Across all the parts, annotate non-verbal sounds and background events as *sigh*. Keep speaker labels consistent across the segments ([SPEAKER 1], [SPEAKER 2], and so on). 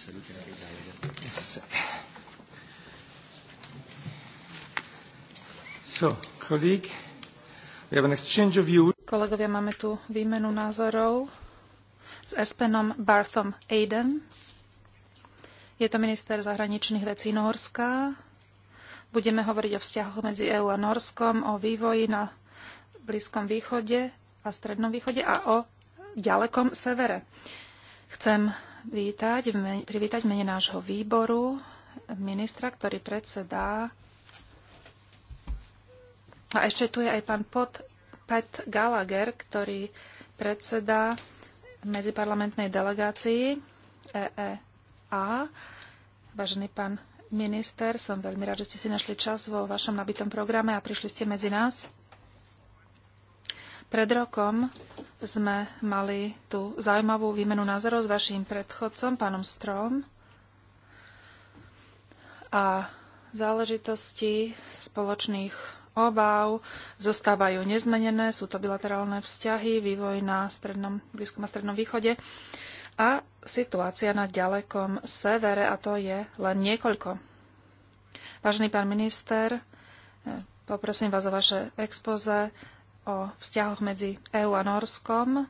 [SPEAKER 1] salute anche Davide. Yes. So, colleague, we have an exchange of view.
[SPEAKER 2] Kolegovia, máme tu výmenu názorov s Espenom Barthom Aiden. Je to minister zahraničných vecí Norska. Budeme hovoriť o vzťahoch medzi EÚ a Norskom, o vývoji na Blízkom východe a Strednom východe a o ďalekom severe. Chcem vítať, privítať v mene nášho výboru ministra, ktorý predsedá. A ešte tu je aj pán Pot, Pat Gallagher, ktorý predsedá medziparlamentnej delegácii EEA. Vážený pán minister, som veľmi rád, že ste si našli čas vo vašom nabitom programe a prišli ste medzi nás. Pred rokom sme mali tú zaujímavú výmenu názorov s vašim predchodcom, pánom Strom, a záležitosti spoločných obáv zostávajú nezmenené, sú to bilaterálne vzťahy, vývoj na strednom, blízkom a strednom východe a situácia na ďalekom severe, a to je len niekoľko. Vážený pán minister, poprosím vás o vaše expoze o vzťahoch medzi EÚ a Norskom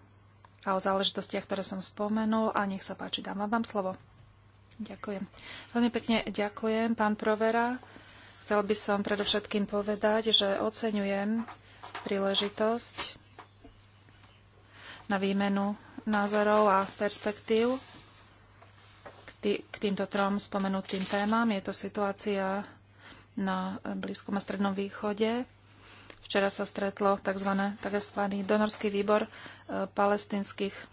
[SPEAKER 2] a o záležitostiach, ktoré som spomenul. A nech sa páči, dám vám slovo. Ďakujem. Veľmi pekne ďakujem, pán Provera. Chcel by som predovšetkým povedať, že oceňujem príležitosť na výmenu názorov a perspektív k, týmto trom spomenutým témam. Je to situácia na Blízkom a Strednom východe, Včera sa stretlo tzv. tzv. donorský výbor e, palestinských e,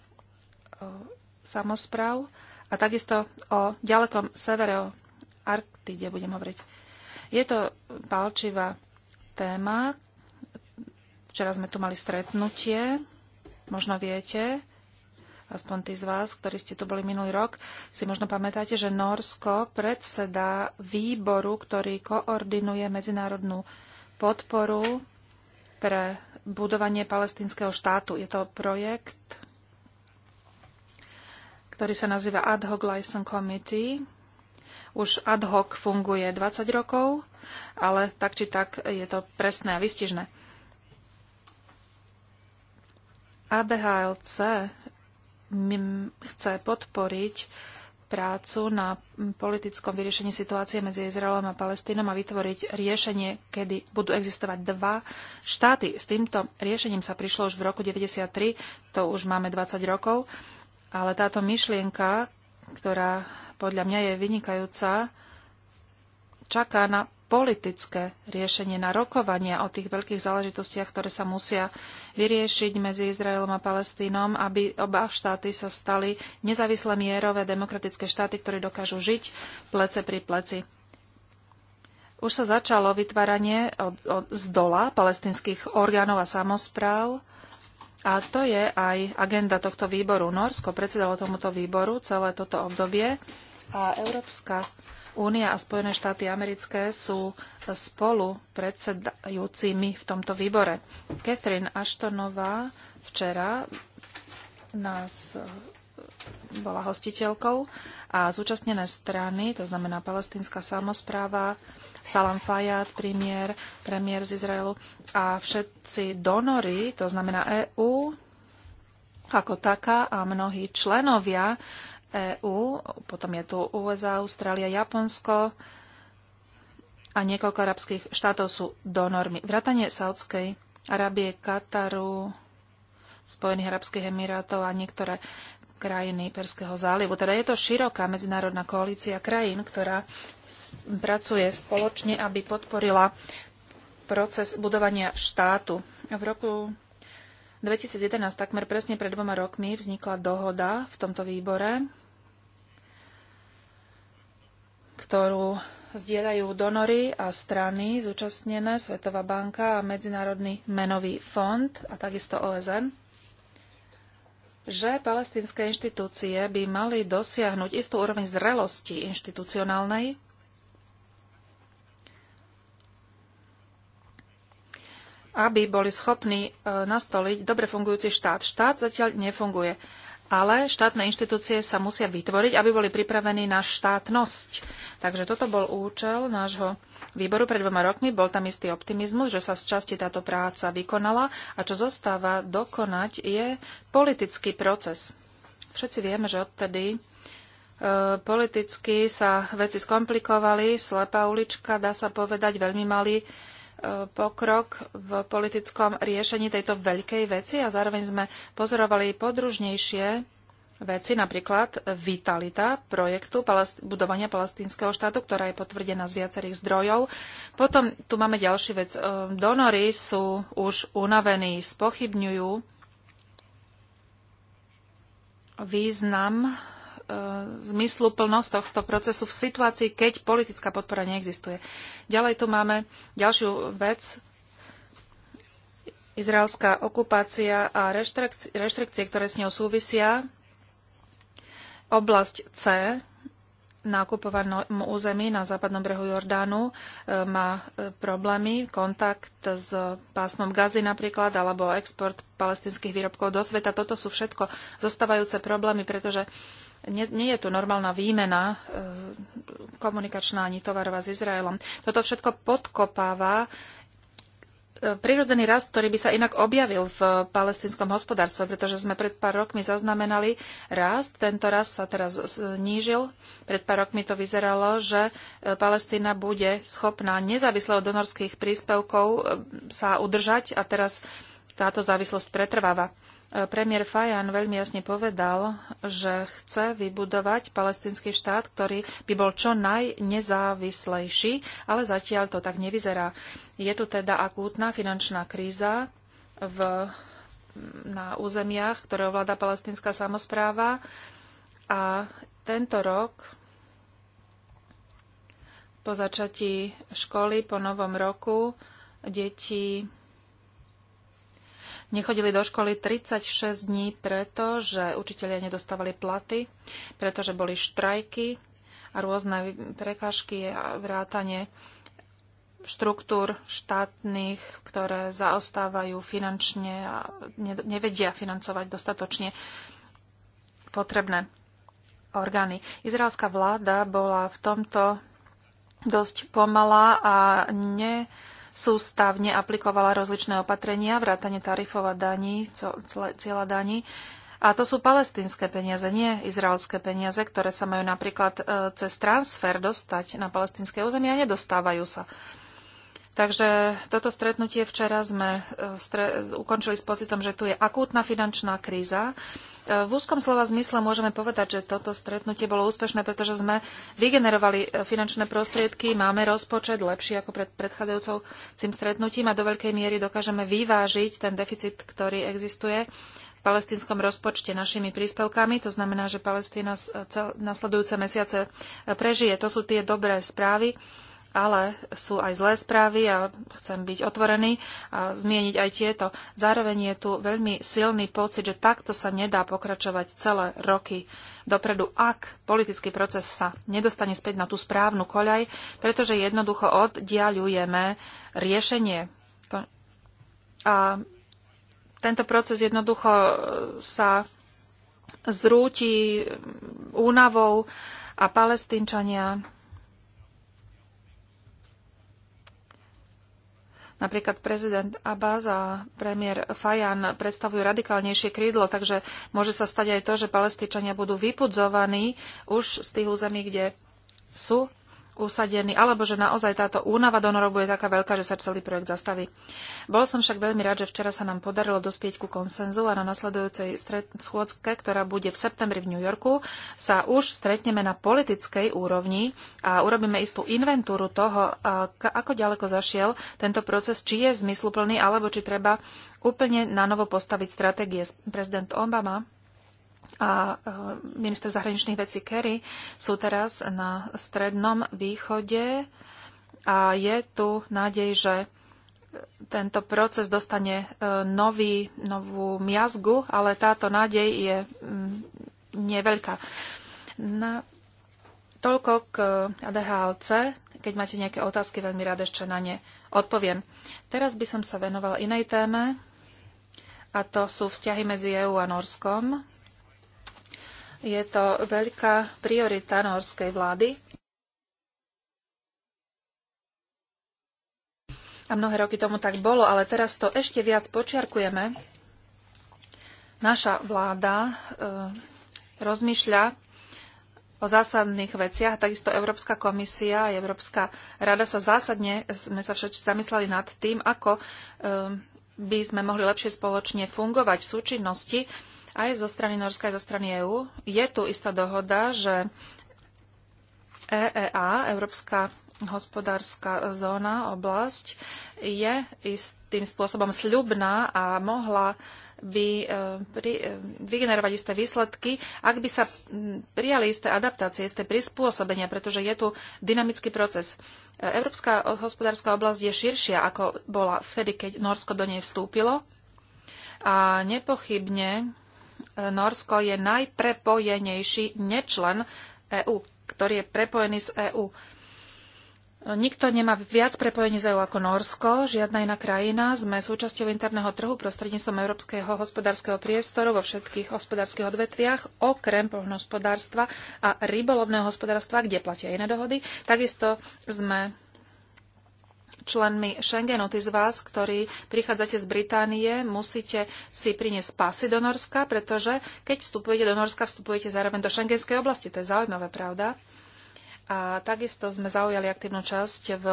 [SPEAKER 2] samozpráv a takisto o ďalekom severe, o budem hovoriť. Je to palčivá téma. Včera sme tu mali stretnutie, možno viete, aspoň tí z vás, ktorí ste tu boli minulý rok, si možno pamätáte, že Norsko predseda výboru, ktorý koordinuje medzinárodnú podporu pre budovanie palestinského štátu. Je to projekt, ktorý sa nazýva Ad hoc License Committee. Už ad hoc funguje 20 rokov, ale tak či tak je to presné a vystižné. ADHLC chce podporiť prácu na politickom vyriešení situácie medzi Izraelom a Palestínom a vytvoriť riešenie, kedy budú existovať dva štáty. S týmto riešením sa prišlo už v roku 1993, to už máme 20 rokov, ale táto myšlienka, ktorá podľa mňa je vynikajúca, čaká na politické riešenie, na rokovania o tých veľkých záležitostiach, ktoré sa musia vyriešiť medzi Izraelom a Palestínom, aby oba štáty sa stali nezávislé mierové demokratické štáty, ktoré dokážu žiť plece pri pleci. Už sa začalo vytváranie od, od, z dola palestinských orgánov a samozpráv. A to je aj agenda tohto výboru. Norsko predsedalo tomuto výboru celé toto obdobie a Európska Únia a Spojené štáty americké sú spolu predsedajúcimi v tomto výbore. Catherine Ashtonová včera nás eh, bola hostiteľkou a zúčastnené strany, to znamená palestinská samozpráva, Salam Fayyad, premiér, premiér z Izraelu a všetci donory, to znamená EÚ ako taká a mnohí členovia EÚ, potom je tu USA, Austrália, Japonsko a niekoľko arabských štátov sú normy. Vratanie Saudskej Arábie, Kataru, Spojených arabských emirátov a niektoré krajiny Perského zálivu. Teda je to široká medzinárodná koalícia krajín, ktorá pracuje spoločne, aby podporila proces budovania štátu. V roku 2011, takmer presne pred dvoma rokmi, vznikla dohoda v tomto výbore, ktorú zdieľajú donory a strany zúčastnené Svetová banka a Medzinárodný menový fond a takisto OSN, že palestinské inštitúcie by mali dosiahnuť istú úroveň zrelosti inštitucionálnej aby boli schopní e, nastoliť dobre fungujúci štát. Štát zatiaľ nefunguje, ale štátne inštitúcie sa musia vytvoriť, aby boli pripravení na štátnosť. Takže toto bol účel nášho výboru pred dvoma rokmi. Bol tam istý optimizmus, že sa z časti táto práca vykonala a čo zostáva dokonať je politický proces. Všetci vieme, že odtedy e, politicky sa veci skomplikovali, slepá ulička, dá sa povedať, veľmi malý pokrok v politickom riešení tejto veľkej veci a zároveň sme pozorovali podružnejšie veci, napríklad vitalita projektu budovania palestínskeho štátu, ktorá je potvrdená z viacerých zdrojov. Potom tu máme ďalší vec. Ehm, donory sú už unavení, spochybňujú význam zmysluplnosť tohto procesu v situácii, keď politická podpora neexistuje. Ďalej tu máme ďalšiu vec. Izraelská okupácia a reštrikcie, ktoré s ňou súvisia. Oblasť C na okupovanom území na západnom brehu Jordánu e, má e, problémy, kontakt s pásmom gazy napríklad, alebo export palestinských výrobkov do sveta. Toto sú všetko zostávajúce problémy, pretože nie, nie je tu normálna výmena e, komunikačná ani tovarová s Izraelom. Toto všetko podkopáva e, prirodzený rast, ktorý by sa inak objavil v palestinskom hospodárstve, pretože sme pred pár rokmi zaznamenali rast. Tento rast sa teraz znížil. Pred pár rokmi to vyzeralo, že e, Palestína bude schopná nezávisle od donorských príspevkov sa udržať a teraz táto závislosť pretrváva. E, premiér Fajan veľmi jasne povedal, že chce vybudovať palestinský štát, ktorý by bol čo najnezávislejší, ale zatiaľ to tak nevyzerá. Je tu teda akútna finančná kríza v, na územiach, ktoré ovláda palestinská samozpráva a tento rok po začatí školy, po novom roku, deti nechodili do školy 36 dní preto, že učitelia nedostávali platy, pretože boli štrajky a rôzne prekážky a vrátanie štruktúr štátnych, ktoré zaostávajú finančne a nevedia financovať dostatočne potrebné orgány. Izraelská vláda bola v tomto dosť pomalá a ne, sústavne aplikovala rozličné opatrenia, vrátane tarifov a daní, cieľa daní. A to sú palestínske peniaze, nie izraelské peniaze, ktoré sa majú napríklad e, cez transfer dostať na palestínske územie a nedostávajú sa. Takže toto stretnutie včera sme e, ukončili s pocitom, že tu je akútna finančná kríza. E, v úzkom slova zmysle môžeme povedať, že toto stretnutie bolo úspešné, pretože sme vygenerovali e, finančné prostriedky, máme rozpočet lepší ako pred predchádzajúcim stretnutím a do veľkej miery dokážeme vyvážiť ten deficit, ktorý existuje v palestínskom rozpočte našimi príspevkami. To znamená, že Palestína nasledujúce mesiace prežije. To sú tie dobré správy ale sú aj zlé správy a chcem byť otvorený a zmieniť aj tieto. Zároveň je tu veľmi silný pocit, že takto sa nedá pokračovať celé roky dopredu, ak politický proces sa nedostane späť na tú správnu koľaj, pretože jednoducho oddialujeme riešenie. A tento proces jednoducho e, sa zrúti únavou a palestínčania Napríklad prezident Abbas a premiér Fajan predstavujú radikálnejšie krídlo, takže môže sa stať aj to, že palestíčania budú vypudzovaní už z tých území, kde sú usadení, alebo že naozaj táto únava donorov bude taká veľká, že sa celý projekt zastaví. Bol som však veľmi rád, že včera sa nám podarilo dospieť ku konsenzu a na nasledujúcej schôdzke, ktorá bude v septembri v New Yorku, sa už stretneme na politickej úrovni a urobíme istú inventúru toho, ako ďaleko zašiel tento proces, či je zmysluplný, alebo či treba úplne na novo postaviť stratégie. Prezident Obama a e, minister zahraničných vecí Kerry sú teraz na strednom východe a je tu nádej, že tento proces dostane e, nový, novú miazgu, ale táto nádej je mm, neveľká. Na toľko k ADHLC. Keď máte nejaké otázky, veľmi rád ešte na ne odpoviem. Teraz by som sa venovala inej téme, a to sú vzťahy medzi EÚ a Norskom je to veľká priorita norskej vlády. A mnohé roky tomu tak bolo, ale teraz to ešte viac počiarkujeme. Naša vláda e, rozmýšľa o zásadných veciach. Takisto Európska komisia a Európska rada sa zásadne, sme sa všetci zamysleli nad tým, ako eh, by sme mohli lepšie spoločne fungovať v súčinnosti aj zo strany Norska, aj zo strany EÚ. Je tu istá dohoda, že EEA, Európska hospodárska zóna, oblasť, je istým spôsobom sľubná a mohla by e, pri, e, vygenerovať isté výsledky, ak by sa prijali isté adaptácie, isté prispôsobenia, pretože je tu dynamický proces. E, Európska hospodárska oblasť je širšia, ako bola vtedy, keď Norsko do nej vstúpilo. A nepochybne Norsko je najprepojenejší nečlen EÚ, ktorý je prepojený s EÚ. Nikto nemá viac prepojení z EÚ ako Norsko, žiadna iná krajina. Sme súčasťou interného trhu prostredníctvom Európskeho hospodárskeho priestoru vo všetkých hospodárskych odvetviach, okrem poľnohospodárstva a rybolovného hospodárstva, kde platia iné dohody. Takisto sme členmi Schengenu. Tí z vás, ktorí prichádzate z Británie, musíte si priniesť pasy do Norska, pretože keď vstupujete do Norska, vstupujete zároveň do šengenskej oblasti. To je zaujímavé, pravda? A takisto sme zaujali aktívnu časť v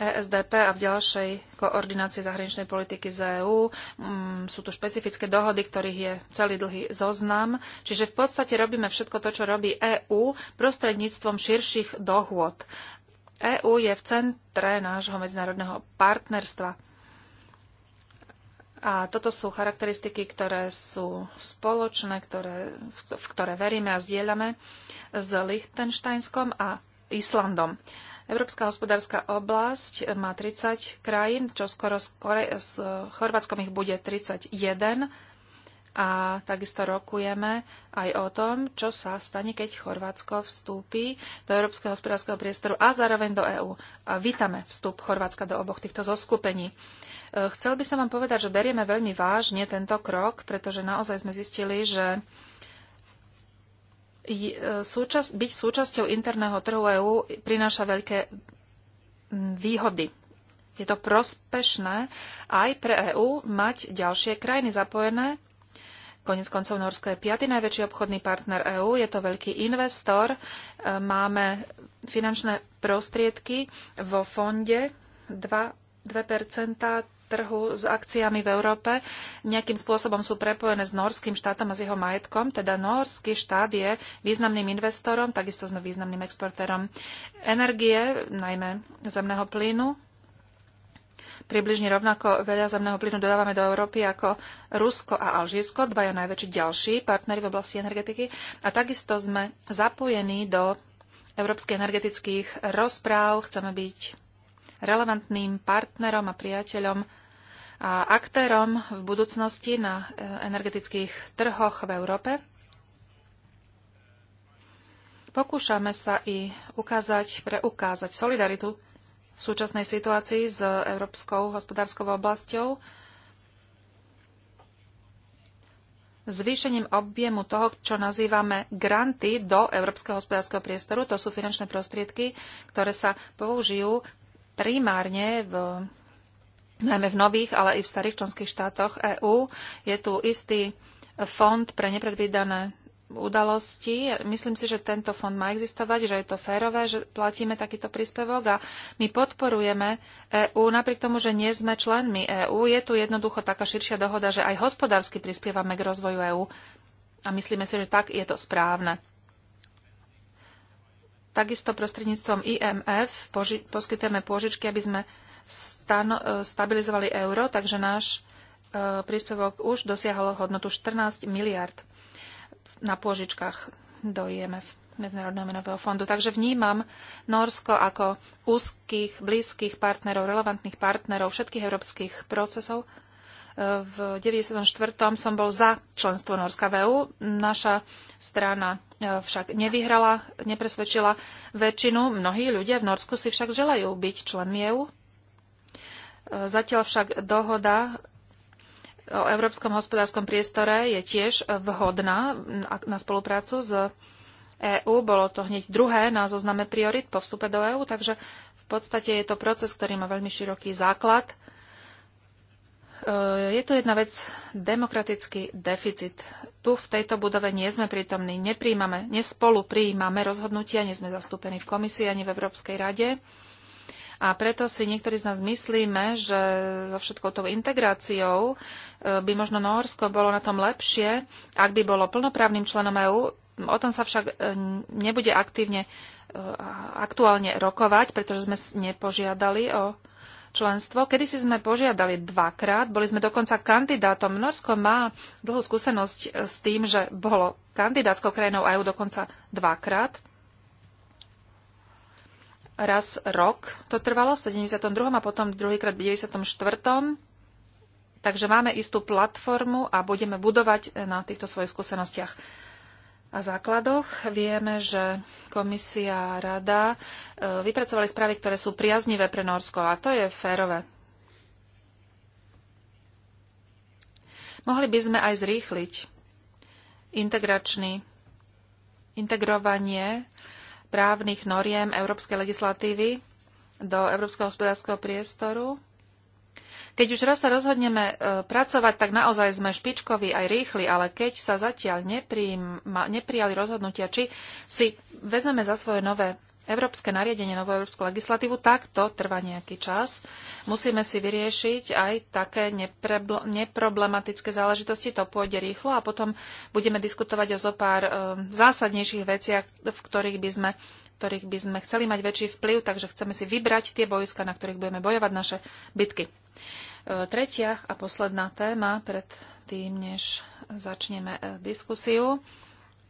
[SPEAKER 2] ESDP a v ďalšej koordinácii zahraničnej politiky z EÚ. Mm, sú tu špecifické dohody, ktorých je celý dlhý zoznam. Čiže v podstate robíme všetko to, čo robí EÚ prostredníctvom širších dohôd. EÚ je v centre nášho medzinárodného partnerstva. A toto sú charakteristiky, ktoré sú spoločné, ktoré, v ktoré veríme a zdieľame s Liechtensteinskom a Islandom. Európska hospodárska oblasť má 30 krajín, čo skoro, s Chorvátskom ich bude 31 a takisto rokujeme aj o tom, čo sa stane, keď Chorvátsko vstúpi do Európskeho hospodárskeho priestoru a zároveň do EÚ. Vítame vstup Chorvátska do oboch týchto zoskupení. E, chcel by som vám povedať, že berieme veľmi vážne tento krok, pretože naozaj sme zistili, že e, byť súčasťou interného trhu EÚ prináša veľké výhody je to prospešné aj pre EÚ mať ďalšie krajiny zapojené Konec koncov Norsko je piatý najväčší obchodný partner EÚ, je to veľký investor. E, máme finančné prostriedky vo fonde 2, 2 trhu s akciami v Európe nejakým spôsobom sú prepojené s norským štátom a s jeho majetkom. Teda norský štát je významným investorom, takisto sme významným exportérom energie, najmä zemného plynu Približne rovnako veľa zemného plynu dodávame do Európy ako Rusko a Alžírsko, dvaja najväčší ďalší partnery v oblasti energetiky. A takisto sme zapojení do európskych energetických rozpráv. Chceme byť relevantným partnerom a priateľom a aktérom v budúcnosti na e, energetických trhoch v Európe. Pokúšame sa i ukázať, preukázať solidaritu v súčasnej situácii s európskou hospodárskou oblasťou. Zvýšením objemu toho, čo nazývame granty do európskeho hospodárskeho priestoru, to sú finančné prostriedky, ktoré sa použijú primárne v najmä v nových, ale i v starých členských štátoch EÚ. Je tu istý fond pre nepredvídané udalosti. Myslím si, že tento fond má existovať, že je to férové, že platíme takýto príspevok a my podporujeme EÚ, napriek tomu, že nie sme členmi EÚ. Je tu jednoducho taká širšia dohoda, že aj hospodársky prispievame k rozvoju EÚ a myslíme si, že tak je to správne. Takisto prostredníctvom IMF poži- poskytujeme pôžičky, aby sme e, stabilizovali euro, takže náš e, príspevok už dosiahol hodnotu 14 miliard na pôžičkách do IMF, Medzinárodného menového fondu. Takže vnímam Norsko ako úzkých, blízkych partnerov, relevantných partnerov všetkých európskych procesov. V 94. som bol za členstvo Norska v EU. Naša strana e, však nevyhrala, nepresvedčila väčšinu. Mnohí ľudia v Norsku si však želajú byť členmi EU. E, zatiaľ však dohoda o Európskom hospodárskom priestore je tiež e, vhodná na spoluprácu s EÚ. Bolo to hneď druhé na zozname priorit po vstupe do EÚ, takže v podstate je to proces, ktorý má veľmi široký základ. E, je tu jedna vec, demokratický deficit. Tu v tejto budove nie sme prítomní, nepríjmame, nespolu prijímame rozhodnutia, nie sme zastúpení v komisii ani v Európskej rade. A preto si niektorí z nás myslíme, že so všetkou tou integráciou e, by možno Norsko bolo na tom lepšie, ak by bolo plnoprávnym členom EÚ. O tom sa však e, nebude aktívne e, aktuálne rokovať, pretože sme nepožiadali o členstvo. Kedy si sme požiadali dvakrát, boli sme dokonca kandidátom. Norsko má dlhú skúsenosť s tým, že bolo kandidátskou krajinou EU dokonca dvakrát raz rok to trvalo, v 72. a potom druhýkrát v 94. Takže máme istú platformu a budeme budovať na týchto svojich skúsenostiach a základoch. Vieme, že komisia a rada e, vypracovali správy, ktoré sú priaznivé pre Norsko a to je férové. Mohli by sme aj zrýchliť integračný integrovanie právnych noriem európskej legislatívy do európskeho hospodárskeho priestoru. Keď už raz sa rozhodneme e, pracovať, tak naozaj sme špičkoví aj rýchli, ale keď sa zatiaľ neprijali rozhodnutia, či si vezmeme za svoje nové európske nariadenie, novú európsku legislatívu, tak to trvá nejaký čas. Musíme si vyriešiť aj také neproblematické záležitosti, to pôjde rýchlo a potom budeme diskutovať o zo pár eh, zásadnejších veciach, v ktorých by sme ktorých by sme chceli mať väčší vplyv, takže chceme si vybrať tie bojska, na ktorých budeme bojovať naše bitky. Eh, tretia a posledná téma pred tým, než začneme eh, diskusiu,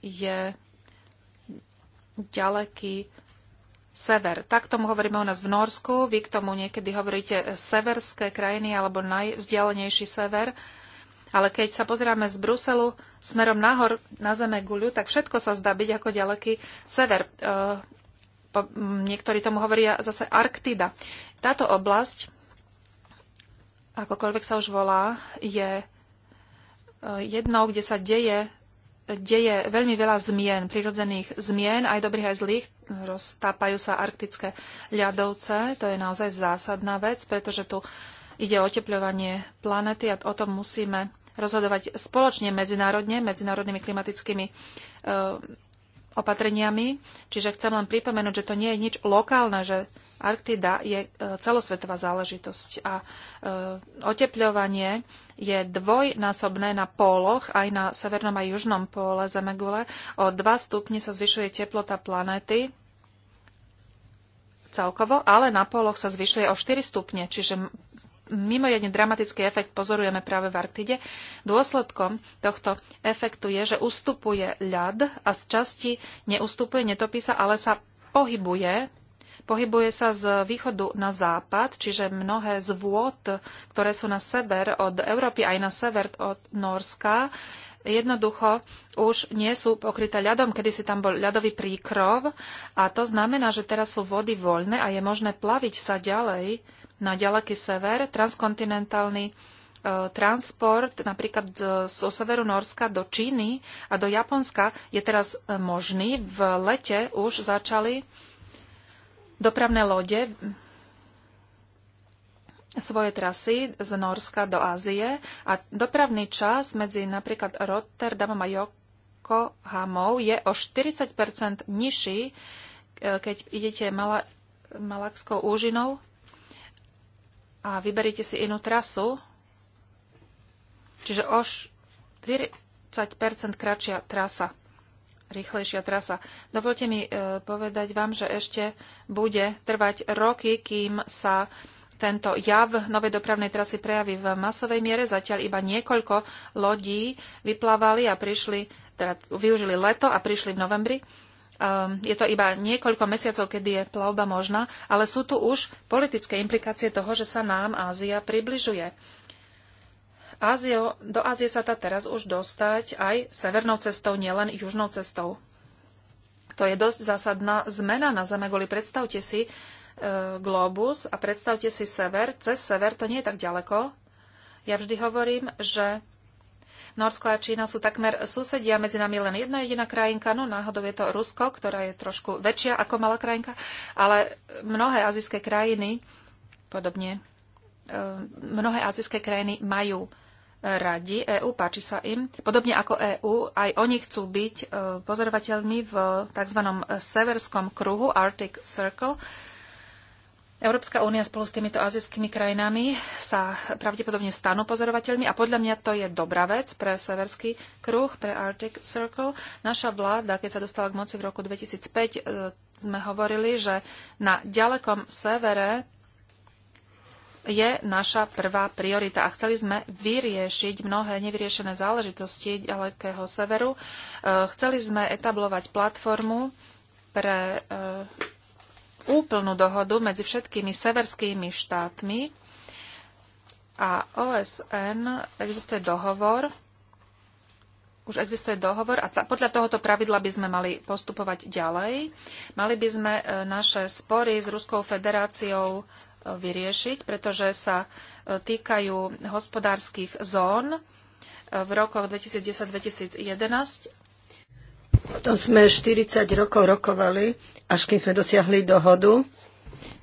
[SPEAKER 2] je ďaleký sever. Tak tomu hovoríme u nás v Norsku, vy k tomu niekedy hovoríte severské krajiny alebo najvzdialenejší sever. Ale keď sa pozeráme z Bruselu smerom nahor na zeme guľu, tak všetko sa zdá byť ako ďaleký sever. E, niektorí tomu hovoria zase Arktida. Táto oblasť, akokoľvek sa už volá, je e, jednou, kde sa deje deje veľmi veľa zmien, prirodzených zmien, aj dobrých, aj zlých. Roztápajú sa arktické ľadovce, to je naozaj zásadná vec, pretože tu ide o oteplovanie planety a o tom musíme rozhodovať spoločne medzinárodne, medzinárodnými klimatickými eh, opatreniami. Čiže chcem len pripomenúť, že to nie je nič lokálne, že Arktida je e, celosvetová záležitosť a e, otepľovanie je dvojnásobné na póloch, aj na severnom a južnom póle Zemegule. O 2 stupne sa zvyšuje teplota planéty celkovo, ale na póloch sa zvyšuje o 4 stupne, čiže mimoriadne dramatický efekt pozorujeme práve v Arktide. Dôsledkom tohto efektu je, že ustupuje ľad a z časti neustupuje, netopí sa, ale sa pohybuje. Pohybuje sa z východu na západ, čiže mnohé z vôd, ktoré sú na sever od Európy aj na sever od Norska, jednoducho už nie sú pokryté ľadom, kedy si tam bol ľadový príkrov a to znamená, že teraz sú vody voľné a je možné plaviť sa ďalej na ďaleký sever. Transkontinentálny e, transport napríklad zo severu Norska do Číny a do Japonska je teraz e, možný. V lete už začali dopravné lode svoje trasy z Norska do Ázie a dopravný čas medzi napríklad Rotterdamom a Yokohamou je o 40 nižší, e, keď idete Mala, Malakskou úžinou a vyberiete si inú trasu, čiže o 40% kratšia trasa, rýchlejšia trasa. Dovolte mi e, povedať vám, že ešte bude trvať roky, kým sa tento jav novej dopravnej trasy prejaví v masovej miere. Zatiaľ iba niekoľko lodí vyplávali a prišli, teda využili leto a prišli v novembri. Ehm, je to iba niekoľko mesiacov, kedy je plavba možná, ale sú tu už politické implikácie toho, že sa nám Ázia približuje. Ázio, do Ázie sa dá teraz už dostať aj severnou cestou, nielen južnou cestou. To je dosť zásadná zmena na Zeme Guli. Predstavte si e, globus a predstavte si sever. Cez sever to nie je tak ďaleko. Ja vždy hovorím, že Norsko a Čína sú takmer susedia, medzi nami len jedna jediná krajinka, no náhodou je to Rusko, ktorá je trošku väčšia ako malá krajinka, ale mnohé azijské krajiny, podobne, e, mnohé azijské krajiny majú radi EÚ, páči sa im. Podobne ako EÚ, aj oni chcú byť e, pozorovateľmi v tzv. severskom kruhu, Arctic Circle, Európska únia spolu s týmito azijskými krajinami sa pravdepodobne stanú pozorovateľmi a podľa mňa to je dobrá vec pre Severský kruh, pre Arctic Circle. Naša vláda, keď sa dostala k moci v roku 2005, e, sme hovorili, že na ďalekom severe je naša prvá priorita a chceli sme vyriešiť mnohé nevyriešené záležitosti ďalekého severu. E, chceli sme etablovať platformu pre e, úplnú dohodu medzi všetkými severskými štátmi a OSN existuje dohovor, už existuje dohovor a ta, podľa tohoto pravidla by sme mali postupovať ďalej. Mali by sme e, naše spory s Ruskou federáciou e, vyriešiť, pretože sa e, týkajú hospodárskych zón v rokoch 2010-2011
[SPEAKER 3] potom sme 40 rokov rokovali, až kým sme dosiahli dohodu.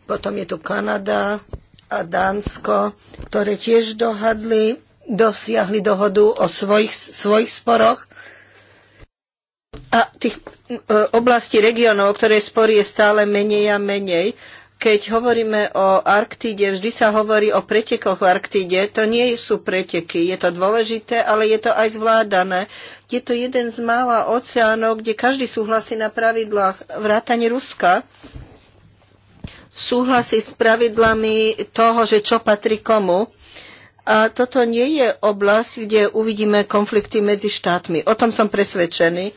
[SPEAKER 3] Potom je tu Kanada a Dánsko, ktoré tiež dohadli, dosiahli dohodu o svojich, svojich sporoch. A tých e, oblastí, regionov, ktoré spory je stále menej a menej. Keď hovoríme o Arktíde, vždy sa hovorí o pretekoch v Arktíde. To nie sú preteky, je to dôležité, ale je to aj zvládané. Je to jeden z mála oceánov, kde každý súhlasí na pravidlách vrátane Ruska. Súhlasí s pravidlami toho, že čo patrí komu. A toto nie je oblasť, kde uvidíme konflikty medzi štátmi. O tom som presvedčený.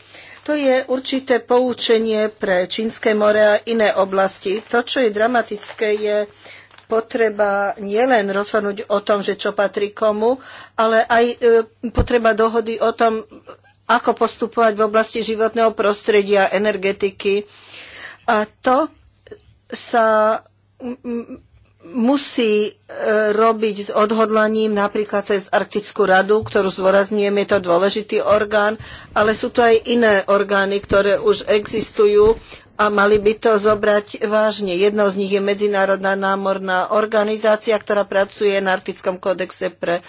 [SPEAKER 3] To je určité poučenie pre Čínske more a iné oblasti. To, čo je dramatické, je potreba nielen rozhodnúť o tom, že čo patrí komu, ale aj e, potreba dohody o tom, ako postupovať v oblasti životného prostredia, energetiky. A to sa musí e, robiť s odhodlaním napríklad cez Arktickú radu, ktorú zdôrazňujem, je to dôležitý orgán, ale sú tu aj iné orgány, ktoré už existujú a mali by to zobrať vážne. Jednou z nich je Medzinárodná námorná organizácia, ktorá pracuje na Arktickom kódexe pre e,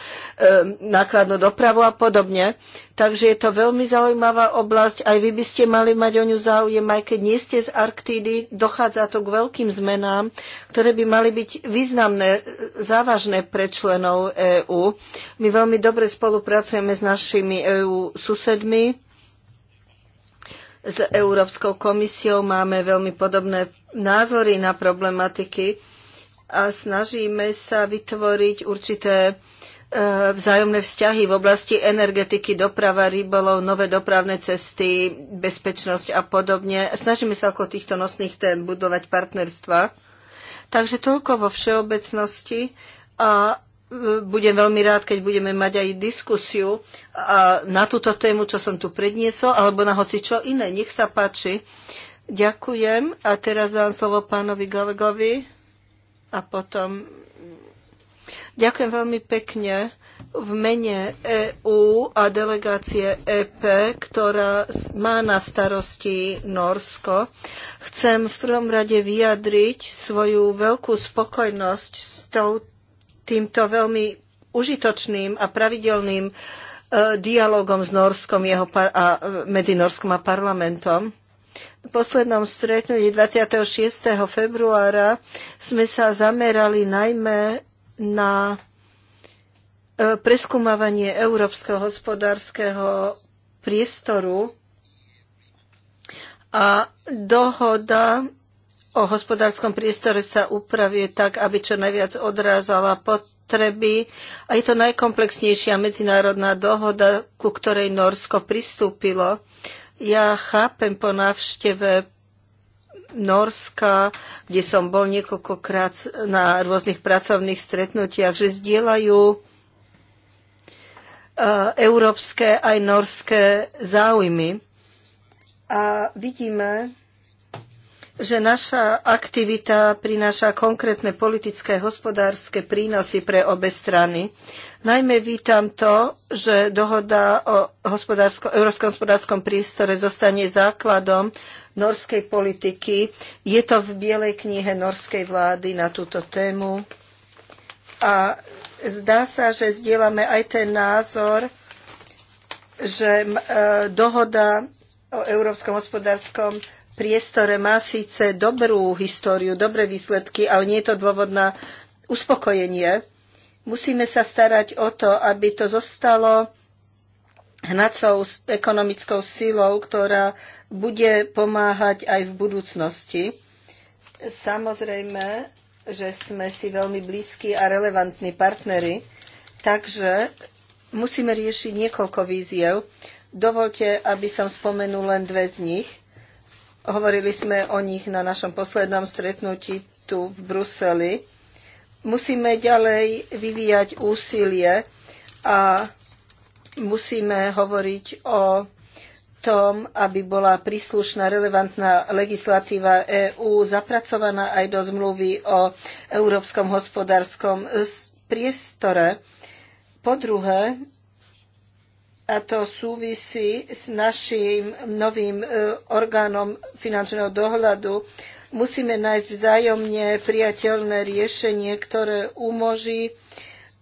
[SPEAKER 3] nákladnú dopravu a podobne. Takže je to veľmi zaujímavá oblasť. Aj vy by ste mali mať o ňu záujem, aj keď nie ste z Arktídy. Dochádza to k veľkým zmenám, ktoré by mali byť významné, e, závažné pre členov EÚ. My veľmi dobre spolupracujeme s našimi EÚ susedmi s Európskou komisiou máme veľmi podobné názory na problematiky a snažíme sa vytvoriť určité e, vzájomné vzťahy v oblasti energetiky, doprava, rybolov, nové dopravné cesty, bezpečnosť a podobne. Snažíme sa ako týchto nosných tém budovať partnerstva. Takže toľko vo všeobecnosti a budem veľmi rád, keď budeme mať aj diskusiu na túto tému, čo som tu predniesol, alebo na hoci čo iné. Nech sa páči. Ďakujem a teraz dám slovo pánovi Galgovi a potom... Ďakujem veľmi pekne v mene EÚ a delegácie EP, ktorá má na starosti Norsko. Chcem v prvom rade vyjadriť svoju veľkú spokojnosť s tou týmto veľmi užitočným a pravidelným e, dialogom s Norskom jeho a e, medzi Norskom a parlamentom. V poslednom stretnutí 26. februára sme sa zamerali najmä na e, preskúmavanie európskeho hospodárskeho priestoru a dohoda o hospodárskom priestore sa upravuje tak, aby čo najviac odrážala potreby. A je to najkomplexnejšia medzinárodná dohoda, ku ktorej Norsko pristúpilo. Ja chápem po návšteve Norska, kde som bol niekoľkokrát na rôznych pracovných stretnutiach, že zdieľajú e, európske aj norské záujmy. A vidíme, že naša aktivita prináša konkrétne politické a hospodárske prínosy pre obe strany. Najmä vítam to, že dohoda o európskom hospodárskom prístore zostane základom norskej politiky. Je to v Bielej knihe norskej vlády na túto tému. A zdá sa, že zdieľame aj ten názor, že e, dohoda o európskom hospodárskom prístore priestore má síce dobrú históriu, dobré výsledky, ale nie je to dôvod na uspokojenie. Musíme sa starať o to, aby to zostalo hnacou ekonomickou silou, ktorá bude pomáhať aj v budúcnosti. Samozrejme, že sme si veľmi blízki a relevantní partnery, takže musíme riešiť niekoľko víziev. Dovolte, aby som spomenul len dve z nich. Hovorili sme o nich na našom poslednom stretnutí tu v Bruseli. Musíme ďalej vyvíjať úsilie a musíme hovoriť o tom, aby bola príslušná relevantná legislatíva EÚ zapracovaná aj do zmluvy o Európskom hospodárskom priestore. Po druhé, a to súvisí s našim novým e, orgánom finančného dohľadu. Musíme nájsť vzájomne priateľné riešenie, ktoré umoží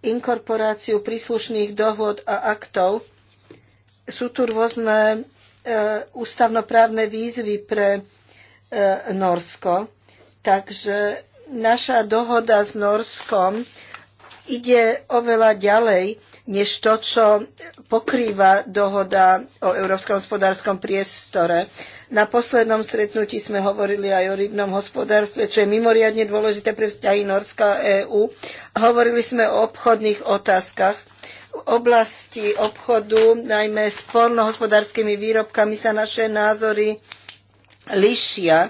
[SPEAKER 3] inkorporáciu príslušných dohod a aktov. Sú tu rôzne e, ústavnoprávne výzvy pre e, Norsko, takže naša dohoda s Norskom ide oveľa ďalej než to, čo pokrýva dohoda o Európskom hospodárskom priestore. Na poslednom stretnutí sme hovorili aj o rybnom hospodárstve, čo je mimoriadne dôležité pre vzťahy Norska a EÚ. Hovorili sme o obchodných otázkach. V oblasti obchodu, najmä s polnohospodárskymi výrobkami, sa naše názory lišia. E,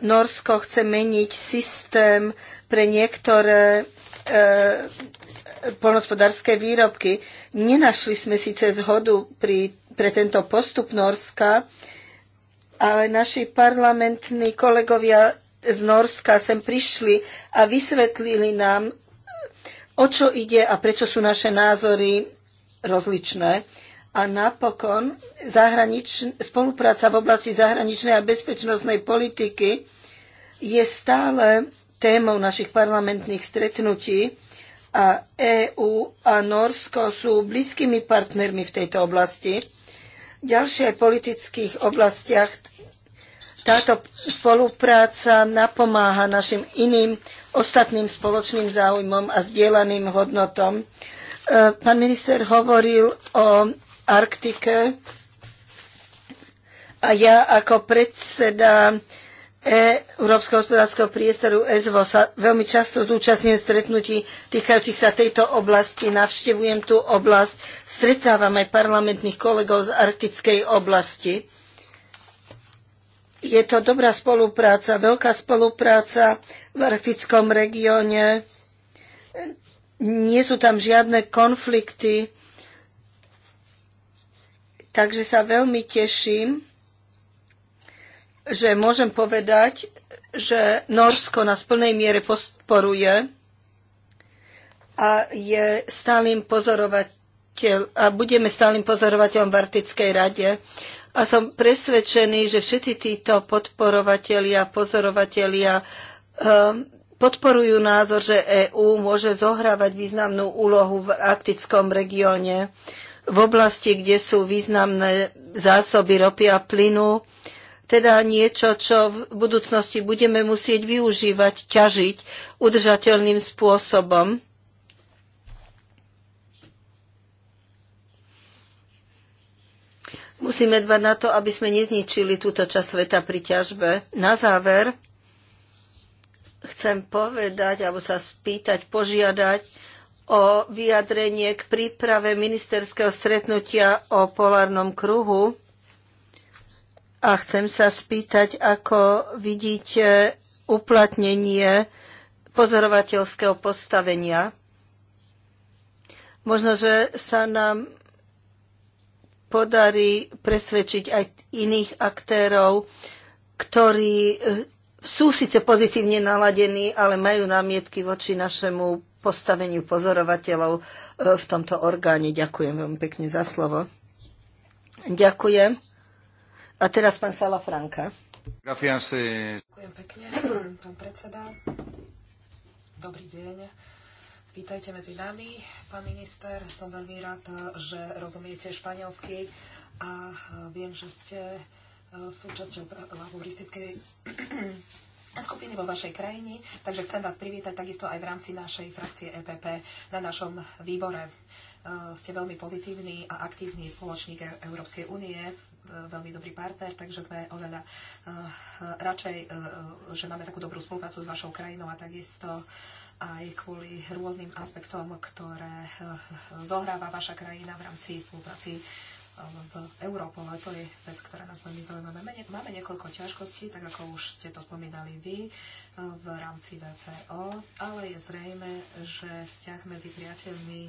[SPEAKER 3] Norsko chce meniť systém pre niektoré e, polnospodárske výrobky. Nenašli sme síce zhodu pri, pre tento postup Norska, ale naši parlamentní kolegovia z Norska sem prišli a vysvetlili nám, o čo ide a prečo sú naše názory rozličné. A napokon zahranič... spolupráca v oblasti zahraničnej a bezpečnostnej politiky je stále témou našich parlamentných stretnutí a EÚ a Norsko sú blízkymi partnermi v tejto oblasti. V ďalších politických oblastiach táto spolupráca napomáha našim iným ostatným spoločným záujmom a zdieľaným hodnotom. E, pán minister hovoril o Arktike a ja ako predseda Európskeho hospodárskeho priestoru ESVO sa veľmi často zúčastňujem stretnutí týkajúcich sa tejto oblasti, navštevujem tú oblasť, stretávam aj parlamentných kolegov z arktickej oblasti. Je to dobrá spolupráca, veľká spolupráca v arktickom regióne. Nie sú tam žiadne konflikty, takže sa veľmi teším že môžem povedať, že Norsko nás v plnej miere podporuje a je stálym pozorovateľ, a budeme stálym pozorovateľom v Artickej rade. A som presvedčený, že všetci títo podporovatelia, pozorovatelia um, podporujú názor, že EÚ môže zohrávať významnú úlohu v arktickom regióne v oblasti, kde sú významné zásoby ropy a plynu teda niečo, čo v budúcnosti budeme musieť využívať, ťažiť udržateľným spôsobom. Musíme dbať na to, aby sme nezničili túto časť sveta pri ťažbe. Na záver chcem povedať, alebo sa spýtať, požiadať o vyjadrenie k príprave ministerského stretnutia o polárnom kruhu a chcem sa spýtať, ako vidíte uplatnenie pozorovateľského postavenia. Možno, že sa nám podarí presvedčiť aj iných aktérov, ktorí eh, sú síce pozitívne naladení, ale majú námietky voči našemu postaveniu pozorovateľov eh, v tomto orgáne. Ďakujem veľmi pekne za slovo. Ďakujem. A teraz pán Sala Franka.
[SPEAKER 1] Gracias. Eh.
[SPEAKER 4] Ďakujem pekne, pán predseda. Dobrý deň. Vítajte medzi nami, pán minister. Som veľmi rád, že rozumiete španielsky a viem, že ste eh, súčasťou laboristickej *clears throat* skupiny vo vašej krajine, takže chcem vás privítať takisto aj v rámci našej frakcie EPP na našom výbore. Eh, ste veľmi pozitívny a aktívny spoločník e- Európskej únie veľmi dobrý partner, takže sme oveľa eh, radšej, eh, eh, že máme takú dobrú spoluprácu s vašou krajinou a takisto aj kvôli rôznym aspektom, ktoré zohráva vaša krajina v rámci spolupráci v Európol. To je vec, ktorá nás veľmi zaujíma. Máme niekoľko ťažkostí, tak ako už ste to spomínali vy v rámci VPO, ale je zrejme, že vzťah medzi priateľmi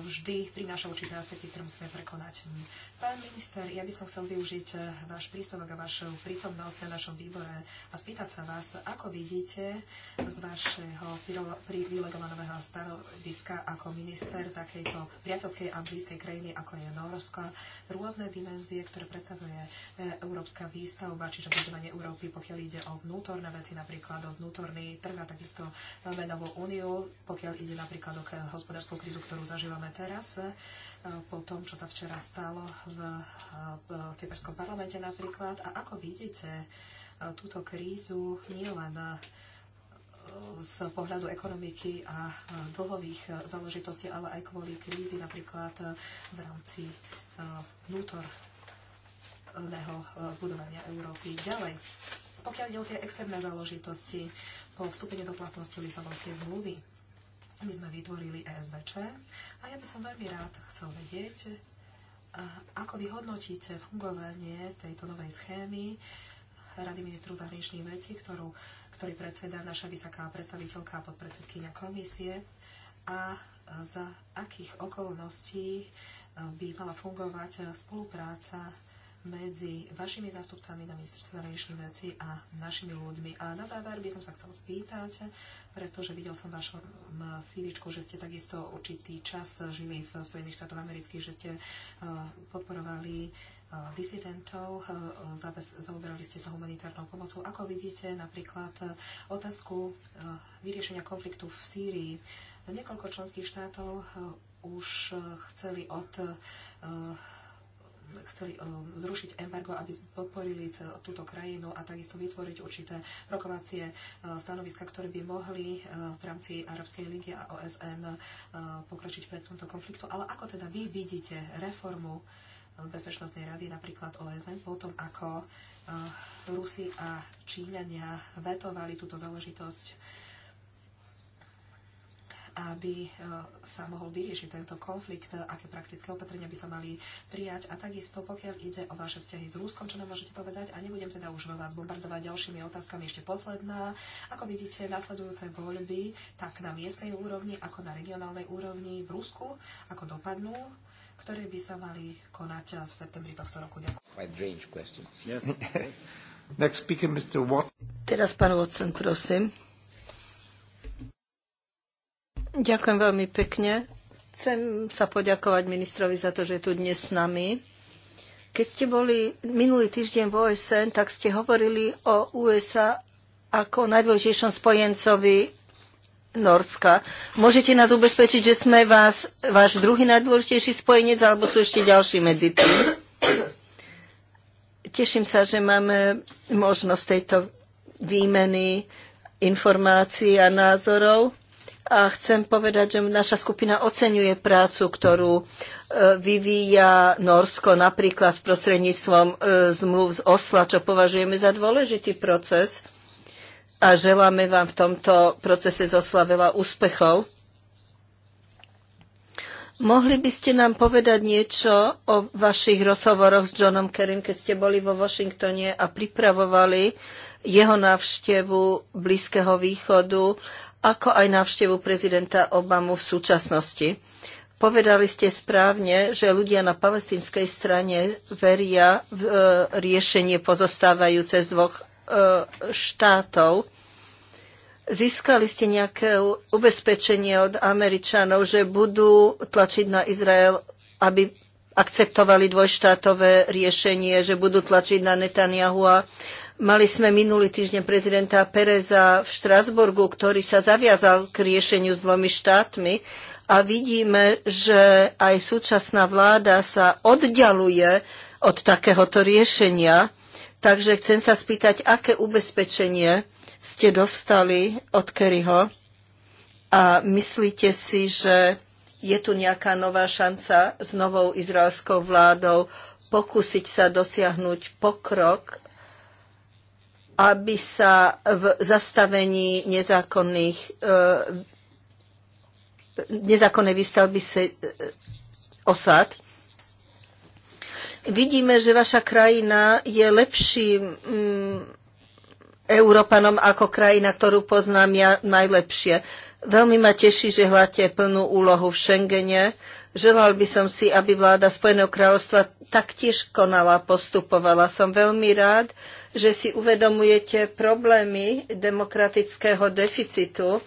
[SPEAKER 4] vždy prináša určité aspekty, ktoré musíme prekonať. Pán minister, ja by som chcel využiť eh, váš príspevok a vašu prítomnosť na našom výbore a spýtať sa vás, ako vidíte z vašeho privilegovaného stanoviska ako minister takejto priateľskej a blízkej krajiny, ako je Norsko, rôzne dimenzie, ktoré predstavuje eh, európska výstavba, čiže budovanie Európy, pokiaľ ide o vnútorné veci, napríklad o vnútorný trh a takisto eh, menovú úniu, pokiaľ ide napríklad o hospodárskú krízu, ktorú zažívame máme teraz, e, po tom, čo sa včera stalo v, e, Cyperskom parlamente napríklad. A ako vidíte e, túto krízu nielen z pohľadu ekonomiky a dlhových záležitostí, ale aj kvôli krízi napríklad v rámci vnútorného budovania Európy. Ďalej, pokiaľ ide o tie externé záležitosti po vstúpení do platnosti Lisabonskej zmluvy, my sme vytvorili ESVČ a ja by som veľmi rád chcel vedieť, e, ako vy hodnotíte fungovanie tejto novej schémy Rady ministrov zahraničných vecí, ktorú, ktorý predseda naša vysoká predstaviteľka a podpredsedkynia komisie a e, za akých okolností e, by mala fungovať spolupráca medzi vašimi zástupcami na ministerstve zahraničných vecí a našimi ľuďmi. A na záver by som sa chcel spýtať, pretože videl som vašom sívičku, že ste takisto určitý čas žili v Spojených štátoch amerických, že ste e, podporovali e, disidentov, e, zaoberali ste sa humanitárnou pomocou. Ako vidíte napríklad otázku vyriešenia konfliktu v Sýrii? Niekoľko členských štátov už chceli od chceli um, zrušiť embargo, aby podporili túto krajinu a takisto vytvoriť určité rokovacie uh, stanoviska, ktoré by mohli uh, v rámci Arabskej ligy a OSN uh, pokročiť pred tomto konfliktu. Ale ako teda vy vidíte reformu Bezpečnostnej rady, napríklad OSN, tom, ako Rusi a Číňania vetovali túto záležitosť aby e, sa mohol vyriešiť tento konflikt, e, aké praktické opatrenia by sa mali prijať a takisto, pokiaľ ide o vaše vzťahy s Ruskom, čo nám môžete povedať a nebudem teda už vás bombardovať ďalšími otázkami. Ešte posledná, ako vidíte, nasledujúce voľby tak na miestnej úrovni, ako na regionálnej úrovni v Rusku, ako dopadnú ktoré by sa mali konať e, v septembri tohto roku. Ďakujem.
[SPEAKER 3] *laughs* Next speaker, Mr. Watson. Teraz pán Watson, prosím. Ďakujem veľmi pekne. Chcem sa poďakovať ministrovi za to, že je tu dnes s nami. Keď ste boli minulý týždeň v OSN, tak ste hovorili o USA ako najdôležitejšom spojencovi Norska. Môžete nás ubezpečiť, že sme vás, váš druhý najdôležitejší spojenec, alebo sú ešte ďalší medzi tým? Teším sa, že máme možnosť tejto výmeny informácií a názorov a chcem povedať, že naša skupina oceňuje prácu, ktorú e, vyvíja Norsko napríklad prostredníctvom e, zmluv z Osla, čo považujeme za dôležitý proces a želáme vám v tomto procese z Osla veľa úspechov. Mohli by ste nám povedať niečo o vašich rozhovoroch s Johnom Kerrym, keď ste boli vo Washingtone a pripravovali jeho návštevu Blízkeho východu ako aj návštevu prezidenta Obamu v súčasnosti. Povedali ste správne, že ľudia na palestinskej strane veria v e, riešenie pozostávajúce z dvoch e, štátov. Získali ste nejaké ubezpečenie od Američanov, že budú tlačiť na Izrael, aby akceptovali dvojštátové riešenie, že budú tlačiť na Netanyahu a Mali sme minulý týždeň prezidenta Pereza v Štrasburgu, ktorý sa zaviazal k riešeniu s dvomi štátmi a vidíme, že aj súčasná vláda sa oddialuje od takéhoto riešenia. Takže chcem sa spýtať, aké ubezpečenie ste dostali od Kerryho a myslíte si, že je tu nejaká nová šanca s novou izraelskou vládou pokúsiť sa dosiahnuť pokrok aby sa v zastavení nezákonných, eh, nezákonnej výstavby se, eh, osad. Vidíme, že vaša krajina je lepším mm, Európanom ako krajina, ktorú poznám ja najlepšie. Veľmi ma teší, že hláte plnú úlohu v Schengene. Želal by som si, aby vláda Spojeného kráľovstva taktiež konala, postupovala. Som veľmi rád, že si uvedomujete problémy demokratického deficitu,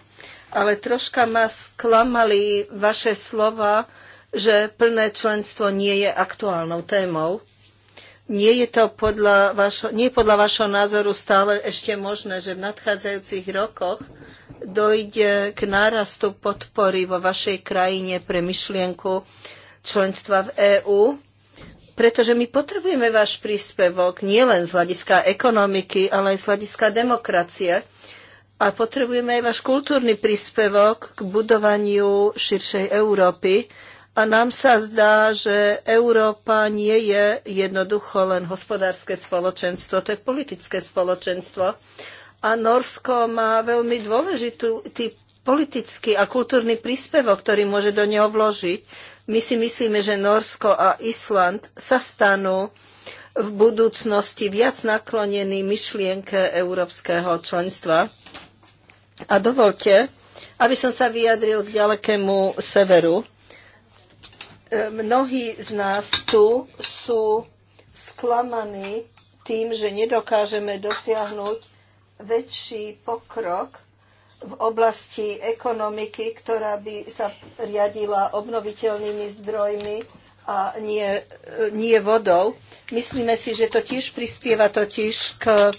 [SPEAKER 3] ale troška ma sklamali vaše slova, že plné členstvo nie je aktuálnou témou. Nie je to podľa vašho, nie podľa vašho názoru stále ešte možné, že v nadchádzajúcich rokoch dojde k nárastu podpory vo vašej krajine pre myšlienku členstva v EÚ pretože my potrebujeme váš príspevok nielen z hľadiska ekonomiky, ale aj z hľadiska demokracie. A potrebujeme aj váš kultúrny príspevok k budovaniu širšej Európy. A nám sa zdá, že Európa nie je jednoducho len hospodárske spoločenstvo, to je politické spoločenstvo. A Norsko má veľmi dôležitý politický a kultúrny príspevok, ktorý môže do neho vložiť. My si myslíme, že Norsko a Island sa stanú v budúcnosti viac naklonení myšlienke európskeho členstva. A dovolte, aby som sa vyjadril k ďalekému severu. E, mnohí z nás tu sú sklamaní tým, že nedokážeme dosiahnuť väčší pokrok v oblasti ekonomiky, ktorá by sa riadila obnoviteľnými zdrojmi a nie, nie vodou. Myslíme si, že to tiež prispieva totiž k,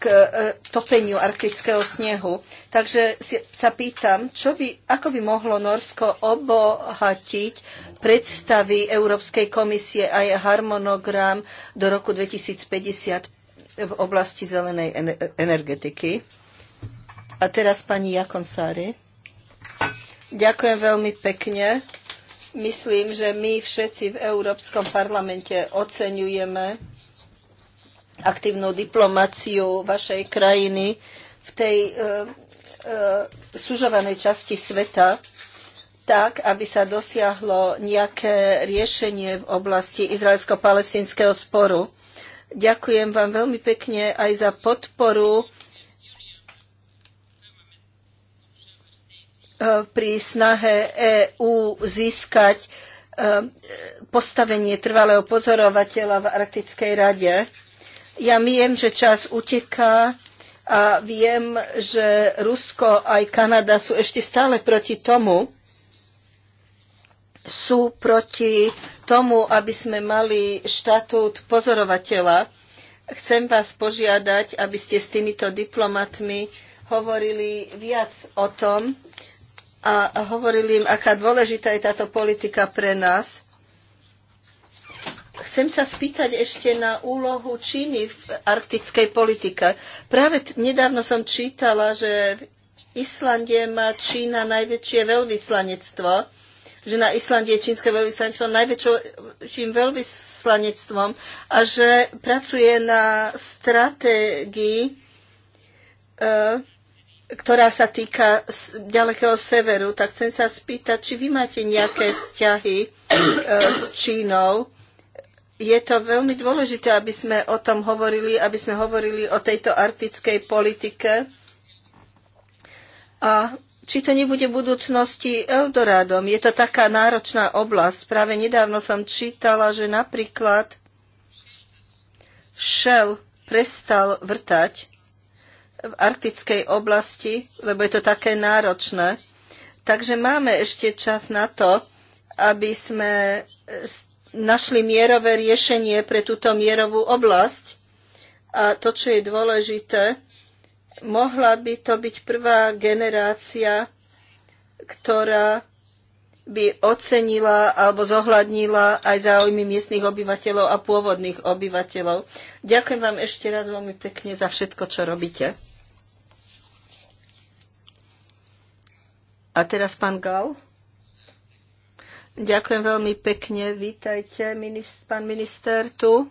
[SPEAKER 3] k e, topeniu arktického snehu. Takže si, sa pýtam, čo by, ako by mohlo Norsko obohatiť predstavy Európskej komisie a harmonogram do roku 2050 v oblasti zelenej energetiky? A teraz pani Jakonsári. Ďakujem veľmi pekne. Myslím, že my všetci v Európskom parlamente oceňujeme aktívnu diplomáciu vašej krajiny v tej e, e, sužovanej časti sveta tak, aby sa dosiahlo nejaké riešenie v oblasti izraelsko-palestinského sporu. Ďakujem vám veľmi pekne aj za podporu E, pri snahe EÚ získať e, postavenie trvalého pozorovateľa v Arktickej rade. Ja viem, že čas uteká a viem, že Rusko aj Kanada sú ešte stále proti tomu, sú proti tomu, aby sme mali štatút pozorovateľa. Chcem vás požiadať, aby ste s týmito diplomatmi hovorili viac o tom, a hovorili im, aká dôležitá je táto politika pre nás. Chcem sa spýtať ešte na úlohu Číny v arktickej politike. Práve nedávno som čítala, že v Islande má Čína najväčšie veľvyslanectvo, že na Islande je čínske veľvyslanectvo najväčším veľvyslanectvom a že pracuje na stratégii uh, ktorá sa týka ďalekého severu, tak chcem sa spýtať, či vy máte nejaké vzťahy e, s Čínou. Je to veľmi dôležité, aby sme o tom hovorili, aby sme hovorili o tejto arktickej politike. A či to nebude v budúcnosti Eldorádom. Je to taká náročná oblasť. Práve nedávno som čítala, že napríklad Shell prestal vrtať v arktickej oblasti, lebo je to také náročné. Takže máme ešte čas na to, aby sme eh, našli mierové riešenie pre túto mierovú oblasť. A to, čo je dôležité, mohla by to byť prvá generácia, ktorá by ocenila alebo zohľadnila aj záujmy miestnych obyvateľov a pôvodných obyvateľov. Ďakujem vám ešte raz veľmi pekne za všetko, čo robíte. A teraz pán Gal. Ďakujem veľmi pekne. Vítajte, minister, pán minister, tu.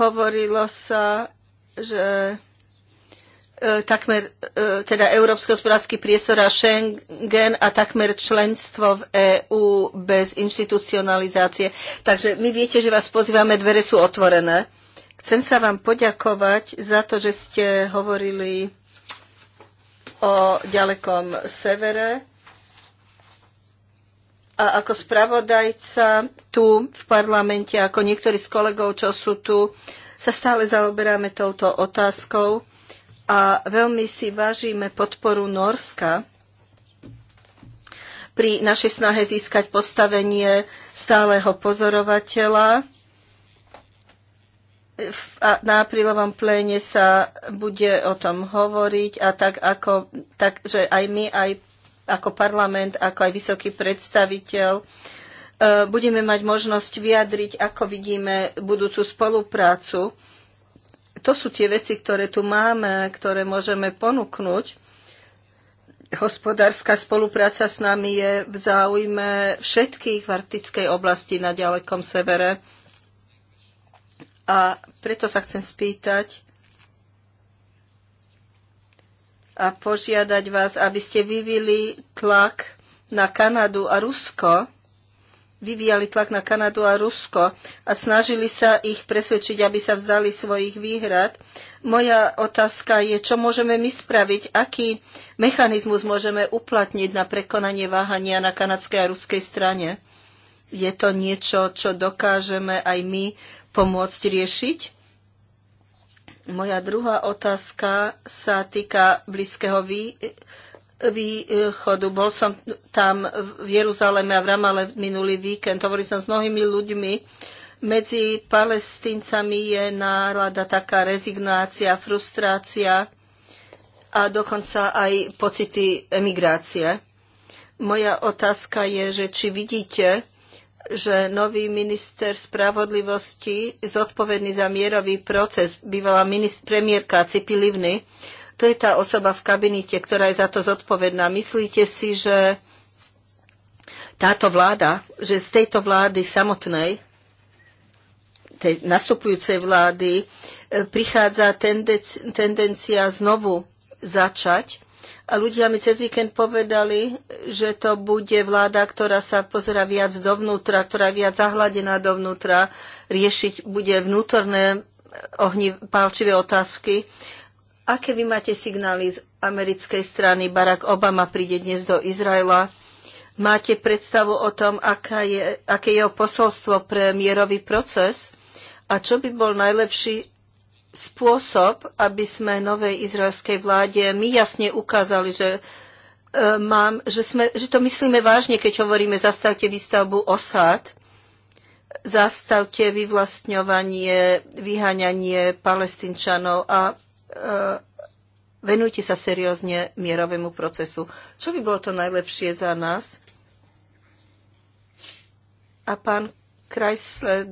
[SPEAKER 3] Hovorilo sa, že e, takmer, e, teda Európsky hospodársky priestor a Schengen a takmer členstvo v EÚ bez inštitucionalizácie. Takže my viete, že vás pozývame, dvere sú otvorené. Chcem sa vám poďakovať za to, že ste hovorili o ďalekom severe. A ako spravodajca tu v parlamente, ako niektorí z kolegov, čo sú tu, sa stále zaoberáme touto otázkou a veľmi si vážime podporu Norska pri našej snahe získať postavenie stáleho pozorovateľa na aprílovom pléne sa bude o tom hovoriť a tak ako, že aj my, aj ako parlament, ako aj vysoký predstaviteľ, e, budeme mať možnosť vyjadriť, ako vidíme budúcu spoluprácu. To sú tie veci, ktoré tu máme, ktoré môžeme ponúknuť. Hospodárska spolupráca s nami je v záujme všetkých v arktickej oblasti na ďalekom severe a preto sa chcem spýtať a požiadať vás, aby ste vyvili tlak na Kanadu a Rusko, vyvíjali tlak na Kanadu a Rusko a snažili sa ich presvedčiť, aby sa vzdali svojich výhrad. Moja otázka je, čo môžeme my spraviť, aký mechanizmus môžeme uplatniť na prekonanie váhania na kanadskej a ruskej strane. Je to niečo, čo dokážeme aj my pomôcť riešiť? Moja druhá otázka sa týka Blízkeho vý, východu. Bol som tam v Jeruzaleme a v Ramale minulý víkend. Hovoril som s mnohými ľuďmi. Medzi palestíncami je nálada taká rezignácia, frustrácia a dokonca aj pocity emigrácie. Moja otázka je, že či vidíte, že nový minister spravodlivosti, zodpovedný za mierový proces, bývalá premiérka Cipi Livny, to je tá osoba v kabinete, ktorá je za to zodpovedná. Myslíte si, že táto vláda, že z tejto vlády samotnej, tej nastupujúcej vlády, e, prichádza tendencia znovu začať a ľudia mi cez víkend povedali, že to bude vláda, ktorá sa pozera viac dovnútra, ktorá je viac zahladená dovnútra, riešiť bude vnútorné ohni, palčivé otázky. Aké vy máte signály z americkej strany? Barack Obama príde dnes do Izraela. Máte predstavu o tom, aká je, aké je jeho posolstvo pre mierový proces? A čo by bol najlepší spôsob, aby sme novej izraelskej vláde my jasne ukázali, že, e, mám, že, sme, že to myslíme vážne, keď hovoríme zastavte výstavbu osad, zastavte vyvlastňovanie, vyháňanie palestinčanov a e, venujte sa seriózne mierovému procesu. Čo by bolo to najlepšie za nás? A pán Kreisler,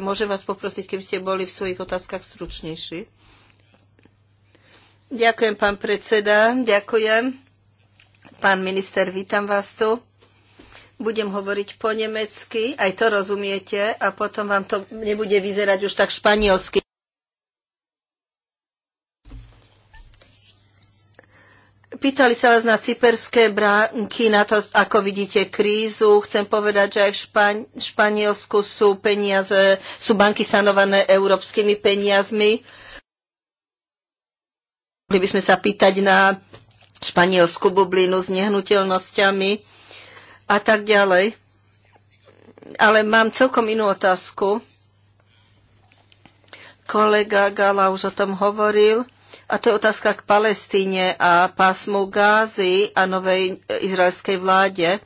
[SPEAKER 3] môžem vás poprosiť, keby ste boli v svojich otázkach stručnejší. Ďakujem, pán predseda. Ďakujem. Pán minister, vítam vás tu. Budem hovoriť po nemecky, aj to rozumiete, a potom vám to nebude vyzerať už tak španielsky. Pýtali sa vás na cyperské bránky, na to, ako vidíte krízu. Chcem povedať, že aj v Špan- Španielsku sú, peniaze, sú banky sanované európskymi peniazmi. Mohli by sme sa pýtať na španielsku bublinu s nehnuteľnosťami a tak ďalej. Ale mám celkom inú otázku. Kolega Gala už o tom hovoril a to je otázka k Palestíne a pásmu Gázy a novej izraelskej vláde.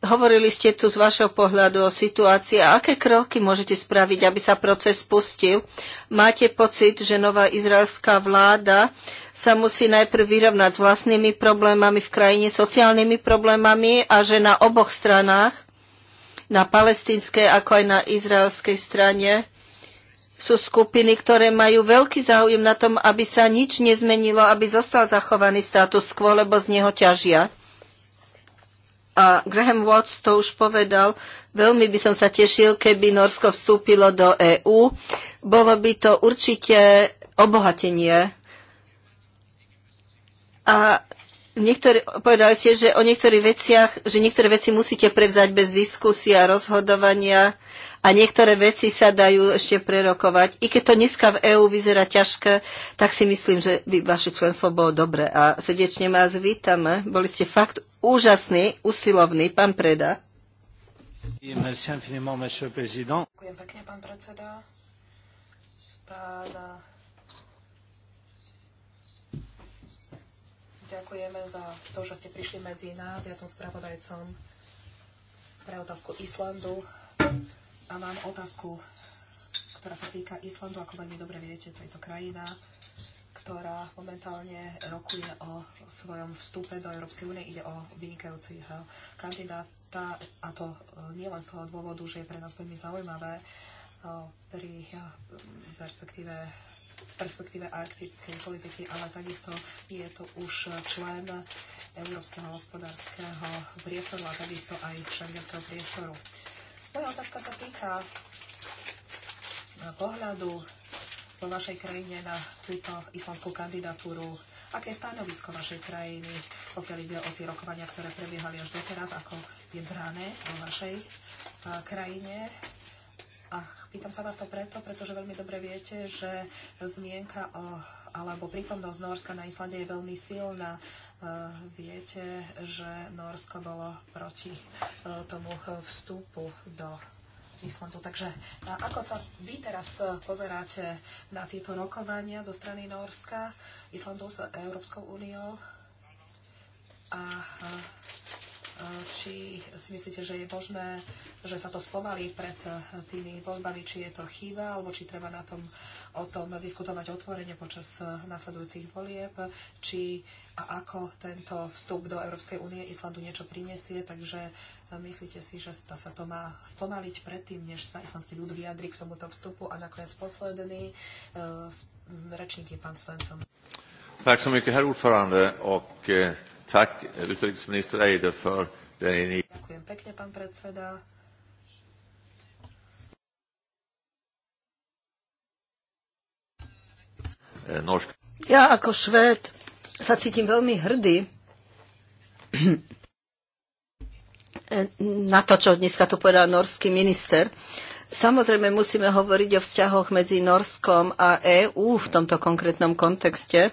[SPEAKER 3] Hovorili ste tu z vašho pohľadu o situácii a aké kroky môžete spraviť, aby sa proces spustil? Máte pocit, že nová izraelská vláda sa musí najprv vyrovnať s vlastnými problémami v krajine, sociálnymi problémami a že na oboch stranách, na palestinskej ako aj na izraelskej strane, sú skupiny, ktoré majú veľký záujem na tom, aby sa nič nezmenilo, aby zostal zachovaný status quo, lebo z neho ťažia. A Graham Watts to už povedal, veľmi by som sa tešil, keby Norsko vstúpilo do EÚ. Bolo by to určite obohatenie. A niektorí, povedali ste, že o niektorých veciach, že niektoré veci musíte prevzať bez diskusie a rozhodovania a niektoré veci sa dajú ešte prerokovať. I keď to dneska v EÚ vyzerá ťažké, tak si myslím, že by vaše členstvo bolo dobre. A srdečne vás vítame. Boli ste fakt úžasný, usilovný, pán Preda. Ďakujem
[SPEAKER 4] pekne, pán predseda. Ďakujeme za to, že ste prišli medzi nás. Ja som spravodajcom pre otázku Islandu a mám otázku, ktorá sa týka Islandu. Ako veľmi dobre viete, to je to krajina, ktorá momentálne rokuje o svojom vstupe do Európskej únie. Ide o vynikajúcich eh, kandidáta a to eh, nielen z toho dôvodu, že je pre nás veľmi zaujímavé eh, pri perspektíve perspektíve arktickej politiky, ale takisto je to už člen Európskeho hospodárskeho priestoru a takisto aj šengenského priestoru. Moja otázka sa týka pohľadu vo vašej krajine na túto islamskú kandidatúru. Aké je stanovisko vašej krajiny, pokiaľ ide o tie rokovania, ktoré prebiehali až doteraz, ako je brané vo vašej eh, krajine a pýtam sa vás to preto, pretože veľmi dobre viete, že zmienka o, alebo prítomnosť Norska na Islande je veľmi silná. E, viete, že Norsko bolo proti e, tomu vstupu do Islandu. Takže ako sa vy teraz pozeráte na tieto rokovania zo strany Norska, Islandu s Európskou úniou a e, či si myslíte, že je možné, že sa to spomalí pred eh, tými voľbami, či je to chyba, alebo či treba na tom, o tom diskutovať otvorene počas eh, nasledujúcich volieb, či a ako tento vstup do Európskej únie Islandu niečo prinesie. Takže eh, myslíte si, že sa to má spomaliť predtým, než sa islandský ľud vyjadri k tomuto vstupu. A nakoniec posledný rečník je pán Svensson.
[SPEAKER 1] Tak som herr ordförande. Och, tak, Eide, for e
[SPEAKER 4] Ďakujem pekne, pán predseda.
[SPEAKER 1] Eh,
[SPEAKER 3] ja ako švéd sa cítim veľmi hrdý *clears throat* eh, na to, čo dneska tu povedal norský minister. Samozrejme musíme hovoriť o vzťahoch medzi Norskom a EÚ v tomto konkrétnom kontexte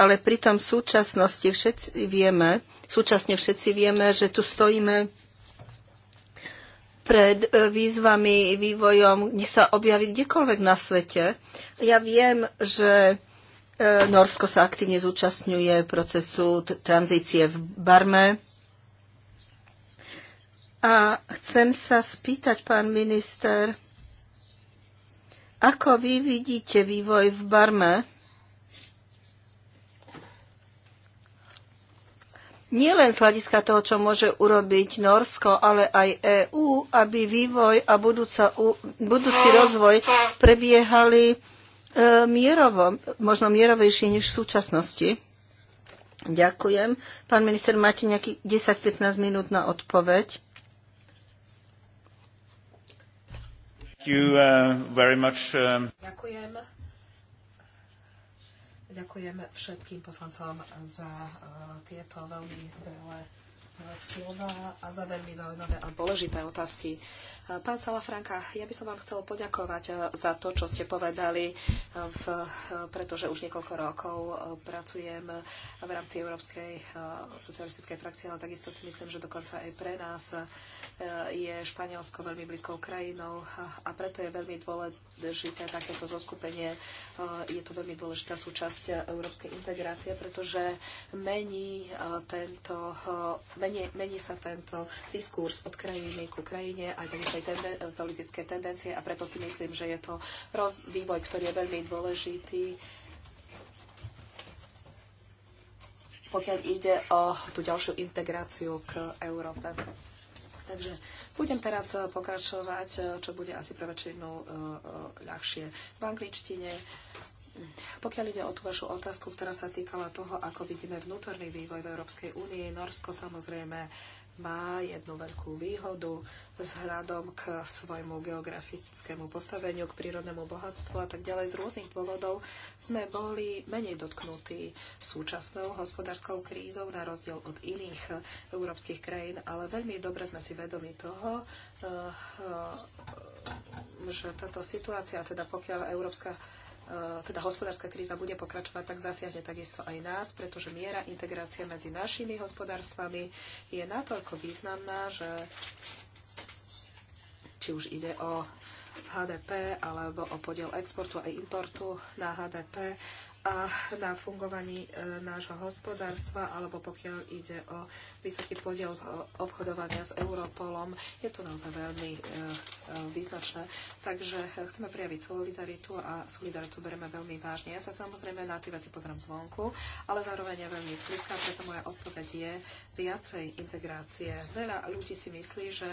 [SPEAKER 3] ale pritom v súčasnosti všetci vieme, súčasne všetci vieme, že tu stojíme pred e, výzvami, vývojom, nech sa objaví kdekoľvek na svete. Ja viem, že e, Norsko sa aktívne zúčastňuje procesu tranzície v Barme. A chcem sa spýtať, pán minister, ako vy vidíte vývoj v Barme? nielen z hľadiska toho, čo môže urobiť Norsko, ale aj EÚ, aby vývoj a budúca, budúci rozvoj prebiehali e, mierovo, možno mierovejšie než v súčasnosti. Ďakujem. Pán minister, máte nejakých 10-15 minút na odpoveď.
[SPEAKER 2] Uh, um, Ďakujem
[SPEAKER 4] Ďakujem všetkým poslancom za eh, tieto veľmi veľa slova a za veľmi zaujímavé a dôležité otázky. Pán Salafranka, ja by som vám chcel poďakovať eh, za to, čo ste povedali, eh, v, eh, pretože už niekoľko rokov pracujem v rámci Európskej socialistickej frakcie, ale takisto si myslím, že dokonca aj pre nás je Španielsko veľmi blízkou krajinou a preto je veľmi dôležité takéto zoskupenie. Je to veľmi dôležitá súčasť európskej integrácie, pretože mení tento, mení mení, mení sa tento diskurs od krajiny ku krajine a tej tenden- politické tendencie a preto si myslím, že je to roz- vývoj, ktorý je veľmi dôležitý. pokiaľ ide o tú ďalšiu integráciu k Európe. Takže budem teraz pokračovať, čo bude asi pre väčšinu eh, eh, ľahšie v angličtine. Pokiaľ ide o tú vašu otázku, ktorá sa týkala toho, ako vidíme vnútorný vývoj v Európskej únie, Norsko samozrejme má jednu veľkú výhodu vzhľadom k svojmu geografickému postaveniu, k prírodnému bohatstvu a tak ďalej. Z rôznych dôvodov sme boli menej dotknutí súčasnou hospodárskou krízou na rozdiel od iných európskych krajín, ale veľmi dobre sme si vedomi toho, eh, eh, že táto situácia, teda pokiaľ Európska E, teda hospodárska kríza bude pokračovať, tak zasiahne takisto aj nás, pretože miera integrácie medzi našimi hospodárstvami je natoľko významná, že či už ide o HDP alebo o podiel exportu a importu na HDP a na fungovaní e, nášho hospodárstva, alebo pokiaľ ide o vysoký podiel obchodovania s Europolom, je to naozaj veľmi e, e, význačné. Takže chceme prijaviť solidaritu a solidaritu bereme veľmi vážne. Ja sa samozrejme na tie veci pozriem zvonku, ale zároveň je veľmi blízka, preto moja odpoveď je viacej integrácie. Veľa ľudí si myslí, že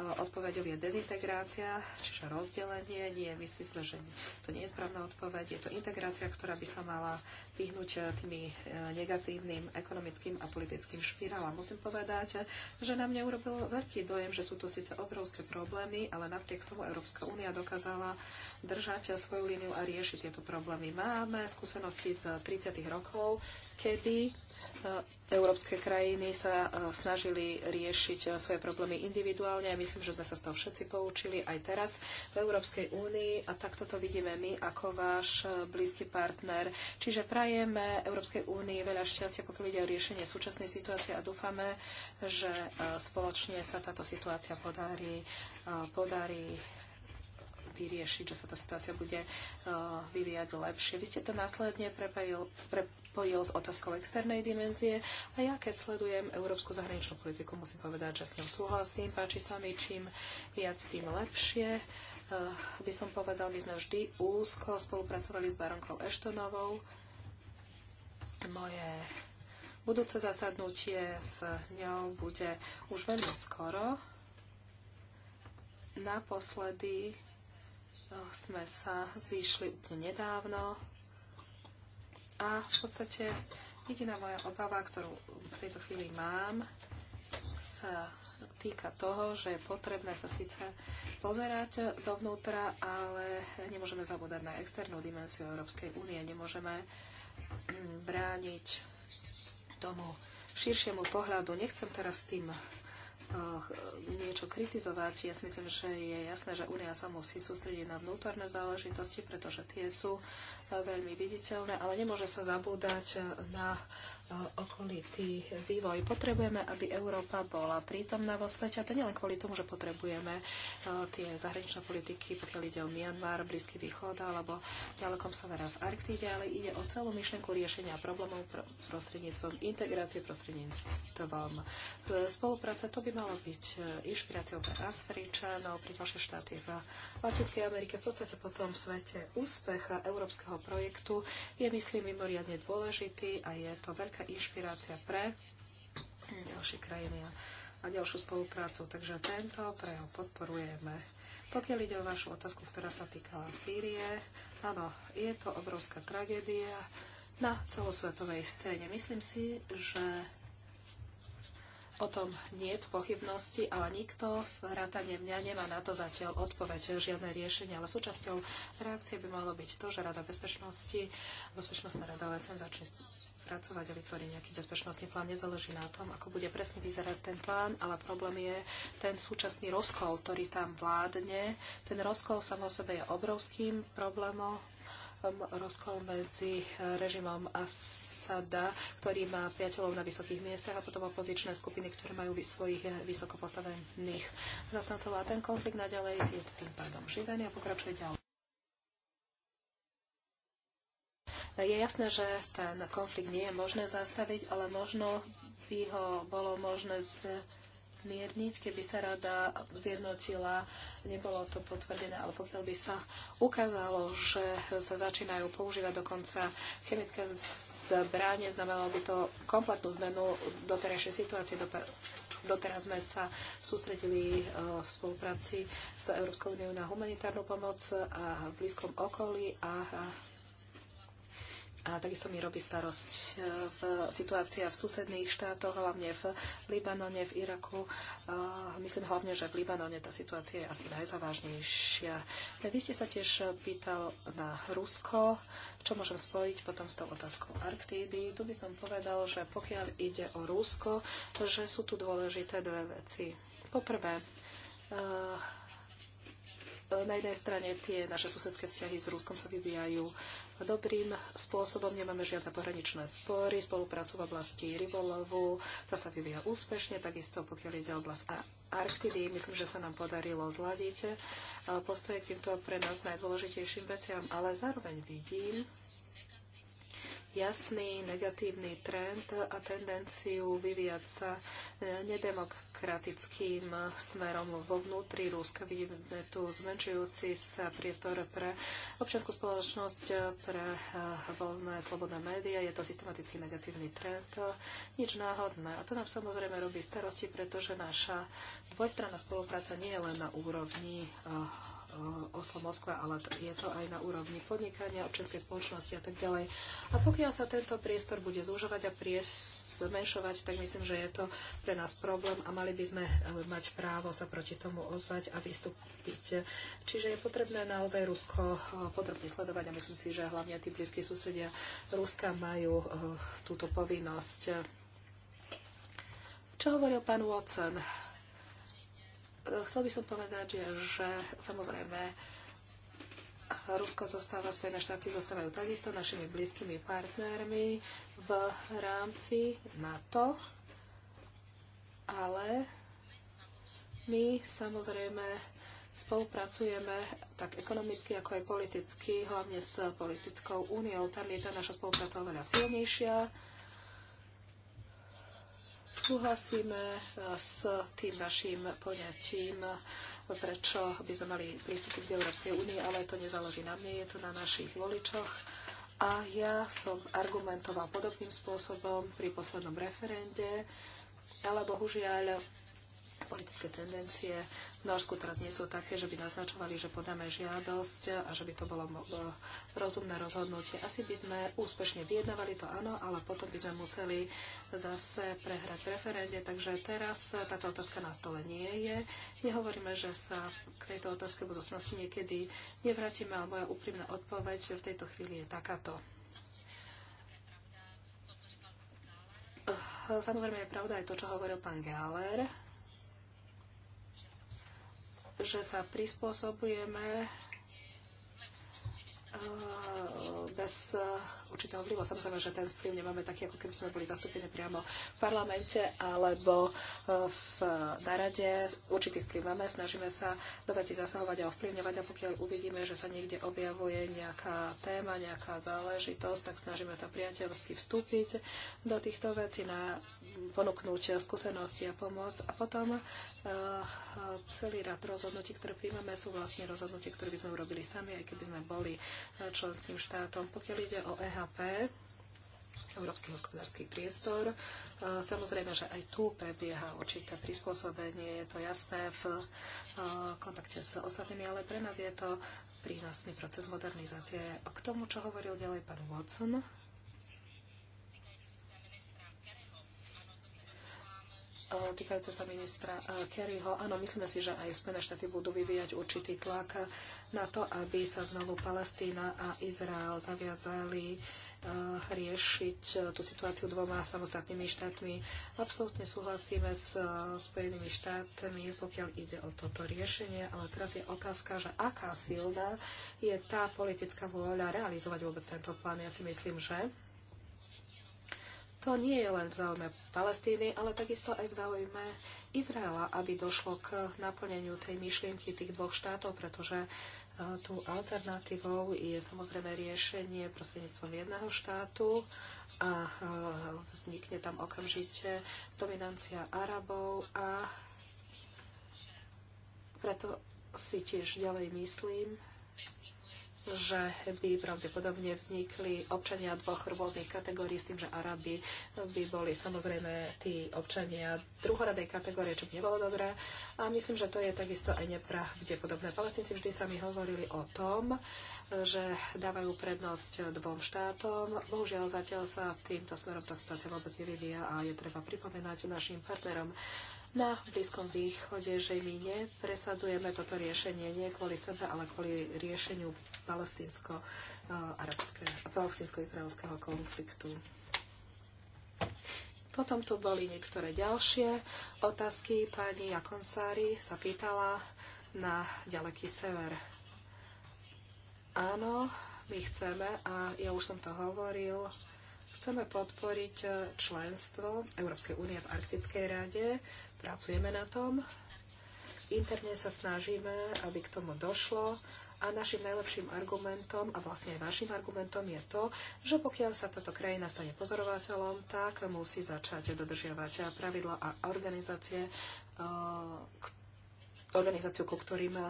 [SPEAKER 4] odpovedou je dezintegrácia, čiže rozdelenie. Nie, my si myslíme, že to nie je správna odpoveď. Je to integrácia, ktorá by sa sa mala vyhnúť eh, tými eh, negatívnym ekonomickým a politickým špirálam. Musím povedať, že na mňa urobil veľký dojem, že sú to síce obrovské problémy, ale napriek tomu Európska únia dokázala držať svoju líniu a riešiť tieto problémy. Máme skúsenosti z 30. rokov, kedy eh, európske krajiny sa e, snažili riešiť e, svoje problémy individuálne a myslím, že sme sa z toho všetci poučili aj teraz v Európskej únii a takto to vidíme my ako váš e, blízky partner. Čiže prajeme Európskej únii veľa šťastia, pokiaľ ide o riešenie súčasnej situácie a dúfame, že spoločne sa táto situácia podarí, podarí vyriešiť, že sa tá situácia bude vyvíjať lepšie. Vy ste to následne prepojil, pre, spojil s otázkou externej dimenzie a ja keď sledujem európsku zahraničnú politiku, musím povedať, že s ňou súhlasím, páči sa mi čím viac, tým lepšie. Eh, by som povedal, my sme vždy úzko spolupracovali s baronkou Eštonovou. Moje budúce zasadnutie s ňou bude už veľmi skoro. Naposledy eh, sme sa zišli úplne nedávno a v podstate jediná moja obava, ktorú v tejto chvíli mám, sa týka toho, že je potrebné sa síce pozerať dovnútra, ale nemôžeme zabúdať na externú dimenziu Európskej únie. Nemôžeme mm, brániť tomu širšiemu pohľadu. Nechcem teraz tým Eh, niečo kritizovať. Ja si myslím, že je jasné, že Únia sa musí sústrediť na vnútorné záležitosti, pretože tie sú eh, veľmi viditeľné, ale nemôže sa zabúdať eh, na okolitý vývoj. Potrebujeme, aby Európa bola prítomná vo svete a to nielen kvôli tomu, že potrebujeme e, tie zahraničné politiky, pokiaľ ide o Myanmar, Blízky východ alebo ďalekom severa v Arktíde, ale ide o celú myšlienku riešenia problémov prostredníctvom integrácie, prostredníctvom e, spolupráce. To by malo byť e, inšpiráciou pre Afričanov, pre ďalšie štáty v Latinskej Amerike, v podstate po celom svete. Úspech európskeho projektu je, myslím, mimoriadne dôležitý a je to veľká veľká inšpirácia pre ďalšie krajiny a, a ďalšiu spoluprácu. Takže tento ho podporujeme. Pokiaľ ide o vašu otázku, ktorá sa týkala Sýrie, áno, je to obrovská tragédia na celosvetovej scéne. Myslím si, že O tom nie je pochybnosti, ale nikto v rátane mňa nemá na to zatiaľ odpoveď, žiadne riešenie, ale súčasťou reakcie by malo byť to, že Rada bezpečnosti, Bezpečnostná rada OSN začne pracovať a vytvoriť nejaký bezpečnostný plán. Nezáleží na tom, ako bude presne vyzerať ten plán, ale problém je ten súčasný rozkol, ktorý tam vládne. Ten rozkol samo o sebe je obrovským problémom ehm, rozkol medzi e, režimom Asada, ktorý má priateľov na vysokých miestach a potom opozičné skupiny, ktoré majú svojich e, vysoko postavených zastancov. A ten konflikt naďalej je tým pádom živený a pokračuje ďalej. Je jasné, že ten konflikt nie je možné zastaviť, ale možno by ho bolo možné zmierniť, keby sa rada zjednotila. Nebolo to potvrdené, ale pokiaľ by sa ukázalo, že sa začínajú používať dokonca chemické zbranie, znamenalo by to kompletnú zmenu doterajšej situácie. Doteraz sme sa sústredili e, v spolupráci s Európskou úniou na humanitárnu pomoc a v blízkom okolí a a takisto mi robí starosť e, v situácia v susedných štátoch, hlavne v Libanone, v Iraku. Myslím hlavne, že v Libanone tá situácia je asi najzávažnejšia. E, vy ste sa tiež pýtal na Rusko, čo môžem spojiť potom s tou otázkou Arktídy. Tu by som povedal, že pokiaľ ide o Rusko, že sú tu dôležité dve veci. Poprvé, e, na jednej strane tie naše susedské vzťahy s Ruskom sa vyvíjajú dobrým spôsobom, nemáme žiadne pohraničné spory, spoluprácu v oblasti rybolovu, tá sa vyvíja úspešne, takisto pokiaľ ide oblasť Arktidy, myslím, že sa nám podarilo zladiť eh, postoje k týmto pre nás najdôležitejším veciam, ale zároveň vidím, jasný negatívny trend a tendenciu vyvíjať sa e, nedemokratickým smerom vo vnútri Ruska. Vidíme tu zmenšujúci sa priestor pre občianskú spoločnosť, pre e, voľné, slobodné médiá. Je to systematicky negatívny trend. Nič náhodné. A to nám samozrejme robí starosti, pretože naša dvojstranná spolupráca nie je len na úrovni e, Eh, Oslo Moskva, ale je to aj na úrovni podnikania, občianskej spoločnosti a tak ďalej. A pokiaľ sa tento priestor bude zúžovať a zmenšovať, tak myslím, že je to pre nás problém a mali by sme eh, mať právo sa proti tomu ozvať a vystúpiť. Čiže je potrebné naozaj Rusko eh, podrobne sledovať a myslím si, že hlavne tí blízki susedia Ruska majú túto povinnosť. Čo hovoril pán Watson? chcel by som povedať, že, že samozrejme Rusko zostáva, Spojené štáty zostávajú takisto našimi blízkými partnermi v rámci NATO, ale my samozrejme spolupracujeme tak ekonomicky, ako aj politicky, hlavne s politickou úniou. Tam je tá naša spolupráca oveľa silnejšia súhlasíme e, s tým našim poňatím, prečo by sme mali pristúpiť k Európskej únii, ale to nezáleží na mne, je to na našich voličoch. A ja som argumentoval podobným spôsobom pri poslednom referende, ale bohužiaľ politické tendencie v Norsku teraz nie sú také, že by naznačovali, že podáme žiadosť a že by to bolo e, rozumné rozhodnutie. Asi by sme úspešne vyjednávali to, áno, ale potom by sme museli zase prehrať referende, takže teraz táto otázka na stole nie je. Nehovoríme, že sa k tejto otázke budúcnosti niekedy nevrátime, ale moja úprimná odpoveď v tejto chvíli je takáto. Samozrejme je pravda aj to, čo hovoril pán Gáler že sa prispôsobujeme e, bez určitého vplyvu. Samozrejme, že ten vplyv nemáme taký, ako keby sme boli zastúpení priamo v parlamente alebo e, v e, narade. Určitý vplyv máme, snažíme sa do veci zasahovať a ovplyvňovať a pokiaľ uvidíme, že sa niekde objavuje nejaká téma, nejaká záležitosť, tak snažíme sa priateľsky vstúpiť do týchto vecí na ponúknúť skúsenosti a pomoc. A potom eh, celý rad rozhodnutí, ktoré príjmame, sú vlastne rozhodnutie, ktoré by sme urobili sami, aj keby sme boli eh, členským štátom. Pokiaľ ide o EHP, Európsky hospodársky priestor. Eh, samozrejme, že aj tu prebieha určité prispôsobenie, je to jasné v kontakte s ostatnými, ale pre nás je to prínosný proces modernizácie. K tomu, čo hovoril ďalej pán Watson, E, týkajúce sa ministra e, Kerryho. Áno, myslíme si, že aj Spojené štáty budú vyvíjať určitý tlak na to, aby sa znovu Palestína a Izrael zaviazali e, riešiť tú situáciu dvoma samostatnými štátmi. Absolútne súhlasíme s Spojenými štátmi, pokiaľ ide o toto riešenie, ale teraz je otázka, že aká silná je tá politická vôľa realizovať vôbec tento plán. Ja si myslím, že to nie je len v záujme Palestíny, ale takisto aj v záujme Izraela, aby došlo k naplneniu tej myšlienky tých dvoch štátov, pretože e, tú alternatívou je samozrejme riešenie prostredníctvom jedného štátu a e, vznikne tam okamžite dominancia Arabov a preto si tiež ďalej myslím, že by pravdepodobne vznikli občania dvoch rôznych kategórií s tým, že Arabi by boli samozrejme tí občania druhoradej kategórie, čo by nebolo dobré. A myslím, že to je takisto aj nepravdepodobné. Palestinci vždy sami hovorili o tom, že dávajú prednosť dvom štátom. Bohužiaľ zatiaľ sa týmto smerom tá situácia vôbec nevyvíja a je treba pripomenať našim partnerom na Blízkom východe, že my nepresadzujeme toto riešenie nie kvôli sebe, ale kvôli riešeniu palestínsko-izraelského konfliktu. Potom tu boli niektoré ďalšie otázky. Pani Jakonsári sa pýtala na ďaleký sever. Áno, my chceme, a ja už som to hovoril, chceme podporiť členstvo Európskej únie v Arktickej rade Pracujeme na tom. Interne sa snažíme, aby k tomu došlo. A našim najlepším argumentom, a vlastne aj vašim argumentom je to, že pokiaľ sa táto krajina stane pozorovateľom, tak musí začať dodržiavať pravidla a organizácie, eh, organizáciu, ku ktorým eh,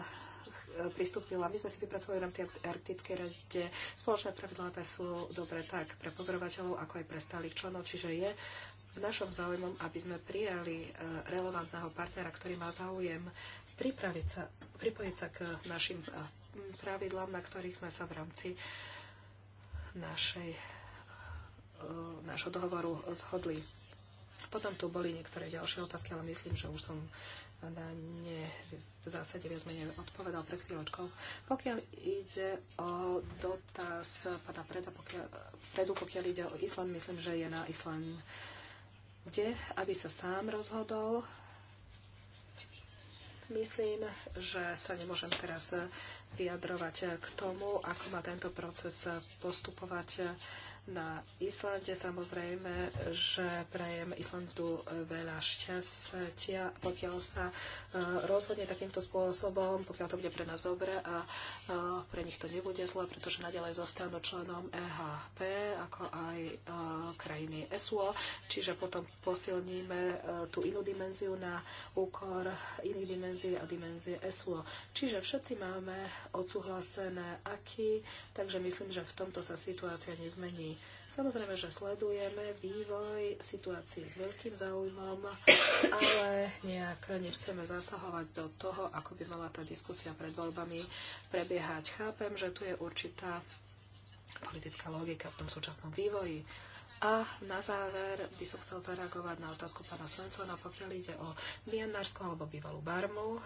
[SPEAKER 4] pristúpila. My sme si vypracovali v rámci Arktickej rade spoločné pravidlá, tie sú dobre tak pre pozorovateľov, ako aj pre stálych členov, čiže je našom záujmom, aby sme prijali e, relevantného partnera, ktorý má záujem pripraviť sa, pripojiť sa k našim e, pravidlám, na ktorých sme sa v rámci našej, e, našho dohovoru zhodli. Potom tu boli niektoré ďalšie otázky, ale myslím, že už som na ne v zásade viac menej odpovedal pred chvíľočkou. Pokiaľ ide o dotaz pána Preda, pokiaľ, Predu, pokiaľ ide o Island, myslím, že je na Island kde, aby sa sám rozhodol. Myslím, že sa nemôžem teraz vyjadrovať k tomu, ako má tento proces postupovať na Islande. Samozrejme, že prajem Islandu e, veľa šťastia, pokiaľ sa e, rozhodne takýmto spôsobom, pokiaľ to bude pre nás dobre a e, pre nich to nebude zle, pretože nadalej zostanú členom EHP, ako aj krajiny SUO, čiže potom posilníme tú inú dimenziu na úkor iných dimenzií a dimenzie SUO. Čiže všetci máme odsúhlasené aký, takže myslím, že v tomto sa situácia nezmení. Samozrejme, že sledujeme vývoj situácií s veľkým záujmom, ale nejak nechceme zasahovať do toho, ako by mala tá diskusia pred voľbami prebiehať. Chápem, že tu je určitá politická logika v tom súčasnom vývoji. A na záver by som chcel zareagovať na otázku pána Svensona, pokiaľ ide o Mianmarsko alebo bývalú Barmu.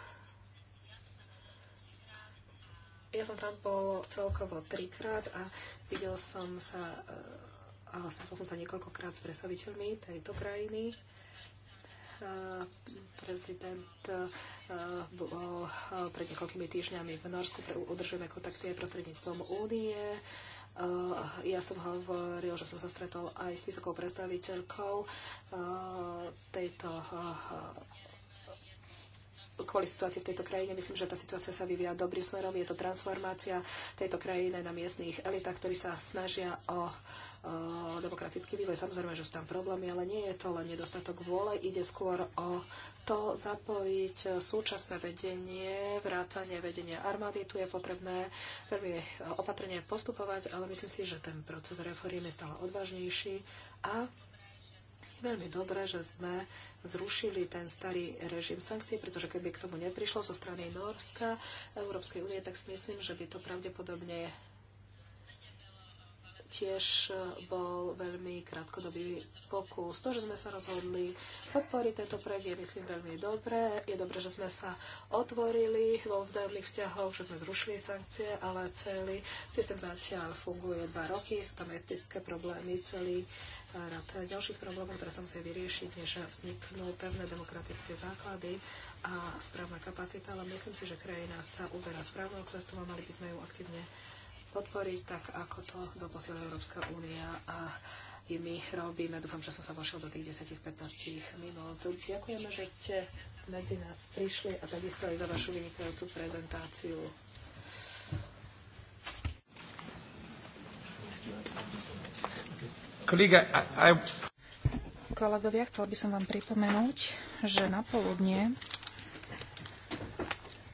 [SPEAKER 4] Ja som tam bol celkovo trikrát a videl som sa eh, a stretol vlastne som sa niekoľkokrát s predstaviteľmi tejto krajiny. Eh, prezident eh, bol pred niekoľkými týždňami v Norsku, udržujeme kontakty aj prostredníctvom únie. Ja som hovoril, že som sa stretol aj s vysokou predstaviteľkou tejto kvôli situácii v tejto krajine. Myslím, že tá situácia sa vyvíja dobrým smerom. Je to transformácia tejto krajiny na miestných elitách, ktorí sa snažia o, o demokratický vývoj. Samozrejme, že sú tam problémy, ale nie je to len nedostatok vôle. Ide skôr o to zapojiť súčasné vedenie, vrátanie vedenia armády. Tu je potrebné veľmi opatrne postupovať, ale myslím si, že ten proces reformy je stále odvážnejší a je veľmi dobré, že sme zrušili ten starý režim sankcií, pretože keby k tomu neprišlo zo strany Norska, Európskej únie, tak si myslím, že by to pravdepodobne tiež bol veľmi krátkodobý pokus. To, že sme sa rozhodli podporiť tento projekt, je myslím veľmi dobré. Je dobré, že sme sa otvorili vo vzájomných vzťahoch, že sme zrušili sankcie, ale celý systém zatiaľ funguje dva roky, sú tam etické problémy, celý rad ďalších problémov, ktoré sa musia vyriešiť, než vzniknú pevné demokratické základy a správna kapacita, ale myslím si, že krajina sa uberá správnou cestou a mali by sme ju aktívne podporiť, tak ako to doposiela Európska únia a i my robíme. Dúfam, že som sa vošiel do tých 10-15 minút. Ďakujeme, že ste medzi nás prišli a takisto aj za vašu vynikajúcu
[SPEAKER 2] prezentáciu.
[SPEAKER 5] Kolega,
[SPEAKER 1] I, I...
[SPEAKER 2] Kolegovia, chcel by som vám pripomenúť, že na poludne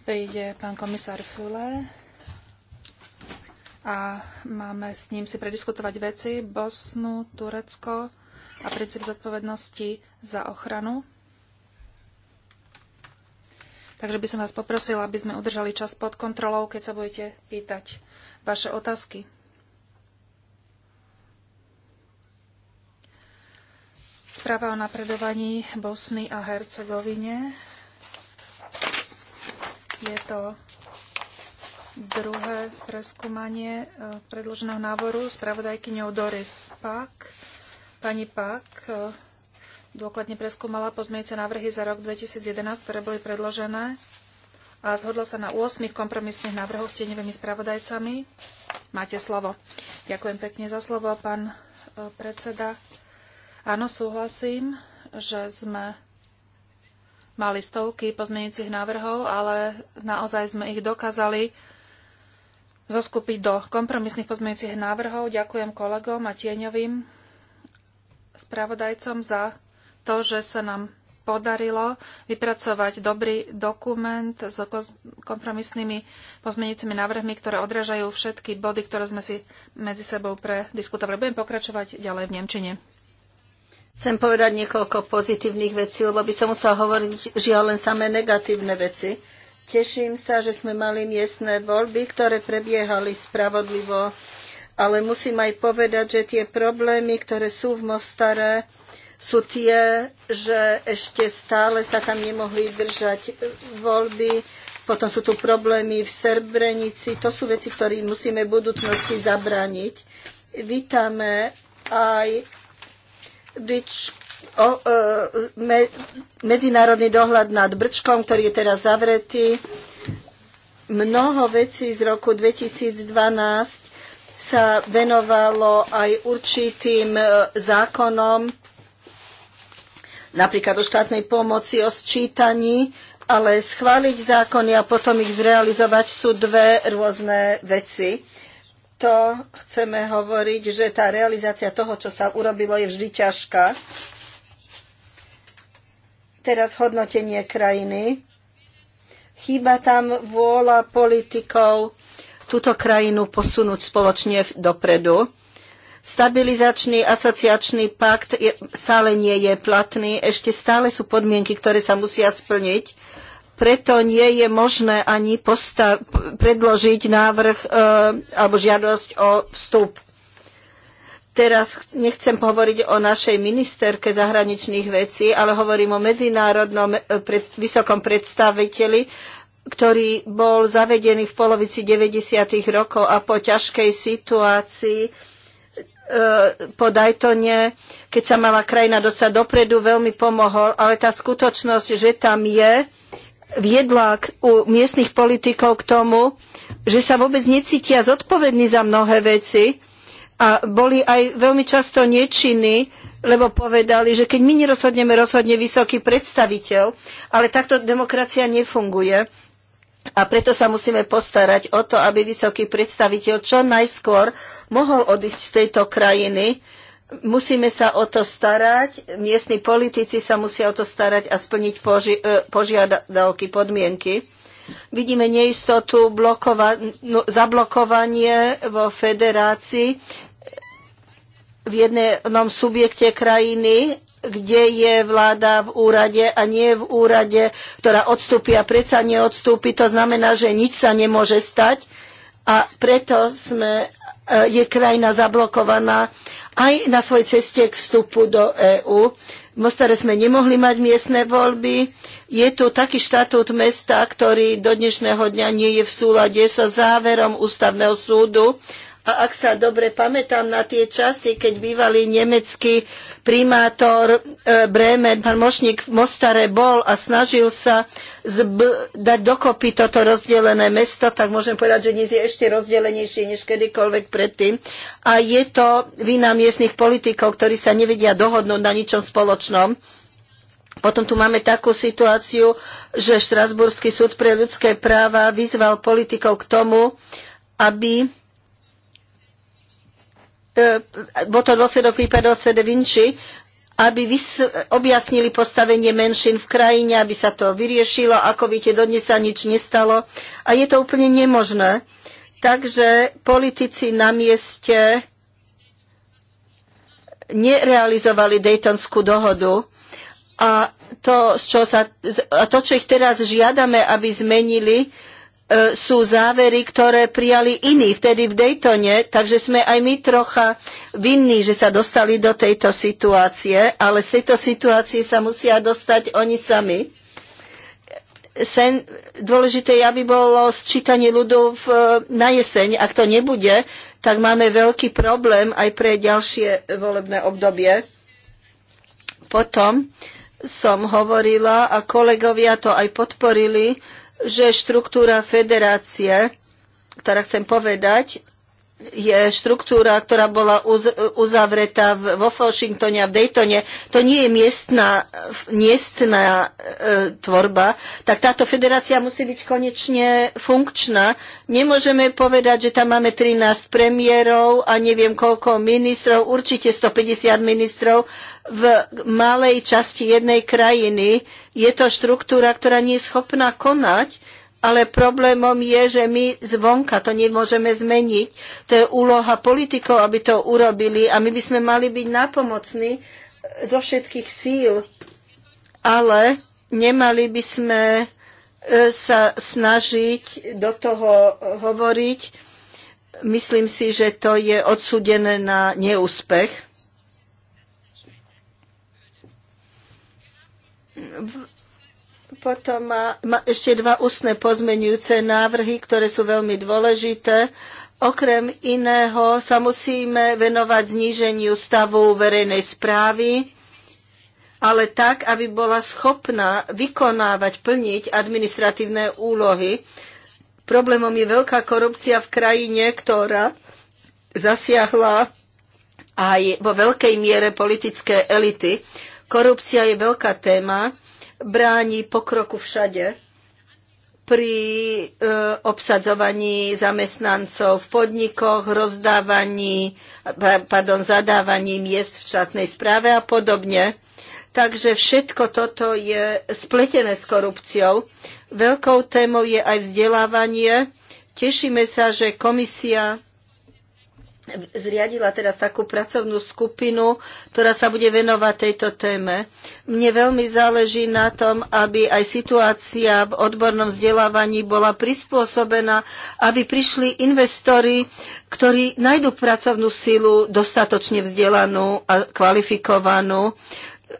[SPEAKER 2] príde pán komisár Fule a máme s ním si prediskutovať veci, Bosnu, Turecko a princíp zodpovednosti za ochranu. Takže by som vás poprosila, aby sme udržali čas pod kontrolou, keď sa budete pýtať vaše otázky. Správa o napredovaní Bosny a Hercegovine. Je to druhé preskúmanie e, predloženého návoru spravodajkyňou Doris Pak. Pani Pak e, dôkladne preskúmala pozmeňujúce návrhy za rok 2011, ktoré boli predložené a zhodla sa na 8 kompromisných návrhov s tieňovými spravodajcami. Máte slovo. Ďakujem pekne za slovo, pán e, predseda. Áno, súhlasím, že sme mali stovky pozmeňujúcich návrhov, ale naozaj sme ich dokázali zoskupiť do kompromisných pozmeňujúcich návrhov. Ďakujem kolegom a tieňovým spravodajcom za to, že sa nám podarilo vypracovať dobrý dokument s kompromisnými pozmeňujúcimi návrhmi, ktoré odrážajú všetky body, ktoré sme si medzi sebou prediskutovali. Budem pokračovať ďalej v Nemčine. Chcem povedať niekoľko pozitívnych
[SPEAKER 3] vecí, lebo by som musela hovoriť žiaľ len samé negatívne veci. Teším sa, že sme mali miestne voľby, ktoré prebiehali spravodlivo, ale musím aj povedať, že tie problémy, ktoré sú v Mostare, sú tie, že ešte stále sa tam nemohli držať voľby, potom sú tu problémy v Serbrenici, to sú veci, ktoré musíme v budúcnosti zabraniť. Vítame aj Byčku o, e, me, medzinárodný dohľad nad Brčkom, ktorý je teraz zavretý. Mnoho vecí z roku 2012 sa venovalo aj určitým e, zákonom, napríklad o štátnej pomoci, o sčítaní, ale schváliť zákony a potom ich zrealizovať sú dve rôzne veci. To chceme hovoriť, že tá realizácia toho, čo sa urobilo, je vždy ťažká. Teraz hodnotenie krajiny. Chýba tam vôľa politikov túto krajinu posunúť spoločne dopredu. Stabilizačný asociačný pakt je, stále nie je platný, ešte stále sú podmienky, ktoré sa musia splniť. Preto nie je možné ani predložiť návrh e, alebo žiadosť o vstup. Teraz nechcem hovoriť o našej ministerke zahraničných vecí, ale hovorím o medzinárodnom e, pred, vysokom predstaviteli, ktorý bol zavedený v polovici 90. rokov a po ťažkej situácii e, po Daytone, keď sa mala krajina dostať dopredu, veľmi pomohol, ale tá skutočnosť, že tam je, viedla k, u miestnych politikov k tomu, že sa vôbec necítia zodpovední za mnohé veci a boli aj veľmi často nečinní, lebo povedali, že keď my nerozhodneme, rozhodne vysoký predstaviteľ, ale takto demokracia nefunguje. A preto sa musíme postarať o to, aby vysoký predstaviteľ čo najskôr mohol odísť z tejto krajiny. Musíme sa o to starať, miestni politici sa musia o to starať a splniť poži- e, požiadavky, podmienky. Vidíme neistotu, blokova- no, zablokovanie vo federácii v jednom subjekte krajiny, kde je vláda v úrade a nie v úrade, ktorá odstúpi a predsa neodstúpi. To znamená, že nič sa nemôže stať a preto sme, e, je krajina zablokovaná aj na svojej ceste k vstupu do EÚ. V Mostare sme nemohli mať miestne voľby. Je tu taký štatút mesta, ktorý do dnešného dňa nie je v súlade so záverom ústavného súdu a ak sa dobre pamätám na tie časy, keď bývalý nemecký primátor e, Bremen, pán Mošník v Mostare bol a snažil sa dať dokopy toto rozdelené mesto, tak môžem povedať, že dnes je ešte rozdelenejšie než kedykoľvek predtým. A je to vina miestnych politikov, ktorí sa nevedia dohodnúť na ničom spoločnom. Potom tu máme takú situáciu, že Štrasburský súd pre ľudské práva vyzval politikov k tomu, aby bol to dôsledok prípadov de Vinci, aby objasnili postavenie menšín v krajine, aby sa to vyriešilo. Ako viete, dodnes sa nič nestalo a je to úplne nemožné. Takže politici na mieste nerealizovali Daytonskú dohodu a to, čo, sa, a to, čo ich teraz žiadame, aby zmenili, E, sú závery, ktoré prijali iní vtedy v Daytone, takže sme aj my trocha vinní, že sa dostali do tejto situácie, ale z tejto situácie sa musia dostať oni sami. Sen, dôležité aby bolo sčítanie ľudov v, na jeseň. Ak to nebude, tak máme veľký problém aj pre ďalšie volebné obdobie. Potom som hovorila a kolegovia to aj podporili, že štruktúra federácie, ktorá chcem povedať, je štruktúra, ktorá bola uzavretá vo Washingtone a v Daytone, to nie je miestna, miestná e, tvorba, tak táto federácia musí byť konečne funkčná. Nemôžeme povedať, že tam máme 13 premiérov a neviem koľko ministrov, určite 150 ministrov v malej časti jednej krajiny. Je to štruktúra, ktorá nie je schopná konať, ale problémom je, že my zvonka to nemôžeme zmeniť. To je úloha politikov, aby to urobili a my by sme mali byť napomocní e, zo všetkých síl. Ale nemali by sme e, sa snažiť do toho hovoriť. Myslím si, že to je odsudené na neúspech. Potom má, má ešte dva ústne pozmeňujúce návrhy, ktoré sú veľmi dôležité. Okrem iného sa musíme venovať zníženiu stavu verejnej správy, ale tak, aby bola schopná vykonávať, plniť administratívne úlohy. Problémom je veľká korupcia v krajine, ktorá zasiahla aj vo veľkej miere politické elity. Korupcia je veľká téma, bráni pokroku všade pri e, obsadzovaní zamestnancov v podnikoch, rozdávaní, pardon, zadávaní miest v štátnej správe a podobne. Takže všetko toto je spletené s korupciou. Veľkou témou je aj vzdelávanie. Tešíme sa, že komisia zriadila teraz takú pracovnú skupinu, ktorá sa bude venovať tejto téme. Mne veľmi záleží na tom, aby aj situácia v odbornom vzdelávaní bola prispôsobená, aby prišli investori, ktorí nájdú pracovnú silu dostatočne vzdelanú a kvalifikovanú.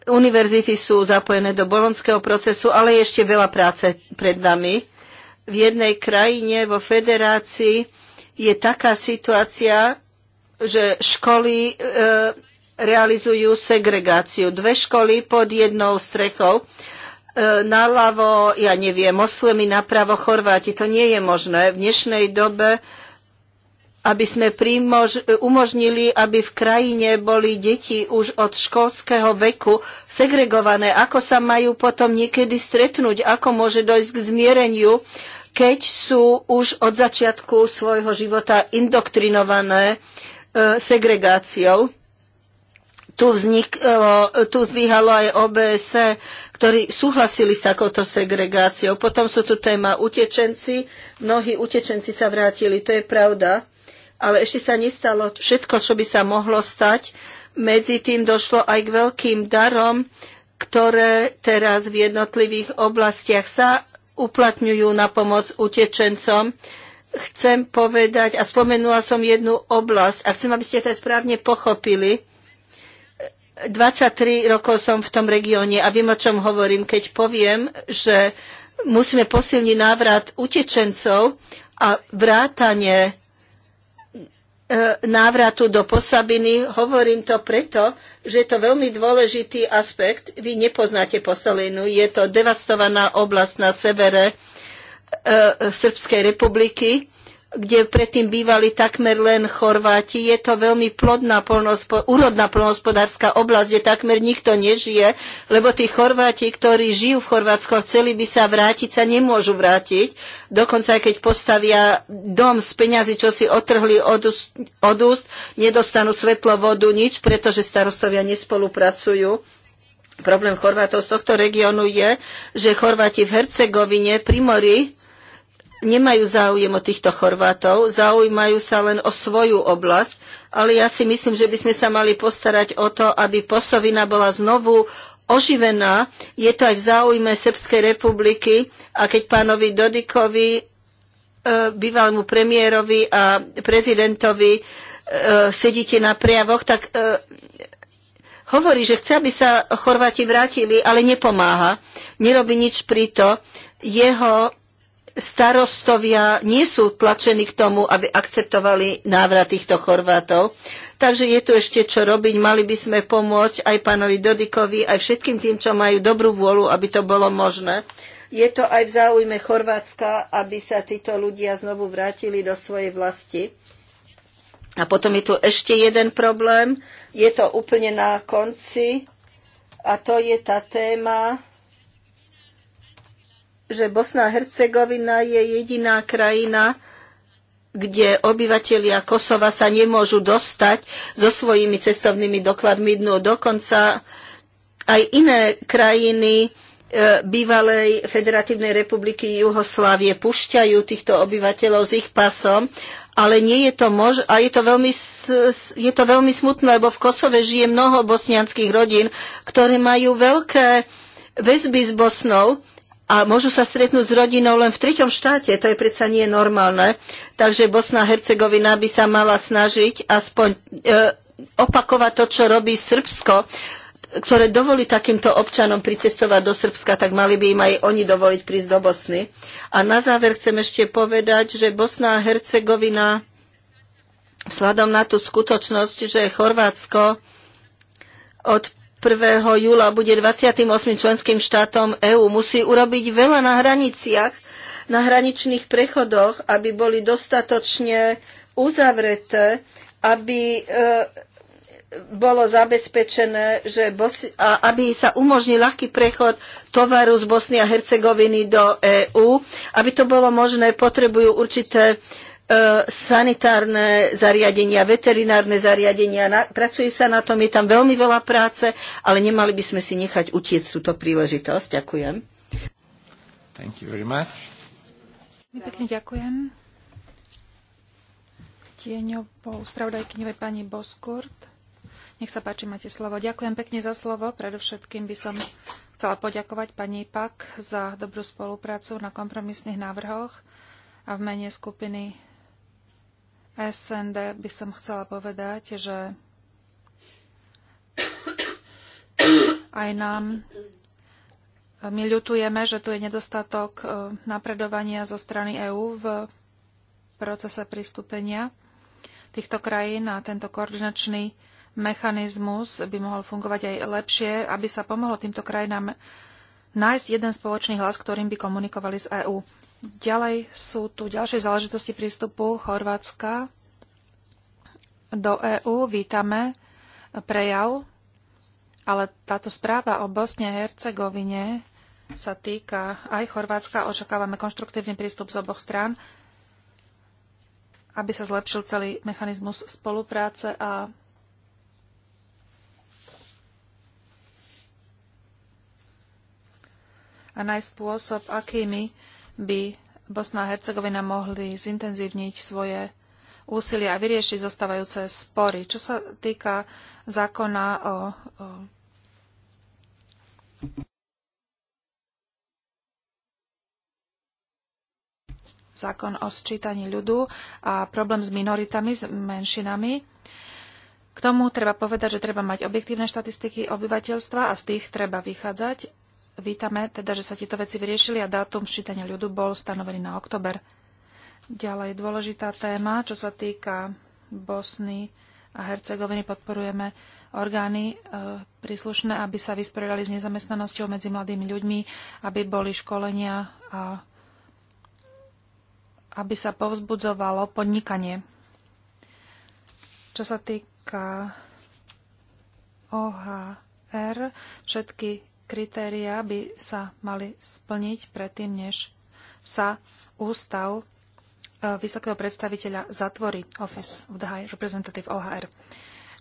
[SPEAKER 3] Univerzity sú zapojené do bolonského procesu, ale je ešte veľa práce pred nami. V jednej krajine, vo federácii, je taká situácia, že školy e, realizujú segregáciu. Dve školy pod jednou strechou. E, naľavo, ja neviem, moslimi, napravo Chorváti. To nie je možné. V dnešnej dobe aby sme primož, umožnili, aby v krajine boli deti už od školského veku segregované. Ako sa majú potom niekedy stretnúť? Ako môže dojsť k zmiereniu, keď sú už od začiatku svojho života indoktrinované uh, segregáciou. Tu, vzniklo, tu vzdyhalo aj OBS, ktorí súhlasili s takouto segregáciou. Potom sú tu téma utečenci. Mnohí utečenci sa vrátili, to je pravda. Ale ešte sa nestalo všetko, čo by sa mohlo stať. Medzi tým došlo aj k veľkým darom, ktoré teraz v jednotlivých oblastiach sa uplatňujú na pomoc utečencom chcem povedať, a spomenula som jednu oblasť, a chcem, aby ste to správne pochopili. 23 rokov som v tom regióne a viem, o čom hovorím, keď poviem, že musíme posilniť návrat utečencov a vrátanie e, návratu do Posabiny. Hovorím to preto, že je to veľmi dôležitý aspekt. Vy nepoznáte Posalinu, je to devastovaná oblasť na severe E, e, Srbskej republiky, kde predtým bývali takmer len Chorváti. Je to veľmi plodná, polnospo, úrodná polnospodárska oblasť, kde takmer nikto nežije, lebo tí Chorváti, ktorí žijú v Chorvátsku a chceli by sa vrátiť, sa nemôžu vrátiť. Dokonca aj keď postavia dom z peňazí, čo si otrhli od úst, od úst, nedostanú svetlo, vodu, nič, pretože starostovia nespolupracujú. Problém Chorvátov z tohto regiónu je, že Chorváti v Hercegovine, pri mori, nemajú záujem o týchto Chorvátov, zaujímajú sa len o svoju oblasť, ale ja si myslím, že by sme sa mali postarať o to, aby Posovina bola znovu oživená. Je to aj v záujme Srbskej republiky a keď pánovi Dodikovi, e, bývalému premiérovi a prezidentovi e, sedíte na prejavoch, tak e, hovorí, že chce, aby sa Chorváti vrátili, ale nepomáha. Nerobí nič pri to. Jeho starostovia nie sú tlačení k tomu, aby akceptovali návrat týchto Chorvátov. Takže je tu ešte čo robiť. Mali by sme pomôcť aj pánovi Dodikovi, aj všetkým tým, čo majú dobrú vôľu, aby to bolo možné. Je to aj v záujme Chorvátska, aby sa títo ľudia znovu vrátili do svojej vlasti. A potom je tu ešte jeden problém. Je to úplne na konci. A to je tá téma že Bosna a Hercegovina je jediná krajina, kde obyvatelia Kosova sa nemôžu dostať so svojimi cestovnými dokladmi dnu. Dokonca aj iné krajiny e, bývalej Federatívnej republiky Juhoslávie pušťajú týchto obyvateľov s ich pasom, ale nie je to mož- a je to, veľmi, je to veľmi smutné, lebo v Kosove žije mnoho bosnianských rodín, ktoré majú veľké väzby s Bosnou a môžu sa stretnúť s rodinou len v treťom štáte. To je predsa nie normálne. Takže Bosna a Hercegovina by sa mala snažiť aspoň e, opakovať to, čo robí Srbsko, ktoré dovolí takýmto občanom pricestovať do Srbska, tak mali by im aj oni dovoliť prísť do Bosny. A na záver chcem ešte povedať, že Bosna a Hercegovina vzhľadom na tú skutočnosť, že Chorvátsko od 1. júla bude 28. členským štátom EÚ, musí urobiť veľa na hraniciach, na hraničných prechodoch, aby boli dostatočne uzavreté, aby e, bolo zabezpečené, že Bos- a aby sa umožnil ľahký prechod tovaru z Bosny a Hercegoviny do EÚ. Aby to bolo možné, potrebujú určité E, sanitárne zariadenia, veterinárne zariadenia. Na, pracuje sa na tom, je tam veľmi veľa práce, ale nemali by sme si nechať utiecť túto príležitosť. Ďakujem. Thank you very much.
[SPEAKER 2] Pekne ďakujem. Tieňovou spravodajkyňovej pani Boskurt. Nech sa páči, máte slovo. Ďakujem pekne za slovo. Predovšetkým by som chcela poďakovať pani Pak za dobrú spoluprácu na kompromisných návrhoch a v mene skupiny SND by som chcela povedať, že aj nám eh, my ľutujeme, že tu je nedostatok eh, napredovania zo strany EÚ v procese pristúpenia týchto krajín a tento koordinačný mechanizmus by mohol fungovať aj lepšie, aby sa pomohlo týmto krajinám nájsť jeden spoločný hlas, ktorým by komunikovali s EÚ. Ďalej sú tu ďalšie záležitosti prístupu Chorvátska do EÚ. Vítame prejav, ale táto správa o Bosne a Hercegovine sa týka aj Chorvátska. Očakávame konštruktívny prístup z oboch strán, aby sa zlepšil celý mechanizmus spolupráce a a nájsť spôsob, akými by Bosna a Hercegovina mohli zintenzívniť svoje úsilie a vyriešiť zostávajúce spory. Čo sa týka zákona o, o zákon o sčítaní ľudu a problém s minoritami, s menšinami. K tomu treba povedať, že treba mať objektívne štatistiky obyvateľstva a z tých treba vychádzať Vítame teda, že sa tieto veci vyriešili a dátum šítania ľudu bol stanovený na oktober. Ďalej dôležitá téma, čo sa týka Bosny a Hercegoviny, podporujeme orgány e, príslušné, aby sa vysporiadali s nezamestnanosťou medzi mladými ľuďmi, aby boli školenia a aby sa povzbudzovalo podnikanie. Čo sa týka OHR, všetky kritériá by sa mali splniť predtým, než sa ústav e, vysokého predstaviteľa zatvorí Office of the High Representative OHR.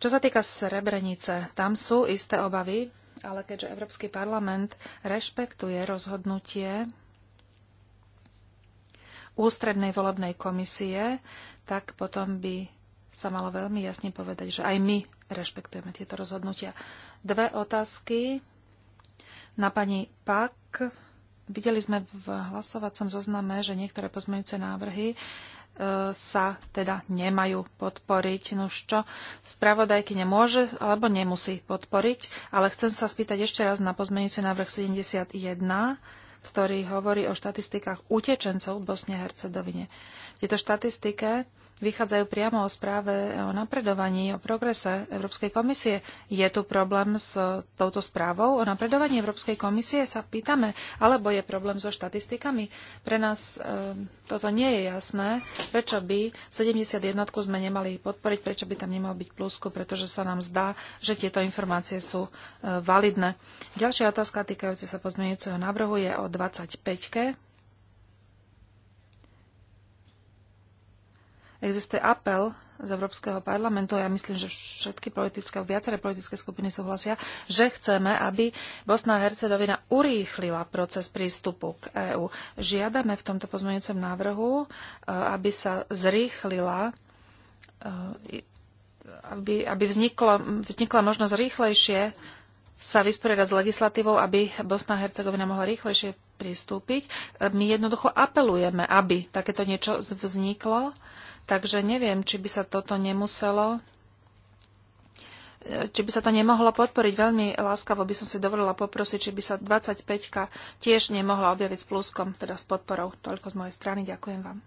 [SPEAKER 2] Čo sa týka Srebrenice, tam sú isté obavy, ale keďže Európsky parlament rešpektuje rozhodnutie ústrednej volebnej komisie, tak potom by sa malo veľmi jasne povedať, že aj my rešpektujeme tieto rozhodnutia. Dve otázky na pani Pak. Videli sme v hlasovacom zozname, že niektoré pozmeňujúce návrhy e, sa teda nemajú podporiť. No čo, spravodajky nemôže alebo nemusí podporiť, ale chcem sa spýtať ešte raz na pozmeňujúci návrh 71, ktorý hovorí o štatistikách utečencov v Bosne a Hercegovine. Tieto štatistike vychádzajú priamo o správe o napredovaní, o progrese Európskej komisie. Je tu problém s touto správou o napredovaní Európskej komisie, sa pýtame, alebo je problém so štatistikami? Pre nás e, toto nie je jasné, prečo by 71 sme nemali podporiť, prečo by tam nemal byť plusku, pretože sa nám zdá, že tieto informácie sú e, validné. Ďalšia otázka týkajúca sa pozmeňujúceho návrhu je o 25. -ke Existuje apel z Európskeho parlamentu, ja myslím, že všetky politické, viaceré politické skupiny súhlasia, že chceme, aby Bosna a Hercegovina urýchlila proces prístupu k EÚ. Žiadame v tomto pozmeňujúcom návrhu, e, aby sa zrýchlila e, aby, aby vzniklo, vznikla možnosť rýchlejšie sa vysporiadať s legislatívou, aby Bosna a Hercegovina mohla rýchlejšie pristúpiť. E, my jednoducho apelujeme, aby takéto niečo vzniklo Takže neviem, či by sa toto nemuselo e, či by sa to nemohlo podporiť. Veľmi láskavo by som si dovolila poprosiť, či by sa 25 tiež nemohla objaviť s pluskom, teda s podporou. Toľko z mojej strany. Ďakujem vám.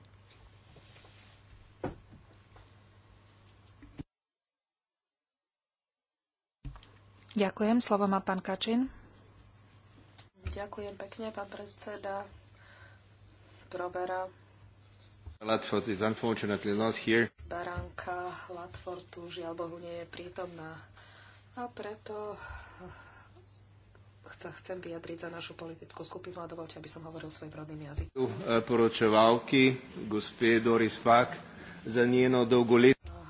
[SPEAKER 2] Ďakujem. Slovo má pán Kačin.
[SPEAKER 4] Ďakujem pekne, pán predseda. Provera
[SPEAKER 3] Latford is unfortunately not here.
[SPEAKER 4] Baranka Latford tu žiaľ Bohu nie je prítomná a preto sa chcem vyjadriť za našu politickú skupinu a dovolte, aby som hovoril svojim rodným jazykom. Eh,
[SPEAKER 1] poročevalky, gospie Doris Pak, za njeno dolgolet... No,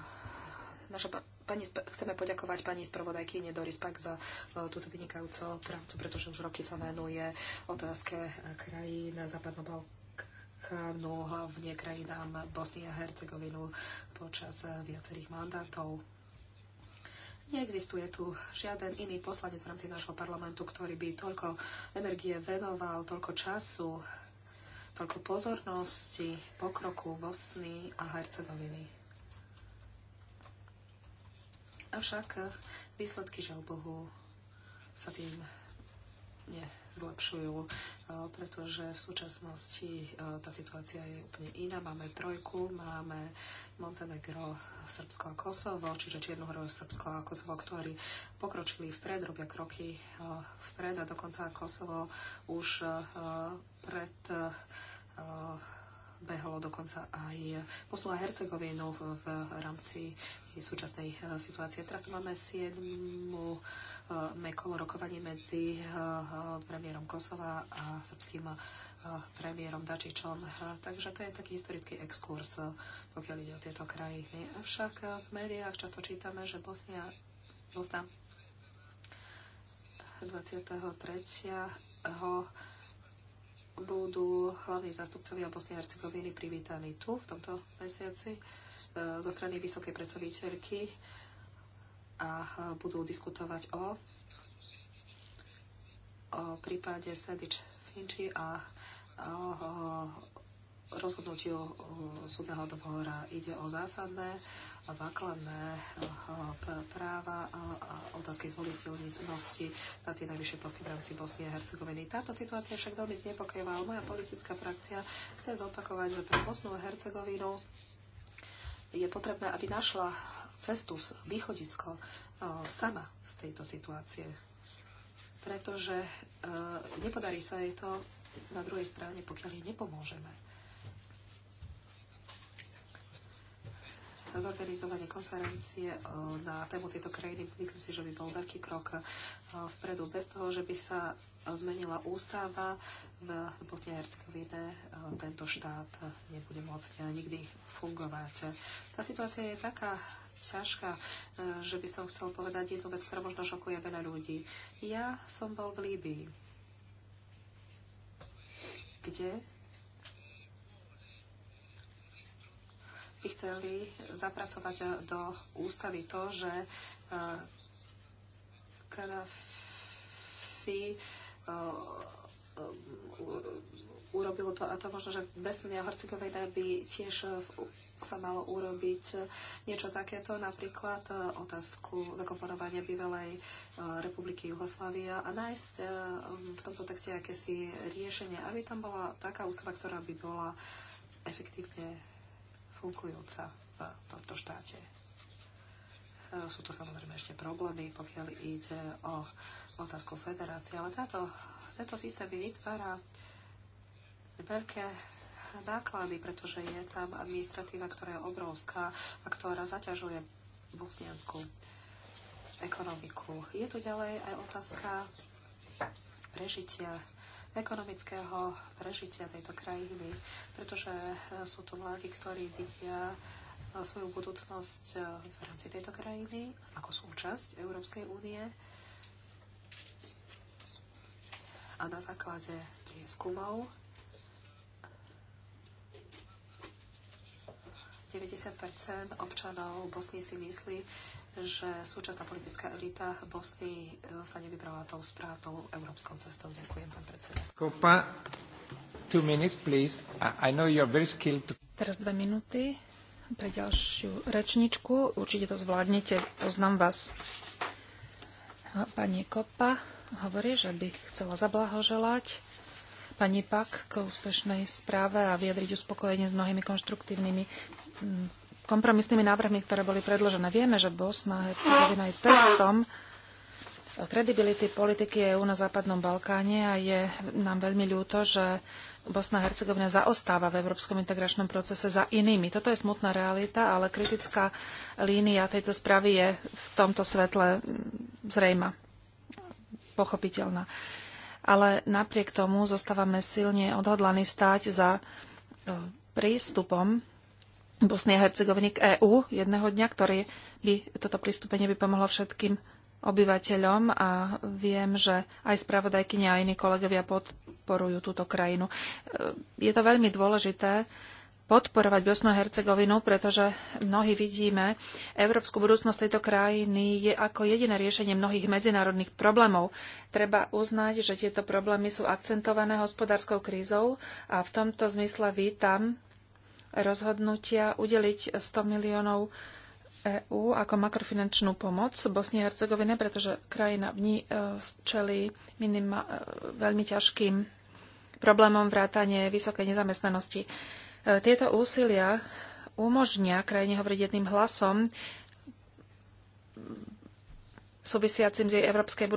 [SPEAKER 4] naša pa- pani, chceme poďakovať pani spravodajkyne Doris Pak za eh, túto vynikajúcu prácu, pretože už roky sa venuje otázke eh, krajín Západného Balkánu no hlavne krajinám Bosny a Hercegovinu počas viacerých mandátov. Neexistuje tu žiaden iný poslanec v rámci nášho parlamentu, ktorý by toľko energie venoval, toľko času, toľko pozornosti pokroku Bosny a Hercegoviny. Avšak výsledky, žiaľ Bohu, sa tým ne zlepšujú, e, pretože v súčasnosti e, tá situácia je úplne iná. Máme trojku, máme Montenegro, Srbsko a Kosovo, čiže Čiernohorové Srbsko a Kosovo, ktorí pokročili vpred, robia kroky e, vpred a dokonca Kosovo už pred Behalo dokonca aj posluha Hercegovinu v, v rámci súčasnej eh, situácie. Teraz tu máme 7. Eh, mekolo rokovanie medzi eh, premiérom Kosova a srbským premiérom Dačičom. Takže to je taký historický exkurs, pokiaľ ide o tieto krajiny. Avšak v médiách často čítame, že Bosnia, Bosna 23 budú hlavní zastupcovia a a Hercegoviny privítaní tu v tomto mesiaci e, zo strany vysokej predstaviteľky a e, budú diskutovať o, o prípade Sedič Finči a o, rozhodnutiu súdneho dvora. Ide o zásadné a základné eh, eh, práva a otázky zvoliteľnosti na tie najvyššie posty v rámci Bosnie a Hercegoviny. Táto situácia však veľmi znepokojivá, moja politická frakcia chce zopakovať, že pre Bosnu a Hercegovinu je potrebné, aby našla cestu, východisko eh, sama z tejto situácie. Pretože nepodarí sa jej to na druhej strane, pokiaľ jej nepomôžeme. zorganizovanie konferencie eh, na tému tejto krajiny, myslím si, že by bol veľký krok eh, vpredu bez toho, že by sa zmenila ústava eh, v Bosne a Hercegovine tento štát nebude môcť nikdy fungovať. Tá situácia je taká ťažká, že by som chcel povedať jednu vec, ktorá možno šokuje veľa ľudí. Ja som bol v Líbii, kde by chceli zapracovať eh, do ústavy to, že eh, Kadafi eh, urobilo to a to možno, že Besnia Hercegovina by tiež sa malo urobiť niečo takéto, napríklad otázku zakomponovania bývalej republiky Jugoslávia a nájsť v tomto texte akési riešenie, aby tam bola taká ústava, ktorá by bola efektívne fúkujúca v tomto štáte. E, sú to samozrejme ešte problémy, pokiaľ ide o otázku federácie, ale táto, tento systém vytvára veľké náklady, pretože je tam administratíva, ktorá je obrovská a ktorá zaťažuje bosnianskú ekonomiku. Je tu ďalej aj otázka prežitia ekonomického prežitia tejto krajiny, pretože eh, sú tu vlády, ktorí vidia eh, svoju budúcnosť eh, v rámci tejto krajiny ako súčasť Európskej únie a na základe prieskumov 90 občanov Bosny si myslí, že súčasná politická elita Bosny e, sa nevybrala tou správnou európskou cestou. Ďakujem, pán predseda.
[SPEAKER 1] Kopa, two minutes, please. I, I know you're very skilled.
[SPEAKER 2] Teraz dve minúty pre ďalšiu rečničku. Určite to zvládnete, poznám vás. Pani Kopa hovorí, že by chcela zablahoželať pani Pak k úspešnej správe a vyjadriť uspokojenie s mnohými konštruktívnymi kompromisnými návrhmi, ktoré boli predložené. Vieme, že Bosna a Hercegovina je testom kredibility politiky EÚ na Západnom Balkáne a je nám veľmi ľúto, že Bosna a Hercegovina zaostáva v európskom integračnom procese za inými. Toto je smutná realita, ale kritická línia tejto správy je v tomto svetle zrejma pochopiteľná. Ale napriek tomu zostávame silne odhodlaní stáť za prístupom Bosny a Hercegoviny k EÚ jedného dňa, ktorý by toto pristúpenie by pomohlo všetkým obyvateľom a viem, že aj spravodajkyne a iní kolegovia podporujú túto krajinu. E, je to veľmi dôležité podporovať Bosnu a Hercegovinu, pretože mnohí vidíme, európsku budúcnosť tejto krajiny je ako jediné riešenie mnohých medzinárodných problémov. Treba uznať, že tieto problémy sú akcentované hospodárskou krízou a v tomto zmysle vítam rozhodnutia udeliť 100 miliónov EÚ ako makrofinančnú pomoc Bosnie a Hercegovine, pretože krajina v ní e, čelí minima, e, veľmi ťažkým problémom vrátane vysokej nezamestnanosti. E, tieto úsilia umožnia krajine hovoriť jedným hlasom súvisiacim s jej európskej e,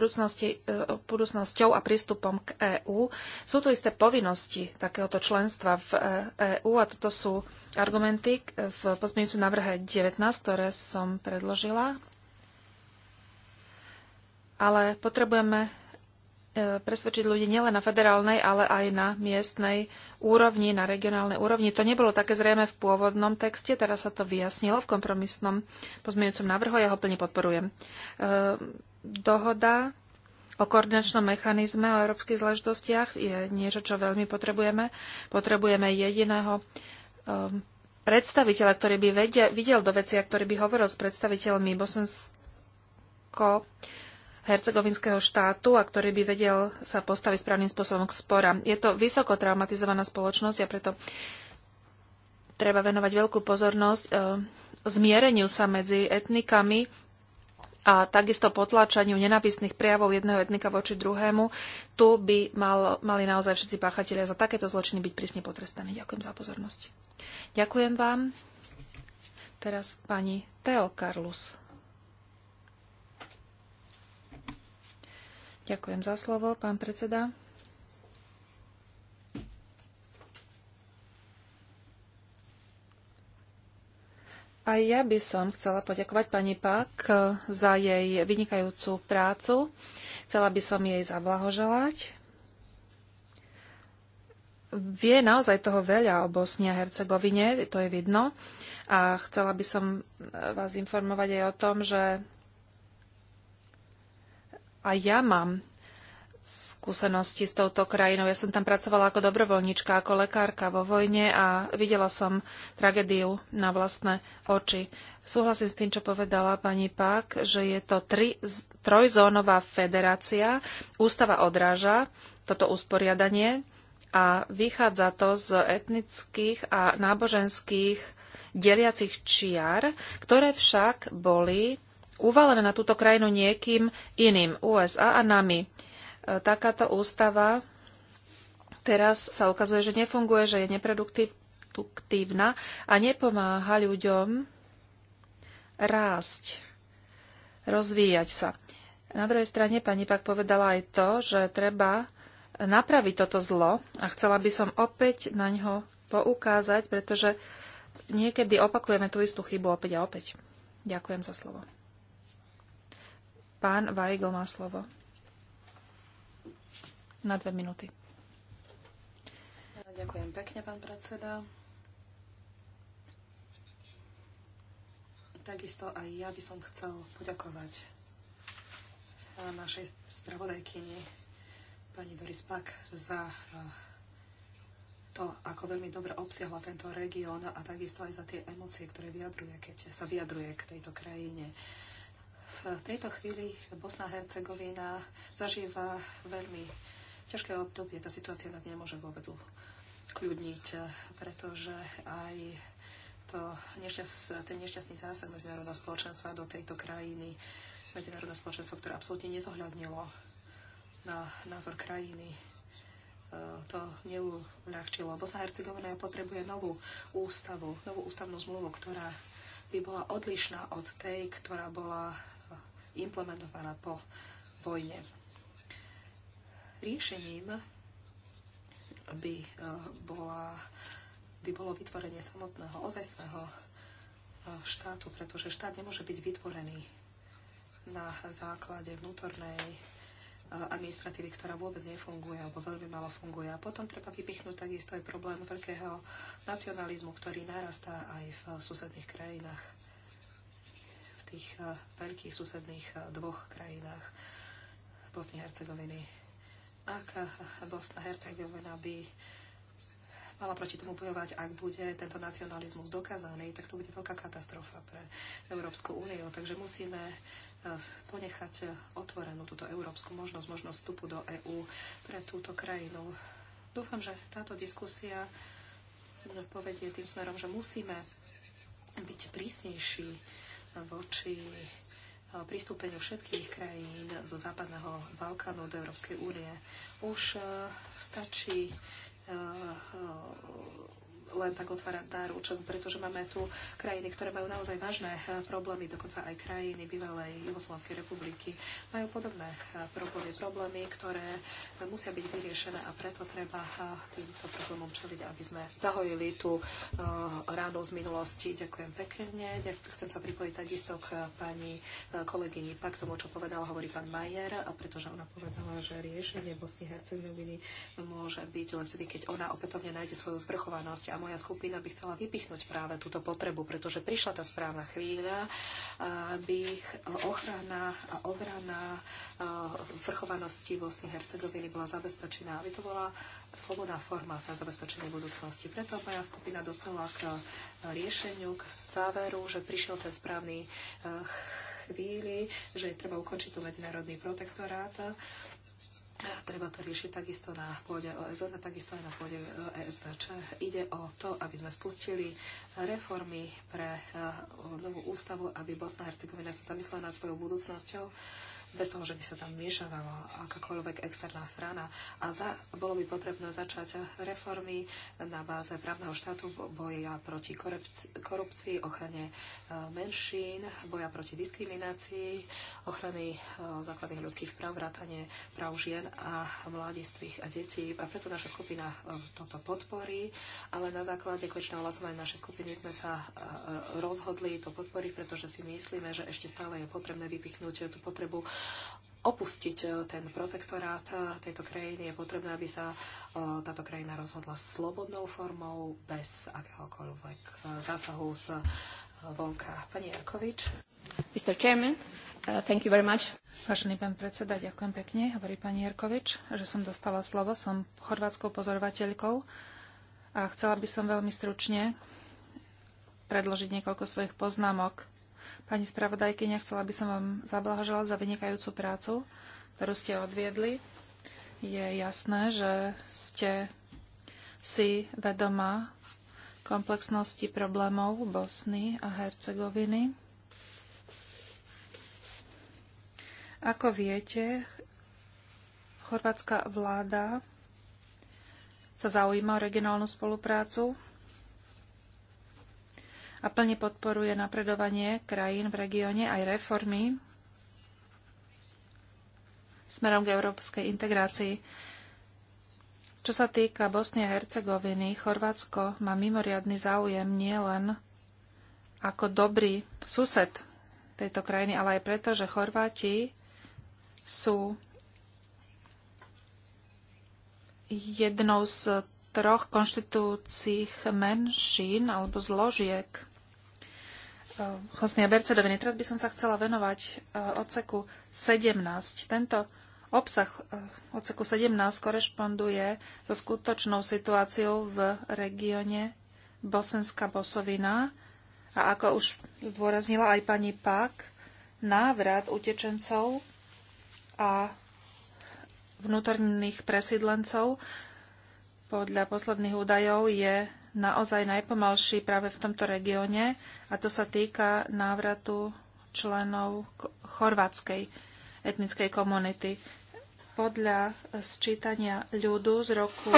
[SPEAKER 2] budúcnosťou a prístupom k EÚ. Sú tu isté povinnosti takéhoto členstva v EÚ e a toto sú argumenty v pozmeňujúcom návrhe 19, ktoré som predložila. Ale potrebujeme E, presvedčiť ľudí nielen na federálnej, ale aj na miestnej úrovni, na regionálnej úrovni. To nebolo také zrejme v pôvodnom texte, teraz sa to vyjasnilo v kompromisnom pozmeňujúcom návrhu, ja ho plne podporujem. E, dohoda o koordinačnom mechanizme o európskych zležitostiach je niečo, čo veľmi potrebujeme. Potrebujeme jediného e, predstaviteľa, ktorý by vedel, videl do veci a ktorý by hovoril s predstaviteľmi bosensko hercegovinského štátu a ktorý by vedel sa postaviť správnym spôsobom k spora. Je to vysoko traumatizovaná spoločnosť a preto treba venovať veľkú pozornosť e, zmiereniu sa medzi etnikami a takisto potláčaniu nenapisných prejavov jedného etnika voči druhému. Tu by mal, mali naozaj všetci páchatelia za takéto zločiny byť prísne potrestaní. Ďakujem za pozornosť. Ďakujem vám. Teraz pani Teo Karlus. Ďakujem za slovo, pán predseda. A ja by som chcela poďakovať pani Pak za jej vynikajúcu prácu. Chcela by som jej zablahoželať. Vie naozaj toho veľa o Bosni a Hercegovine, to je vidno. A chcela by som vás informovať aj o tom, že a ja mám skúsenosti s touto krajinou. Ja som tam pracovala ako dobrovoľnička, ako lekárka vo vojne a videla som tragédiu na vlastné oči. Súhlasím s tým, čo povedala pani Pak, že je to tri, trojzónová federácia. Ústava odráža toto usporiadanie a vychádza to z etnických a náboženských deliacich čiar, ktoré však boli uvalené na túto krajinu niekým iným, USA a nami. E, takáto ústava teraz sa ukazuje, že nefunguje, že je neproduktívna a nepomáha ľuďom rásť, rozvíjať sa. Na druhej strane pani pak povedala aj to, že treba napraviť toto zlo a chcela by som opäť na ňo poukázať, pretože niekedy opakujeme tú istú chybu opäť a opäť. Ďakujem za slovo. Pán Weigl má slovo. Na dve minúty.
[SPEAKER 4] Ďakujem pekne, pán predseda. Takisto aj ja by som chcel poďakovať našej spravodajkyni pani Doris Pak za eh, to, ako veľmi dobre obsiahla tento región a takisto aj za tie emócie, ktoré vyjadruje, keď sa vyjadruje k tejto krajine. Uh, v tejto chvíli Bosna a Hercegovina zažíva veľmi ťažké obdobie. Tá situácia nás nemôže vôbec kľudniť, pretože aj to nešťast, ten nešťastný zásah medzinárodného spoločenstva do tejto krajiny, medzinárodné spoločenstvo, ktoré absolútne nezohľadnilo na názor krajiny, to neuľahčilo. Bosna Hercegovina potrebuje novú ústavu, novú ústavnú zmluvu, ktorá by bola odlišná od tej, ktorá bola implementovaná po vojne. Riešením by, eh, bola, by bolo vytvorenie samotného ozajstného eh, štátu, pretože štát nemôže byť vytvorený na základe vnútornej eh, administratívy, ktorá vôbec nefunguje alebo veľmi malo funguje. A potom treba vypichnúť takisto aj problém veľkého nacionalizmu, ktorý narastá aj v susedných krajinách tých eh, veľkých susedných eh, dvoch krajinách Bosny a Hercegoviny. Ak eh, Bosna a Hercegovina by mala proti tomu bojovať, ak bude tento nacionalizmus dokázaný, tak to bude veľká katastrofa pre Európsku úniu. Takže musíme ponechať otvorenú túto európsku možnosť, možnosť vstupu do EÚ pre túto krajinu. Dúfam, že táto diskusia povedie tým smerom, že musíme byť prísnejší voči eh, pristúpeniu všetkých krajín zo západného Balkánu do Európskej únie. Už eh, stačí eh, len tak otvárať náruč, pretože máme tu krajiny, ktoré majú naozaj vážne eh, problémy, dokonca aj krajiny bývalej Jugoslovanskej republiky majú podobné eh, problémy, problémy, ktoré musia byť vyriešené a preto treba eh, týmto problémom čeliť, aby sme zahojili tú ránu z minulosti. Ďakujem pekne. Chcem sa pripojiť takisto k pani kolegyni Pak tomu, čo povedal, hovorí pán Majer, a pretože ona povedala, že riešenie Bosny Hercegoviny môže byť len vtedy, keď ona opätovne nájde svoju zvrchovanosť a a moja skupina by chcela vypichnúť práve túto potrebu, pretože prišla tá správna chvíľa, aby ochrana a obrana zvrchovanosti Bosny Hercegoviny bola zabezpečená, aby to bola slobodná forma na zabezpečenie budúcnosti. Preto moja skupina dospela k riešeniu, k záveru, že prišiel ten správny chvíli, že je treba ukončiť tú medzinárodný protektorát Treba to riešiť takisto na pôde OSN a takisto aj na pôde ESVČ. Ide o to, aby sme spustili reformy pre e, novú ústavu, aby Bosna a Hercegovina sa zamyslela nad svojou budúcnosťou bez toho, že by sa tam miešavala akákoľvek externá strana. A za, bolo by potrebné začať reformy na báze právneho štátu, boja proti korupcii, ochrane e, menšín, boja proti diskriminácii, ochrany e, základných ľudských práv, vrátanie práv žien a mladistvých a detí. A preto naša skupina e, toto podporí, ale na základe konečného hlasovania našej skupiny sme sa rozhodli to podporiť, pretože si myslíme, že ešte stále je potrebné vypichnúť tú potrebu opustiť eh, ten protektorát eh, tejto krajiny. Je potrebné, aby sa eh, táto krajina rozhodla slobodnou formou, bez akéhokoľvek zásahu z vonka. Pani Jarkovič.
[SPEAKER 2] Mr. Chairman, uh, thank you very much. Vážený pán predseda, ďakujem pekne, hovorí pani Jarkovič, že som dostala slovo. Som chorvátskou pozorovateľkou a chcela by som veľmi stručne predložiť niekoľko svojich poznámok Pani spravodajkyňa, chcela by som vám zablahoželať za vynikajúcu prácu, ktorú ste odviedli. Je jasné, že ste si vedoma komplexnosti problémov Bosny a Hercegoviny. Ako viete, chorvátska vláda sa zaujíma o regionálnu spoluprácu a plne podporuje napredovanie krajín v regióne aj reformy smerom k európskej integrácii. Čo sa týka Bosny a Hercegoviny, Chorvátsko má mimoriadný záujem nielen ako dobrý sused tejto krajiny, ale aj preto, že Chorváti sú jednou z troch konštitúcich menšín alebo zložiek Chosny eh, a Bercedoviny. Teraz by som sa chcela venovať eh, odseku 17. Tento obsah eh, odseku 17 korešponduje so skutočnou situáciou v regióne Bosenská Bosovina a ako už zdôraznila aj pani Pak, návrat utečencov a vnútorných presídlencov podľa posledných údajov je naozaj najpomalší práve v tomto regióne a to sa týka návratu členov chorvátskej etnickej komunity. Podľa sčítania ľudu z roku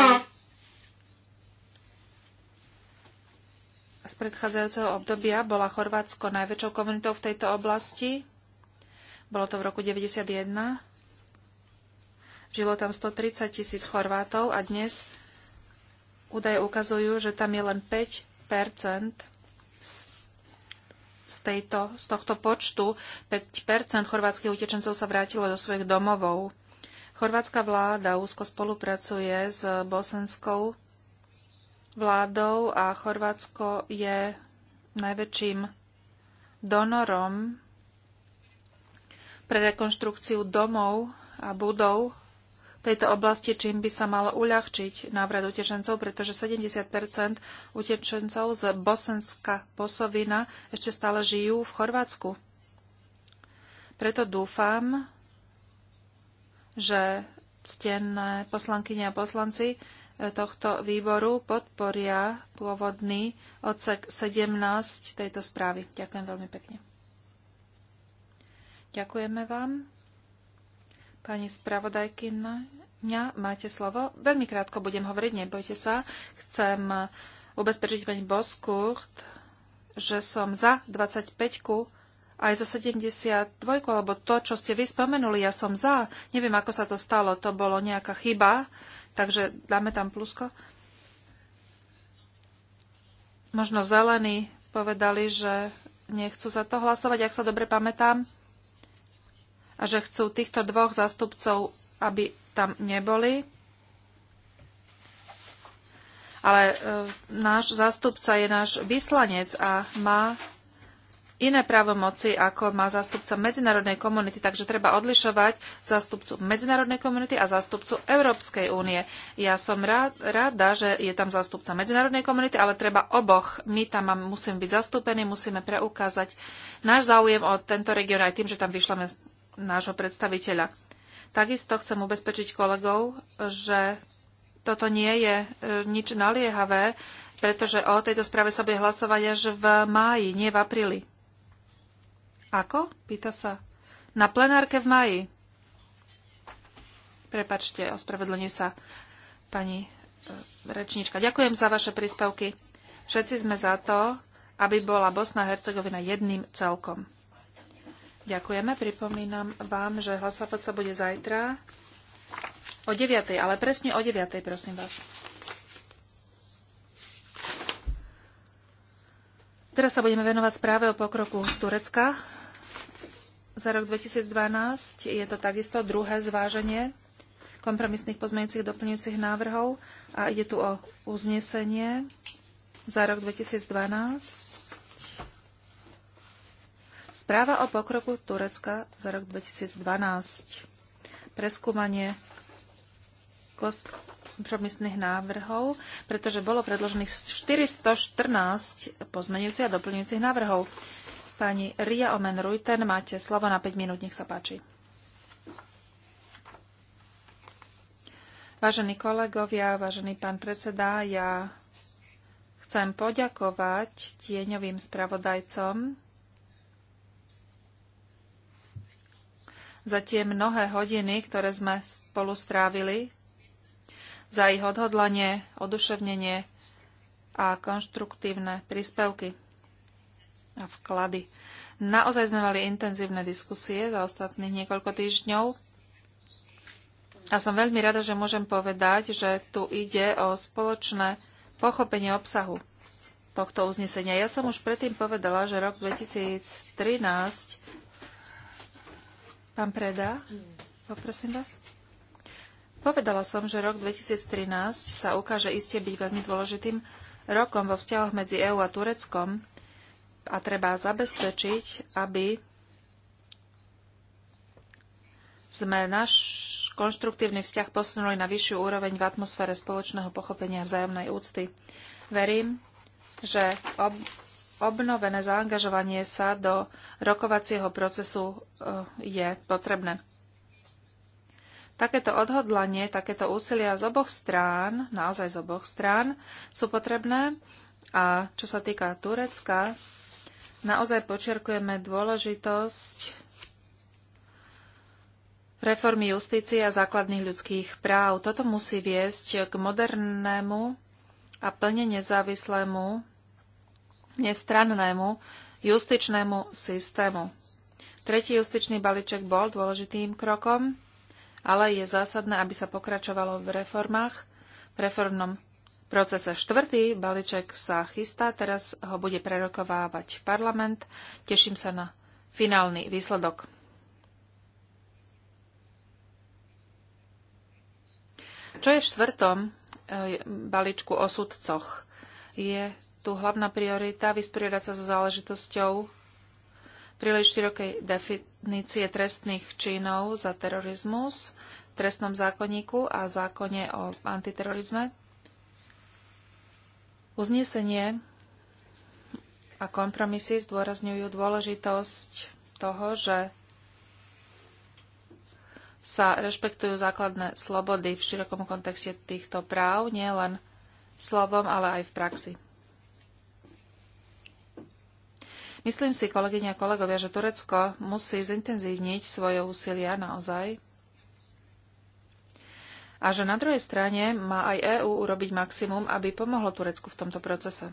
[SPEAKER 2] z predchádzajúceho obdobia bola Chorvátsko najväčšou komunitou v tejto oblasti. Bolo to v roku 1991. Žilo tam 130 tisíc Chorvátov a dnes údaje ukazujú, že tam je len 5 z, tejto, z tohto počtu 5 chorvátskych utečencov sa vrátilo do svojich domovov. Chorvátska vláda úzko spolupracuje s bosenskou vládou a Chorvátsko je najväčším donorom pre rekonštrukciu domov a budov tejto oblasti, čím by sa malo uľahčiť návrat utečencov, pretože 70 utečencov z Bosenska Posovina ešte stále žijú v Chorvátsku. Preto dúfam, že ctené poslankyne a poslanci eh, tohto výboru podporia pôvodný odsek 17 tejto správy. Ďakujem veľmi pekne. Ďakujeme vám. Pani spravodajkyňa, máte slovo? Veľmi krátko budem hovoriť, nebojte sa. Chcem ubezpečiť pani Boskurt, že som za 25 aj za 72, lebo to, čo ste vy spomenuli, ja som za. Neviem, ako sa to stalo, to bolo nejaká chyba, takže dáme tam plusko. Možno zelení povedali, že nechcú za to hlasovať, ak sa dobre pamätám a že chcú týchto dvoch zastupcov, aby tam neboli. Ale e, náš zastupca je náš vyslanec a má iné právomoci, ako má zastupca medzinárodnej komunity, takže treba odlišovať zástupcu medzinárodnej komunity a zástupcu Európskej únie. Ja som rád, rada, že je tam zástupca medzinárodnej komunity, ale treba oboch. My tam musíme byť zastúpení, musíme preukázať náš záujem o tento región aj tým, že tam vyšľame nášho predstaviteľa. Takisto chcem ubezpečiť kolegov, že toto nie je e, nič naliehavé, pretože o tejto správe sa bude hlasovať až v máji, nie v apríli. Ako? Pýta sa. Na plenárke v máji. Prepačte, ospravedlní sa pani e, rečnička. Ďakujem za vaše príspevky. Všetci sme za to, aby bola Bosna a Hercegovina jedným celkom. Ďakujeme. Pripomínam vám, že hlasovať sa bude zajtra o 9. Ale presne o 9. prosím vás. Teraz sa budeme venovať správe o pokroku Turecka za rok 2012. Je to takisto druhé zváženie kompromisných pozmeňujúcich doplňujúcich návrhov a ide tu o uznesenie za rok 2012. Správa o pokroku Turecka za rok 2012. Preskúmanie kompromisných návrhov, pretože bolo predložených 414 pozmenujúcich a doplňujúcich návrhov. Pani Ria Omen Rujten, máte slovo na 5 minút, nech sa páči. Vážení kolegovia, vážený pán predseda, ja chcem poďakovať tieňovým spravodajcom za tie mnohé hodiny, ktoré sme spolu strávili, za ich odhodlanie, oduševnenie a konštruktívne príspevky a vklady. Naozaj sme mali intenzívne diskusie za ostatných niekoľko týždňov a som veľmi rada, že môžem povedať, že tu ide o spoločné pochopenie obsahu tohto uznesenia. Ja som už predtým povedala, že rok 2013 Pán Preda, poprosím vás. Povedala som, že rok 2013 sa ukáže iste byť veľmi dôležitým rokom vo vzťahoch medzi EÚ a Tureckom a treba zabezpečiť, aby sme náš konštruktívny vzťah posunuli na vyššiu úroveň v atmosfére spoločného pochopenia vzájomnej úcty. Verím, že ob- obnovené zaangažovanie sa do rokovacieho procesu e, je potrebné. Takéto odhodlanie, takéto úsilia z oboch strán, naozaj z oboch strán, sú potrebné. A čo sa týka Turecka, naozaj počerkujeme dôležitosť reformy justície a základných ľudských práv. Toto musí viesť k modernému a plne nezávislému nestrannému justičnému systému. Tretí justičný balíček bol dôležitým krokom, ale je zásadné, aby sa pokračovalo v reformách, v reformnom procese. Štvrtý balíček sa chystá, teraz ho bude prerokovávať parlament. Teším sa na finálny výsledok. Čo je v štvrtom eh, balíčku o sudcoch? Je tu hlavná priorita vysporiadať sa so záležitosťou príliš širokej definície trestných činov za terorizmus v trestnom zákonníku a zákone o antiterorizme. Uznesenie a kompromisy zdôrazňujú dôležitosť toho, že sa rešpektujú základné slobody v širokom kontexte týchto práv, nielen slovom, ale aj v praxi. Myslím si, kolegyne a kolegovia, že Turecko musí zintenzívniť svoje úsilia naozaj a že na druhej strane má aj EÚ urobiť maximum, aby pomohlo Turecku v tomto procese.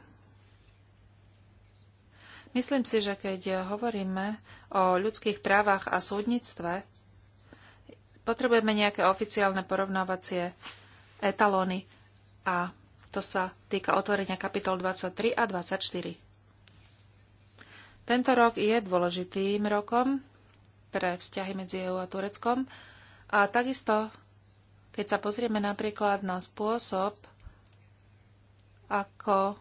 [SPEAKER 2] Myslím si, že keď hovoríme o ľudských právach a súdnictve, potrebujeme nejaké oficiálne porovnávacie etalóny a to sa týka otvorenia kapitol 23 a 24. Tento rok je dôležitým rokom pre vzťahy medzi EU a Tureckom a takisto, keď sa pozrieme napríklad na spôsob, ako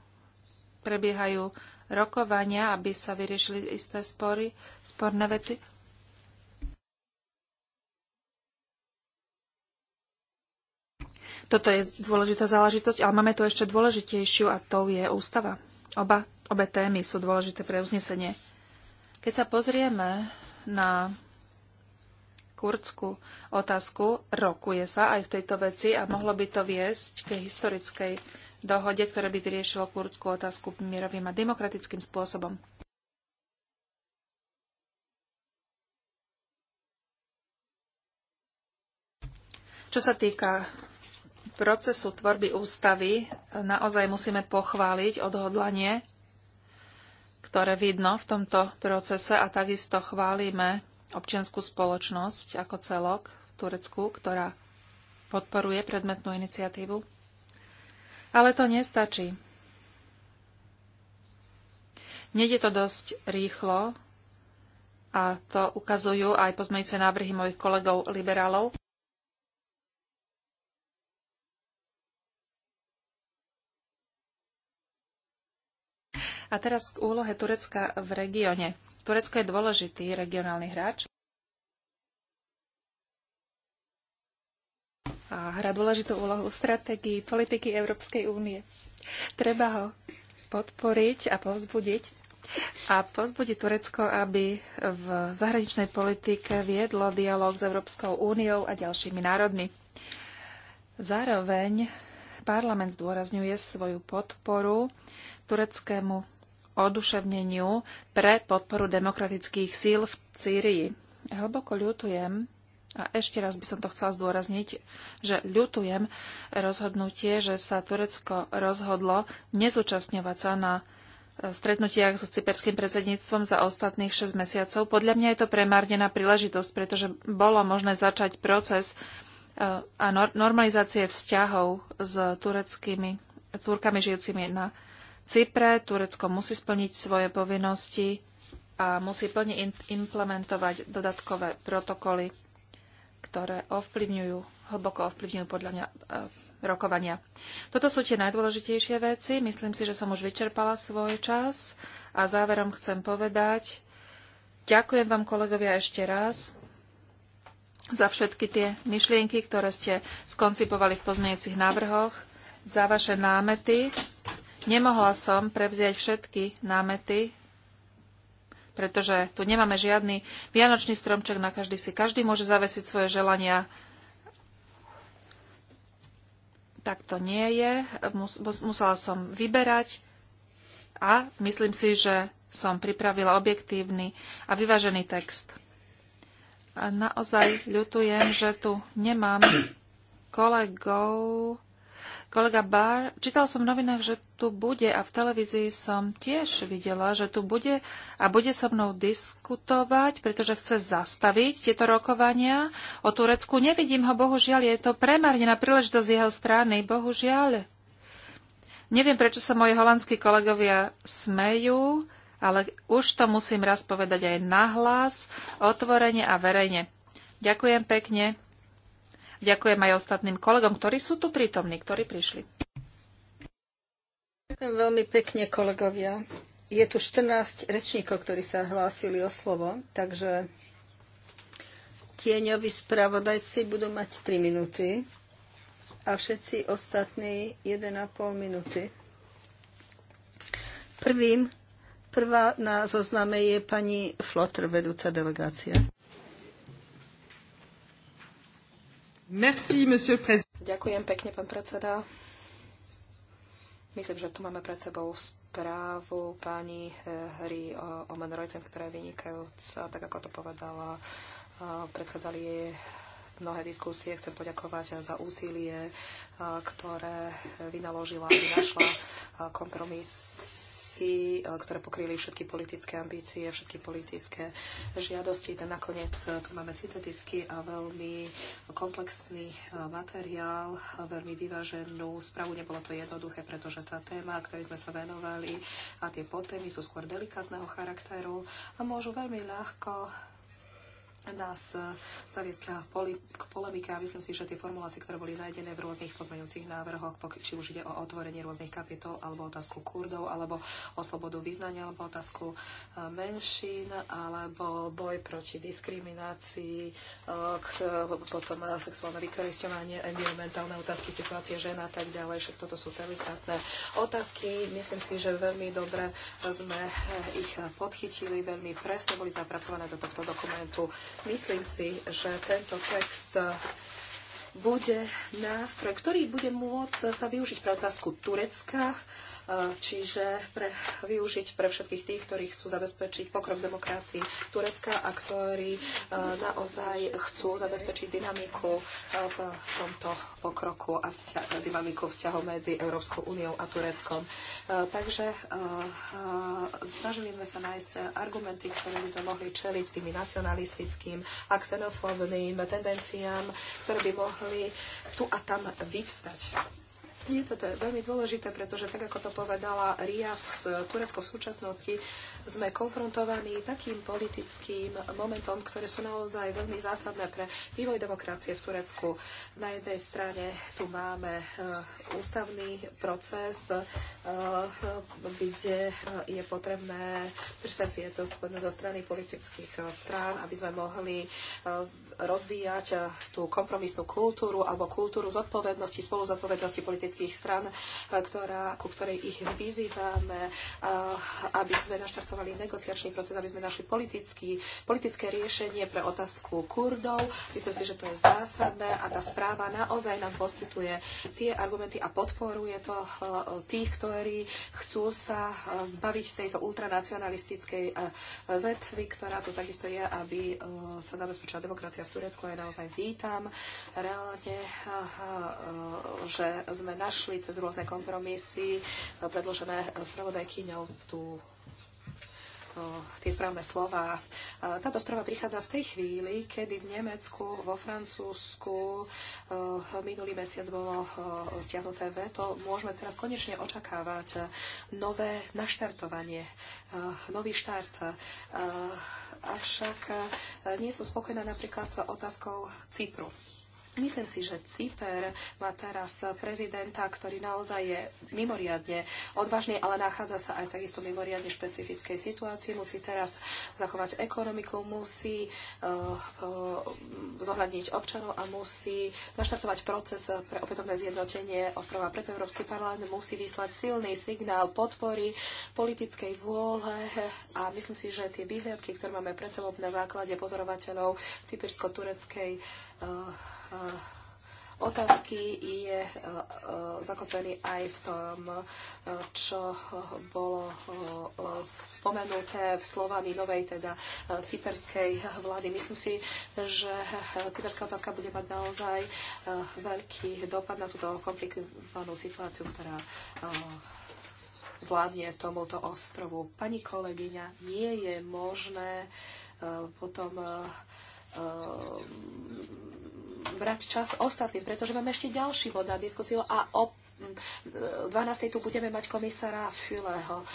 [SPEAKER 2] prebiehajú rokovania, aby sa vyriešili isté spory, sporné veci. Toto je dôležitá záležitosť, ale máme tu ešte dôležitejšiu a tou je ústava. Oba Obe témy sú dôležité pre uznesenie. Keď sa pozrieme na kurdskú otázku, rokuje sa aj v tejto veci a mohlo by to viesť k historickej dohode, ktoré by vyriešilo kurdskú otázku mierovým a demokratickým spôsobom. Čo sa týka procesu tvorby ústavy, naozaj musíme pochváliť odhodlanie ktoré vidno v tomto procese a takisto chválime občianskú spoločnosť ako celok v Turecku, ktorá podporuje predmetnú iniciatívu. Ale to nestačí. Nede to dosť rýchlo a to ukazujú aj pozmeňujúce návrhy mojich kolegov liberálov. A teraz k úlohe Turecka v regióne. Turecko je dôležitý regionálny hráč. A hrá dôležitú úlohu v stratégii politiky Európskej únie. Treba ho podporiť a povzbudiť, a pozbudí Turecko, aby v zahraničnej politike viedlo dialog s Európskou úniou a ďalšími národmi. Zároveň parlament zdôrazňuje svoju podporu tureckému oduševneniu pre podporu demokratických síl v Sýrii. Hlboko ľutujem, a ešte raz by som to chcela zdôrazniť, že ľutujem rozhodnutie, že sa Turecko rozhodlo nezúčastňovať sa na e, stretnutiach so cyperským predsedníctvom za ostatných 6 mesiacov. Podľa mňa je to premárnená príležitosť, pretože bolo možné začať proces e, a normalizácie vzťahov s tureckými cúrkami žijúcimi na Cypre. Turecko musí splniť svoje povinnosti a musí plne implementovať dodatkové protokoly, ktoré ovplyvňujú, hlboko ovplyvňujú podľa mňa e, rokovania. Toto sú tie najdôležitejšie veci. Myslím si, že som už vyčerpala svoj čas a záverom chcem povedať, ďakujem vám kolegovia ešte raz za všetky tie myšlienky, ktoré ste skoncipovali v pozmeňujúcich návrhoch, za vaše námety Nemohla som prevziať všetky námety, pretože tu nemáme žiadny vianočný stromček na každý si. Každý môže zavesiť svoje želania. Tak to nie je. Musela som vyberať a myslím si, že som pripravila objektívny a vyvážený text. A naozaj ľutujem, že tu nemám kolegov, Kolega Bár, čítal som v novinách, že tu bude a v televízii som tiež videla, že tu bude a bude so mnou diskutovať, pretože chce zastaviť tieto rokovania o Turecku. Nevidím ho, bohužiaľ, je to premárne na príležitosť jeho strany, bohužiaľ. Neviem, prečo sa moji holandskí kolegovia smejú, ale už to musím raz povedať aj nahlas, otvorene a verejne. Ďakujem pekne. Ďakujem aj ostatným kolegom, ktorí sú tu prítomní, ktorí prišli.
[SPEAKER 3] Ďakujem veľmi pekne, kolegovia. Je tu 14 rečníkov, ktorí sa hlásili o slovo, takže tieňoví spravodajci budú mať 3 minúty a všetci ostatní 1,5 minúty. Prvým, prvá na zozname je pani Flotr, vedúca delegácia.
[SPEAKER 5] Merci, monsieur le président.
[SPEAKER 4] Ďakujem pekne, pán predseda. Myslím, že tu máme pred sebou správu pani hry eh, o Menrojten, ktorá je vynikajúca, tak ako to povedala. Eh, predchádzali jej mnohé diskusie. Chcem poďakovať za úsilie, eh, ktoré vynaložila, aby našla kompromis veci, e, ktoré pokryli všetky politické ambície, všetky politické žiadosti. Ten nakoniec e, tu máme syntetický a veľmi komplexný e, materiál, veľmi vyváženú správu. Nebolo to jednoduché, pretože tá téma, ktorej sme sa venovali a tie potémy sú skôr delikátneho charakteru a môžu veľmi ľahko nás zaviesť k polemike a myslím si, že tie formulácie, ktoré boli nájdené v rôznych pozmeňujúcich návrhoch, či už ide o otvorenie rôznych kapitol, alebo otázku kurdov, alebo o slobodu vyznania, alebo otázku e, menšín, alebo boj proti diskriminácii, e, potom e, sexuálne vykoristovanie, environmentálne otázky, situácie žen a tak ďalej. Však toto sú delikátne otázky. Myslím si, že veľmi dobre sme ich podchytili, veľmi presne boli zapracované do tohto dokumentu. Myslím si, že tento text bude nástroj, ktorý bude môcť sa využiť pre otázku Turecka čiže pre, využiť pre všetkých tých, ktorí chcú zabezpečiť pokrok demokracii Turecka a ktorí e, naozaj chcú zabezpečiť dynamiku e, v tomto pokroku a vzťah, dynamiku vzťahov medzi Európskou úniou a Tureckom. E, takže snažili sme sa nájsť argumenty, ktoré by sme mohli čeliť tými nacionalistickým a xenofóbnym tendenciám, ktoré by mohli tu a tam vyvstať. Nie, toto je veľmi dôležité, pretože tak ako to povedala Ria, Turecko v súčasnosti sme konfrontovaní takým politickým momentom, ktoré sú naozaj veľmi zásadné pre vývoj demokracie v Turecku. Na jednej strane tu máme eh, ústavný proces, eh, kde je potrebné prsenzie zo strany politických eh, strán, aby sme mohli rozvíjať eh, tú kompromisnú kultúru alebo kultúru zodpovednosti, spolu zodpovednosti politických stran, eh, ktorá, ku ktorej ich vyzývame, eh, aby sme naštartovali negociačný proces, aby sme našli politický, politické riešenie pre otázku Kurdov. Myslím si, že to je zásadné a tá správa naozaj nám poskytuje tie argumenty a podporuje to tých, ktorí chcú sa zbaviť tejto ultranacionalistickej vetvy, ktorá tu takisto je, aby sa zabezpečila demokracia v Turecku aj naozaj vítam. Reálne, eh, že sme našli cez rôzne kompromisy eh, predložené spravodajkyňou tú tie správne slova. Táto správa prichádza v tej chvíli, kedy v Nemecku, vo Francúzsku minulý mesiac bolo stiahnuté veto. Môžeme teraz konečne očakávať nové naštartovanie, nový štart. Avšak e, nie som spokojná napríklad s otázkou Cypru Myslím si, že Cyper má teraz prezidenta, ktorý naozaj je mimoriadne odvážny, ale nachádza sa aj takisto mimoriadne špecifickej situácii. Musí teraz zachovať ekonomiku, musí uh, uh, zohľadniť občanov a musí naštartovať proces pre opätovné zjednotenie ostrova. Preto Európsky parlament musí vyslať silný signál podpory politickej vôle a myslím si, že tie výhľadky, ktoré máme pred sebou na základe pozorovateľov cypersko-tureckej Eh, eh, otázky je eh, zakotvený aj v tom, čo bolo spomenuté v slovami novej teda cyperskej vlády. Myslím si, že cyperská otázka bude mať naozaj veľký dopad na túto komplikovanú situáciu, ktorá vládne tomuto ostrovu. Pani kolegyňa, nie je možné potom Ehm, brať čas ostatným, pretože máme ešte ďalší bod na diskusiu a o 12. Mm, tu budeme mať komisára Füleho. Ehm,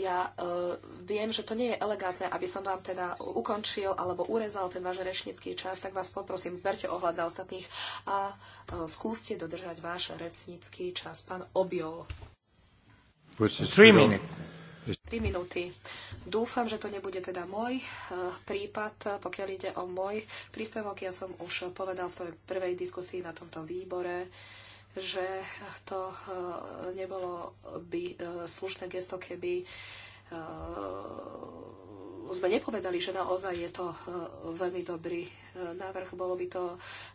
[SPEAKER 4] ja ehm, viem, že to nie je elegantné, aby som vám teda ukončil alebo urezal ten váš rečnický čas, tak vás poprosím, berte ohľad na ostatných a skúste dodržať váš rečnický čas. Pán Objol. 3 minúty. Dúfam, že to nebude teda môj eh, prípad, pokiaľ ide o môj príspevok. Ja som už povedal v tej prvej diskusii na tomto výbore, že to eh, nebolo by eh, slušné gesto, keby sme nepovedali, že naozaj je to veľmi dobrý návrh. Bolo by to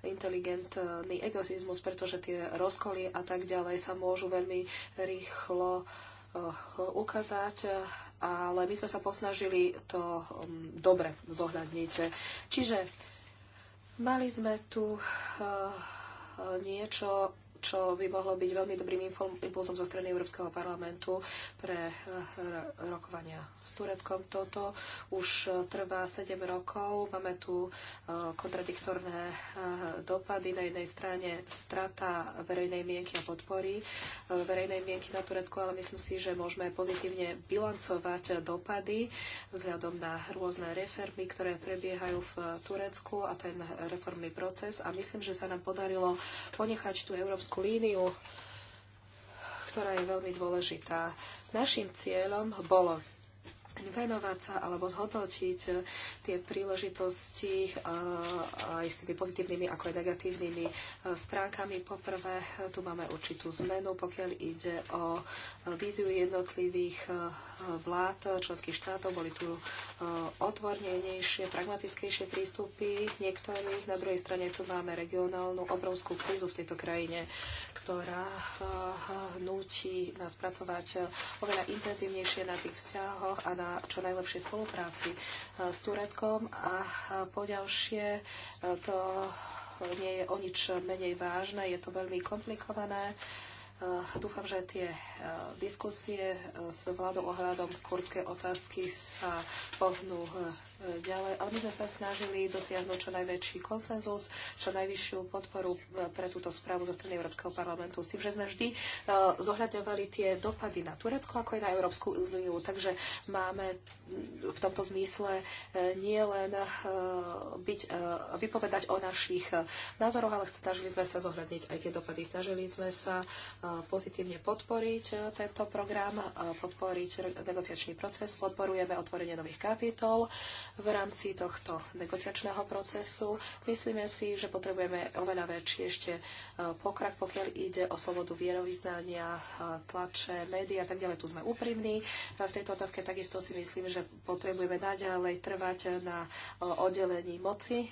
[SPEAKER 4] inteligentný egoizmus, pretože tie rozkoly a tak ďalej sa môžu veľmi rýchlo Eh, ukázať, ale my sme sa posnažili to mm, dobre zohľadniť. Čiže mali sme tu eh, niečo čo by mohlo byť veľmi dobrým impulzom zo strany Európskeho parlamentu pre eh, rokovania s Tureckom. Toto už eh, trvá 7 rokov. Máme tu eh, kontradiktorné dopady. Na jednej strane strata verejnej mienky a podpory verejnej mienky na Turecku, ale myslím si, že môžeme pozitívne bilancovať dopady vzhľadom na rôzne reformy, ktoré prebiehajú v Turecku a ten reformný proces. A myslím, že sa nám podarilo ponechať tú Európsku dopravskú líniu, ktorá je veľmi dôležitá. Našim cieľom bolo venovať sa alebo zhodnotiť tie príležitosti aj s tými pozitívnymi ako aj negatívnymi stránkami. Poprvé, tu máme určitú zmenu, pokiaľ ide o víziu jednotlivých vlád členských štátov. Boli tu Eh, otvornenejšie, pragmatickejšie prístupy niektorých. Na druhej strane tu máme regionálnu obrovskú krízu v tejto krajine, ktorá eh, núti nás pracovať eh, oveľa intenzívnejšie na tých vzťahoch a na čo najlepšej spolupráci s Tureckom. A poďalšie to nie je o nič menej vážne, je to veľmi komplikované Eh, dúfam, že tie eh, diskusie eh, s vládou ohľadom kurdskej otázky sa pohnú ďalej, ale my sme sa snažili dosiahnuť čo najväčší konsenzus, čo najvyššiu podporu e, pre túto správu zo strany Európskeho parlamentu, s tým, že sme vždy e, zohľadňovali tie dopady na Turecko ako aj na Európsku úniu. Takže máme v tomto zmysle e, nie len byť, vypovedať o našich názoroch, ale snažili sme sa zohľadniť aj tie dopady. Snažili sme sa pozitívne podporiť tento program, podporiť negociačný proces, podporujeme otvorenie nových kapitol v rámci tohto negociačného procesu. Myslíme si, že potrebujeme oveľa väčší ešte e, pokrak, pokiaľ ide o slobodu vierovýznania, e, tlače, médií a tak ďalej. Tu sme úprimní. E, v tejto otázke takisto si myslím, že potrebujeme naďalej trvať na oddelení moci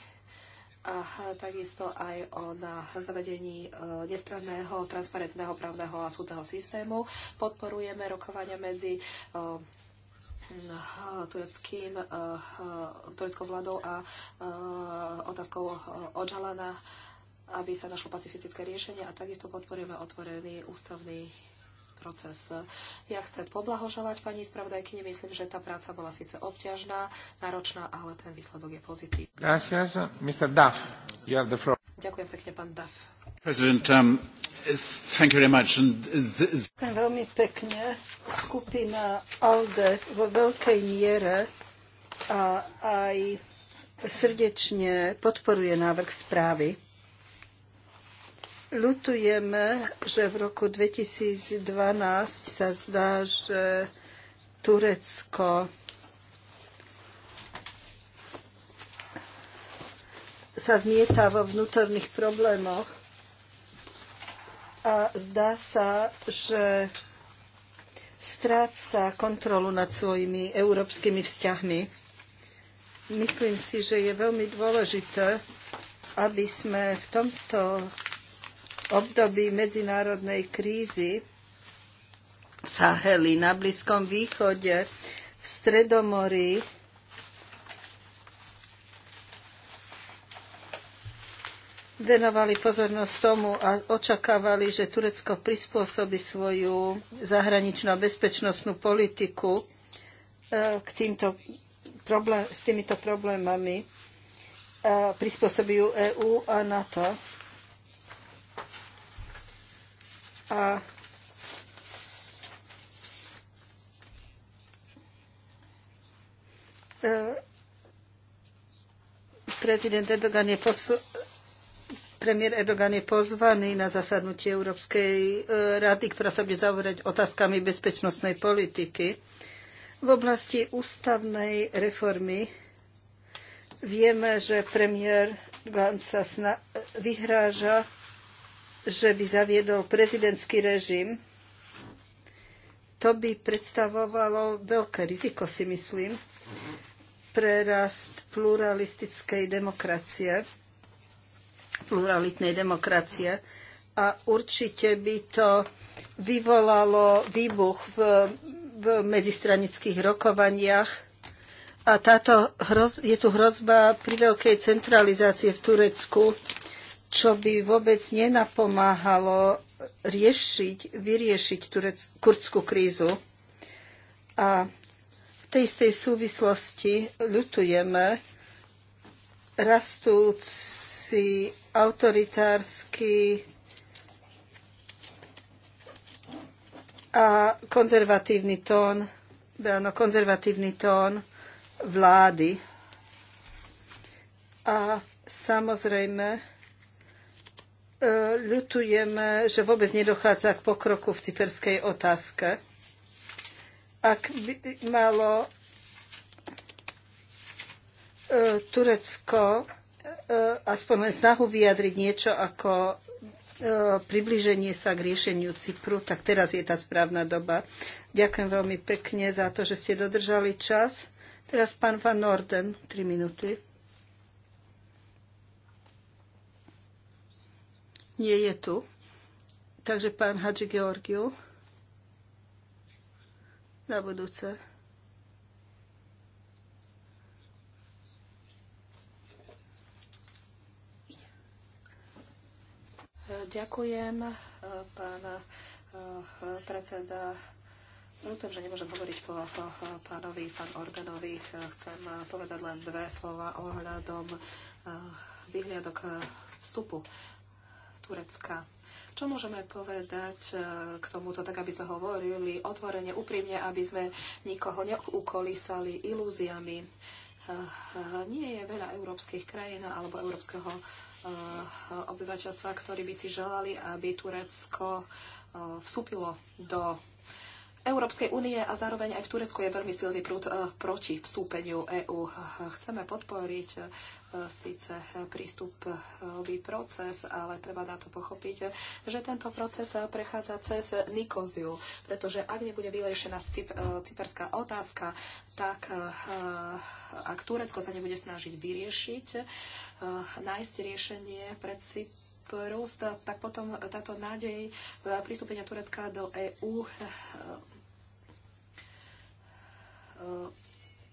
[SPEAKER 4] a takisto aj o, na zavedení nestranného, transparentného právneho a súdneho systému. Podporujeme rokovania medzi Eh, tureckým, eh, eh, tureckou vládou a otázkou odžalana, aby sa našlo pacifické riešenie a takisto podporujeme otvorený ústavný proces. Ja chcem poblahožovať pani spravodajkyni. Myslím, že tá práca bola síce obťažná, náročná, ale ten výsledok je pozitívny. Ďakujem pekne, pán Duff.
[SPEAKER 5] Um, uh, Ďakujem
[SPEAKER 3] veľmi pekne. Skupina ALDE vo veľkej miere a aj srdečne podporuje návrh správy. Lutujeme, že v roku 2012 sa zdá, že Turecko sa zmieta vo vnútorných problémoch a zdá sa, že stráca kontrolu nad svojimi európskymi vzťahmi. Myslím si, že je veľmi dôležité, aby sme v tomto období medzinárodnej krízy v Saheli, na Blízkom východe, v Stredomorí, venovali pozornosť tomu a očakávali, že Turecko prispôsobi svoju zahraničnú a bezpečnostnú politiku e, k týmto problém, s týmito problémami e, prispôsobí EÚ a NATO. A e, prezident Erdogan je posl- premiér Erdogan je pozvaný na zasadnutie Európskej e, rady, ktorá sa bude zaoberať otázkami bezpečnostnej politiky. V oblasti ústavnej reformy vieme, že premiér Erdogan sa vyhráža, že by zaviedol prezidentský režim. To by predstavovalo veľké riziko, si myslím, pre rast pluralistickej demokracie pluralitnej demokracie. A určite by to vyvolalo výbuch v, v medzistranických rokovaniach. A táto hroz, je tu hrozba pri veľkej centralizácie v Turecku, čo by vôbec nenapomáhalo riešiť, vyriešiť turec, kurdskú krízu. A v tej istej súvislosti ľutujeme rastúci autoritársky a konzervatívny tón, áno, konzervatívny tón vlády. A samozrejme, e, ľutujeme, že vôbec nedochádza k pokroku v cyperskej otázke. Ak by malo e, Turecko E, aspoň len snahu vyjadriť niečo ako e, približenie sa k riešeniu Cypru, tak teraz je tá správna doba. Ďakujem veľmi pekne za to, že ste dodržali čas. Teraz pán Van Norden, 3 minúty. Nie je tu. Takže pán Hadži Georgiu na budúce.
[SPEAKER 4] Ďakujem, eh, pán eh, predseda. Ľutujem, no, že nemôžem hovoriť po, po pánovi, pán Organovi. Eh, chcem povedať len dve slova ohľadom vyhliadok vstupu Turecka čo môžeme povedať k tomuto, tak aby sme hovorili otvorene, úprimne, aby sme nikoho neukolísali ilúziami. Nie je veľa európskych krajín alebo európskeho Eh, obyvateľstva, ktorí by si želali, aby Turecko eh, vstúpilo do Európskej únie a zároveň aj v Turecku je veľmi silný prúd e, proti vstúpeniu EÚ. Chceme podporiť e, síce prístupový proces, ale treba na to pochopiť, že tento proces prechádza cez nikoziu, pretože ak nebude vyriešená e, cyperská otázka, tak ak Turecko sa nebude snažiť vyriešiť, nájsť riešenie pred Cyprus, tak potom táto nádej pristúpenia Turecka do EÚ E,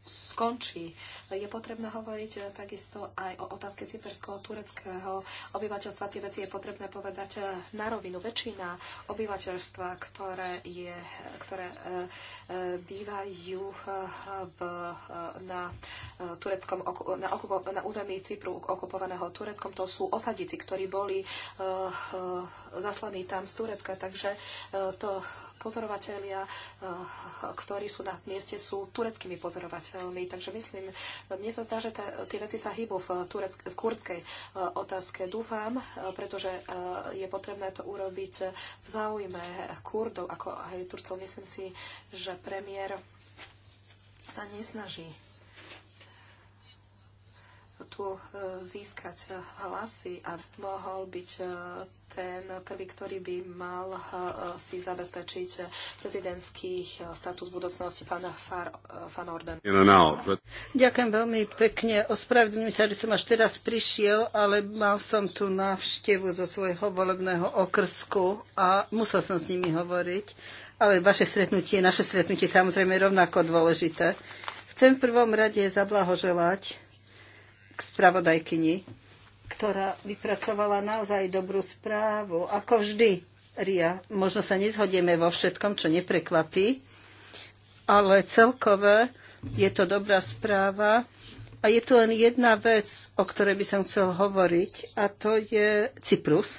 [SPEAKER 4] skončí. Je potrebné hovoriť takisto aj o otázke cyperského tureckého obyvateľstva. Tie veci je potrebné povedať na rovinu. Väčšina obyvateľstva, ktoré, je, ktoré e, e, bývajú v, na, tureckom, na, okupo, na území Cypru okupovaného Tureckom, to sú osadici, ktorí boli zaslaní tam z Turecka, takže to pozorovatelia, eh, ktorí sú na mieste, sú tureckými pozorovateľmi. Takže myslím, mne sa zdá, že tie veci sa hýbu v, turec- v kurdskej eh, otázke. Dúfam, eh, pretože je potrebné to urobiť v záujme Kurdov, ako aj Turcov. Myslím si, že premiér sa nesnaží tu e, získať e, hlasy a mohol byť e, ten prvý, ktorý by mal si zabezpečiť prezidentský status budúcnosti pána Fan Orden.
[SPEAKER 3] Ďakujem veľmi pekne. Ospravedlňujem sa, že som až teraz prišiel, ale mal som tu návštevu zo svojho volebného okrsku a musel som s nimi hovoriť. Ale vaše stretnutie, naše stretnutie samozrejme rovnako dôležité. Chcem v prvom rade zablahoželať k spravodajkyni, ktorá vypracovala naozaj dobrú správu. Ako vždy, Ria, možno sa nezhodieme vo všetkom, čo neprekvapí, ale celkové je to dobrá správa. A je tu len jedna vec, o ktorej by som chcel hovoriť, a to je Cyprus.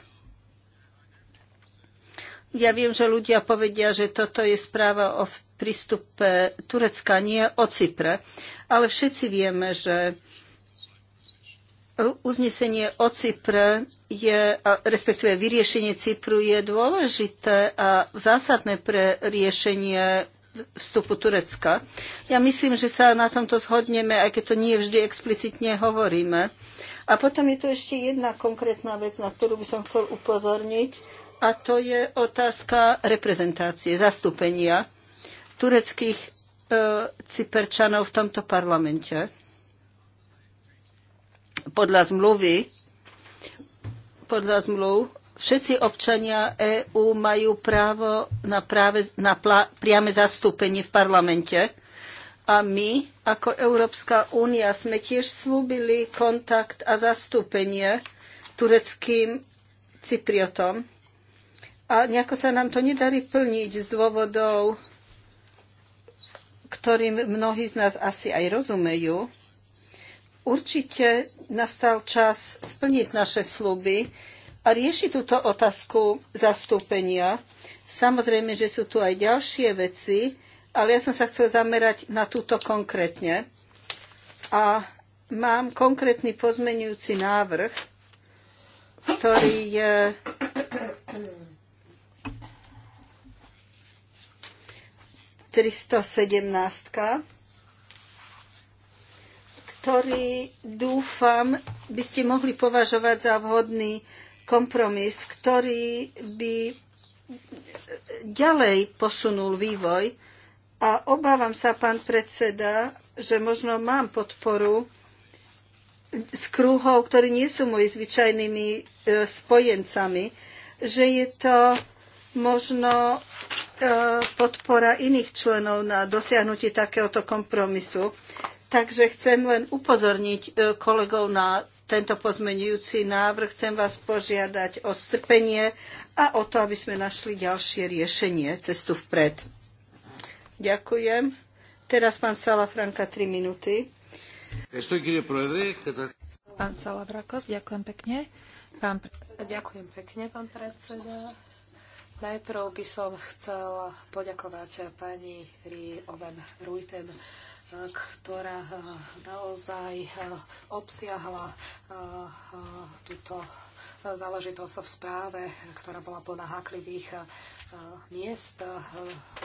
[SPEAKER 3] Ja viem, že ľudia povedia, že toto je správa o prístupe Turecka, nie o Cypre. Ale všetci vieme, že uznesenie o Cypre je, respektíve vyriešenie Cypru je dôležité a zásadné pre riešenie vstupu Turecka. Ja myslím, že sa na tomto zhodneme, aj keď to nie vždy explicitne hovoríme. A potom je tu ešte jedna konkrétna vec, na ktorú by som chcel upozorniť, a to je otázka reprezentácie, zastúpenia tureckých e, cyperčanov v tomto parlamente podľa zmluvy, podľa zmluv všetci občania EÚ majú právo na, práve, na plá, priame zastúpenie v parlamente. A my, ako Európska únia, sme tiež slúbili kontakt a zastúpenie tureckým Cypriotom. A nejako sa nám to nedarí plniť z dôvodov, ktorým mnohí z nás asi aj rozumejú. Určite nastal čas splniť naše sluby a riešiť túto otázku zastúpenia. Samozrejme, že sú tu aj ďalšie veci, ale ja som sa chcel zamerať na túto konkrétne. A mám konkrétny pozmenujúci návrh, ktorý je tristosedemnáctka ktorý dúfam by ste mohli považovať za vhodný kompromis, ktorý by ďalej posunul vývoj. A obávam sa, pán predseda, že možno mám podporu z krúhov, ktorí nie sú moji zvyčajnými e, spojencami, že je to možno e, podpora iných členov na dosiahnutie takéhoto kompromisu. Takže chcem len upozorniť e, kolegov na tento pozmenujúci návrh. Chcem vás požiadať o strpenie a o to, aby sme našli ďalšie riešenie, cestu vpred. Ďakujem. Teraz pán Franka, 3 minúty. Pán Brakos, ďakujem pekne.
[SPEAKER 4] Pán... Ďakujem pekne, pán predseda. Najprv by som chcela poďakovať pani Rí Oven Ruiten ktorá eh, naozaj eh, obsiahla eh, túto záležitosť v správe, ktorá bola plná háklivých miest,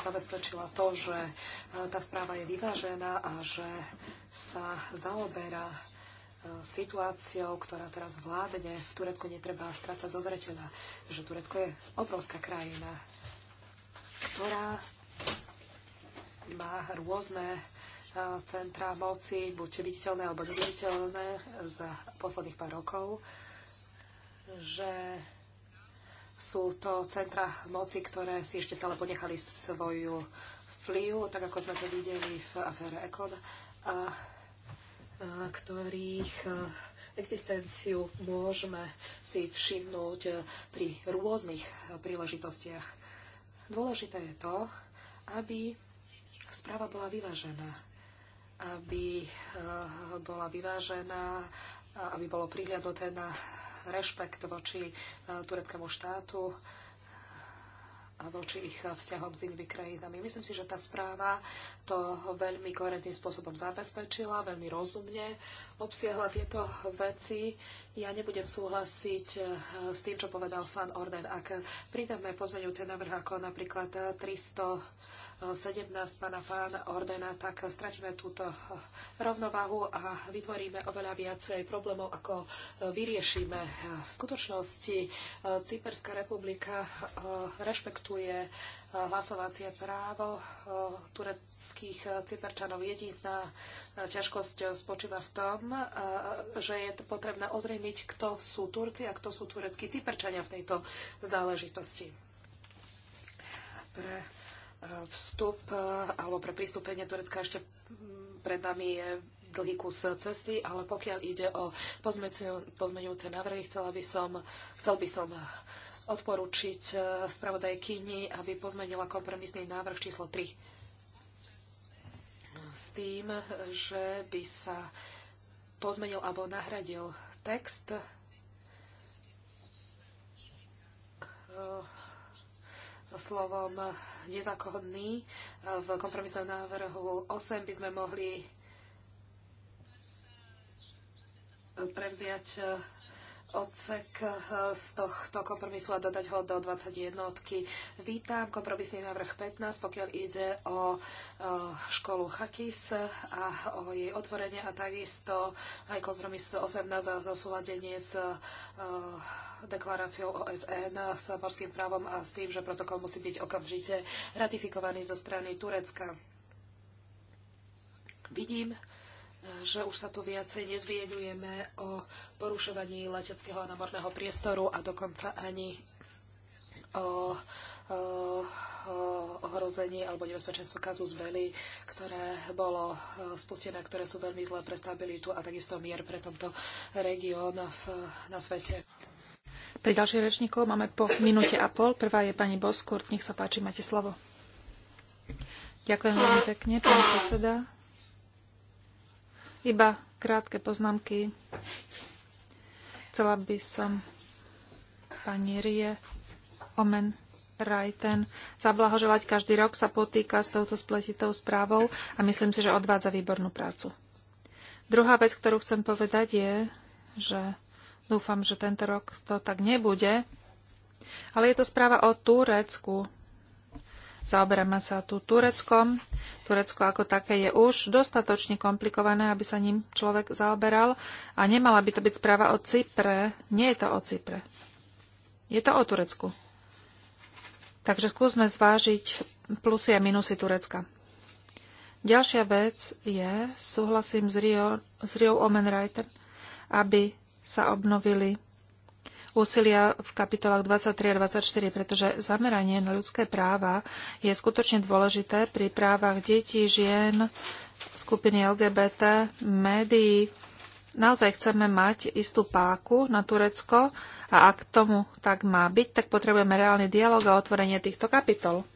[SPEAKER 4] zabezpečila to, že tá správa je vyvážená a že sa zaoberá situáciou, ktorá teraz vládne v Turecku, netreba strácať zo zreteľa, že Turecko je obrovská krajina, ktorá má rôzne centra moci, buď viditeľné alebo neviditeľné za posledných pár rokov, že sú to centra moci, ktoré si ešte stále ponechali svoju vplyv, tak ako sme to videli v afére Ekon, a, a ktorých existenciu môžeme si všimnúť pri rôznych príležitostiach. Dôležité je to, aby správa bola vyvážená aby eh, bola vyvážená, eh, aby bolo prihľadnuté na rešpekt voči eh, tureckému štátu a voči ich vzťahom s inými krajinami. Myslím si, že tá správa to veľmi koherentným spôsobom zabezpečila, veľmi rozumne obsiahla tieto veci. Ja nebudem súhlasiť s tým, čo povedal fan Orden. Ak pridáme pozmeňujúce návrh ako napríklad 300 17 pána pán Ordena, tak stratíme túto rovnováhu a vytvoríme oveľa viacej problémov, ako vyriešime. V skutočnosti e, Cyperská republika e, rešpektuje e, hlasovacie právo tureckých cyperčanov. Jediná ťažkosť spočíva v tom, že je potrebné ozrejmiť, kto sú Turci a kto sú tureckí cyperčania v tejto záležitosti. Pre vstup eh, alebo pre pristúpenie Turecka ešte hm, pred nami je dlhý kus cesty, ale pokiaľ ide o pozmeňujúce návrhy, chcela by som, chcel by som odporučiť eh, spravodajkyni, aby pozmenila kompromisný návrh číslo 3. S tým, že by sa pozmenil alebo nahradil text eh, slovom nezákonný v kompromisnom návrhu 8 by sme mohli prevziať odsek z tohto kompromisu a dodať ho do 21. Vítam kompromisný návrh 15, pokiaľ ide o školu Chakis a o jej otvorenie a takisto aj kompromis 18 za zosúladenie s deklaráciou OSN s morským právom a s tým, že protokol musí byť okamžite ratifikovaný zo strany Turecka. Vidím, že už sa tu viacej nezviedujeme o porušovaní leteckého a námorného priestoru a dokonca ani o ohrození alebo nebezpečenstvo z belli, ktoré bolo e, spustené, ktoré sú veľmi zlé pre stabilitu a takisto mier pre tomto región na svete.
[SPEAKER 2] Pre ďalších rečníkov máme po minúte a pol. Prvá je pani Boskurt. Nech sa páči, máte slovo. Ďakujem veľmi pekne, pani predseda. Iba krátke poznámky. Chcela by som pani Rie Omen Rajten zablahoželať. Každý rok sa potýka s touto spletitou správou a myslím si, že odvádza výbornú prácu. Druhá vec, ktorú chcem povedať je, že Dúfam, že tento rok to tak nebude. Ale je to správa o Turecku. Zaoberáme sa tu Tureckom. Turecko ako také je už dostatočne komplikované, aby sa ním človek zaoberal. A nemala by to byť správa o Cypre. Nie je to o Cypre. Je to o Turecku. Takže skúsme zvážiť plusy a minusy Turecka. Ďalšia vec je, súhlasím s, Rio, s Rio Omenreiter, aby sa obnovili úsilia v kapitolách 23 a 24, pretože zameranie na ľudské práva je skutočne dôležité pri právach detí, žien, skupiny LGBT, médií. Naozaj chceme mať istú páku na Turecko a ak tomu tak má byť, tak potrebujeme reálny dialog a otvorenie týchto kapitol.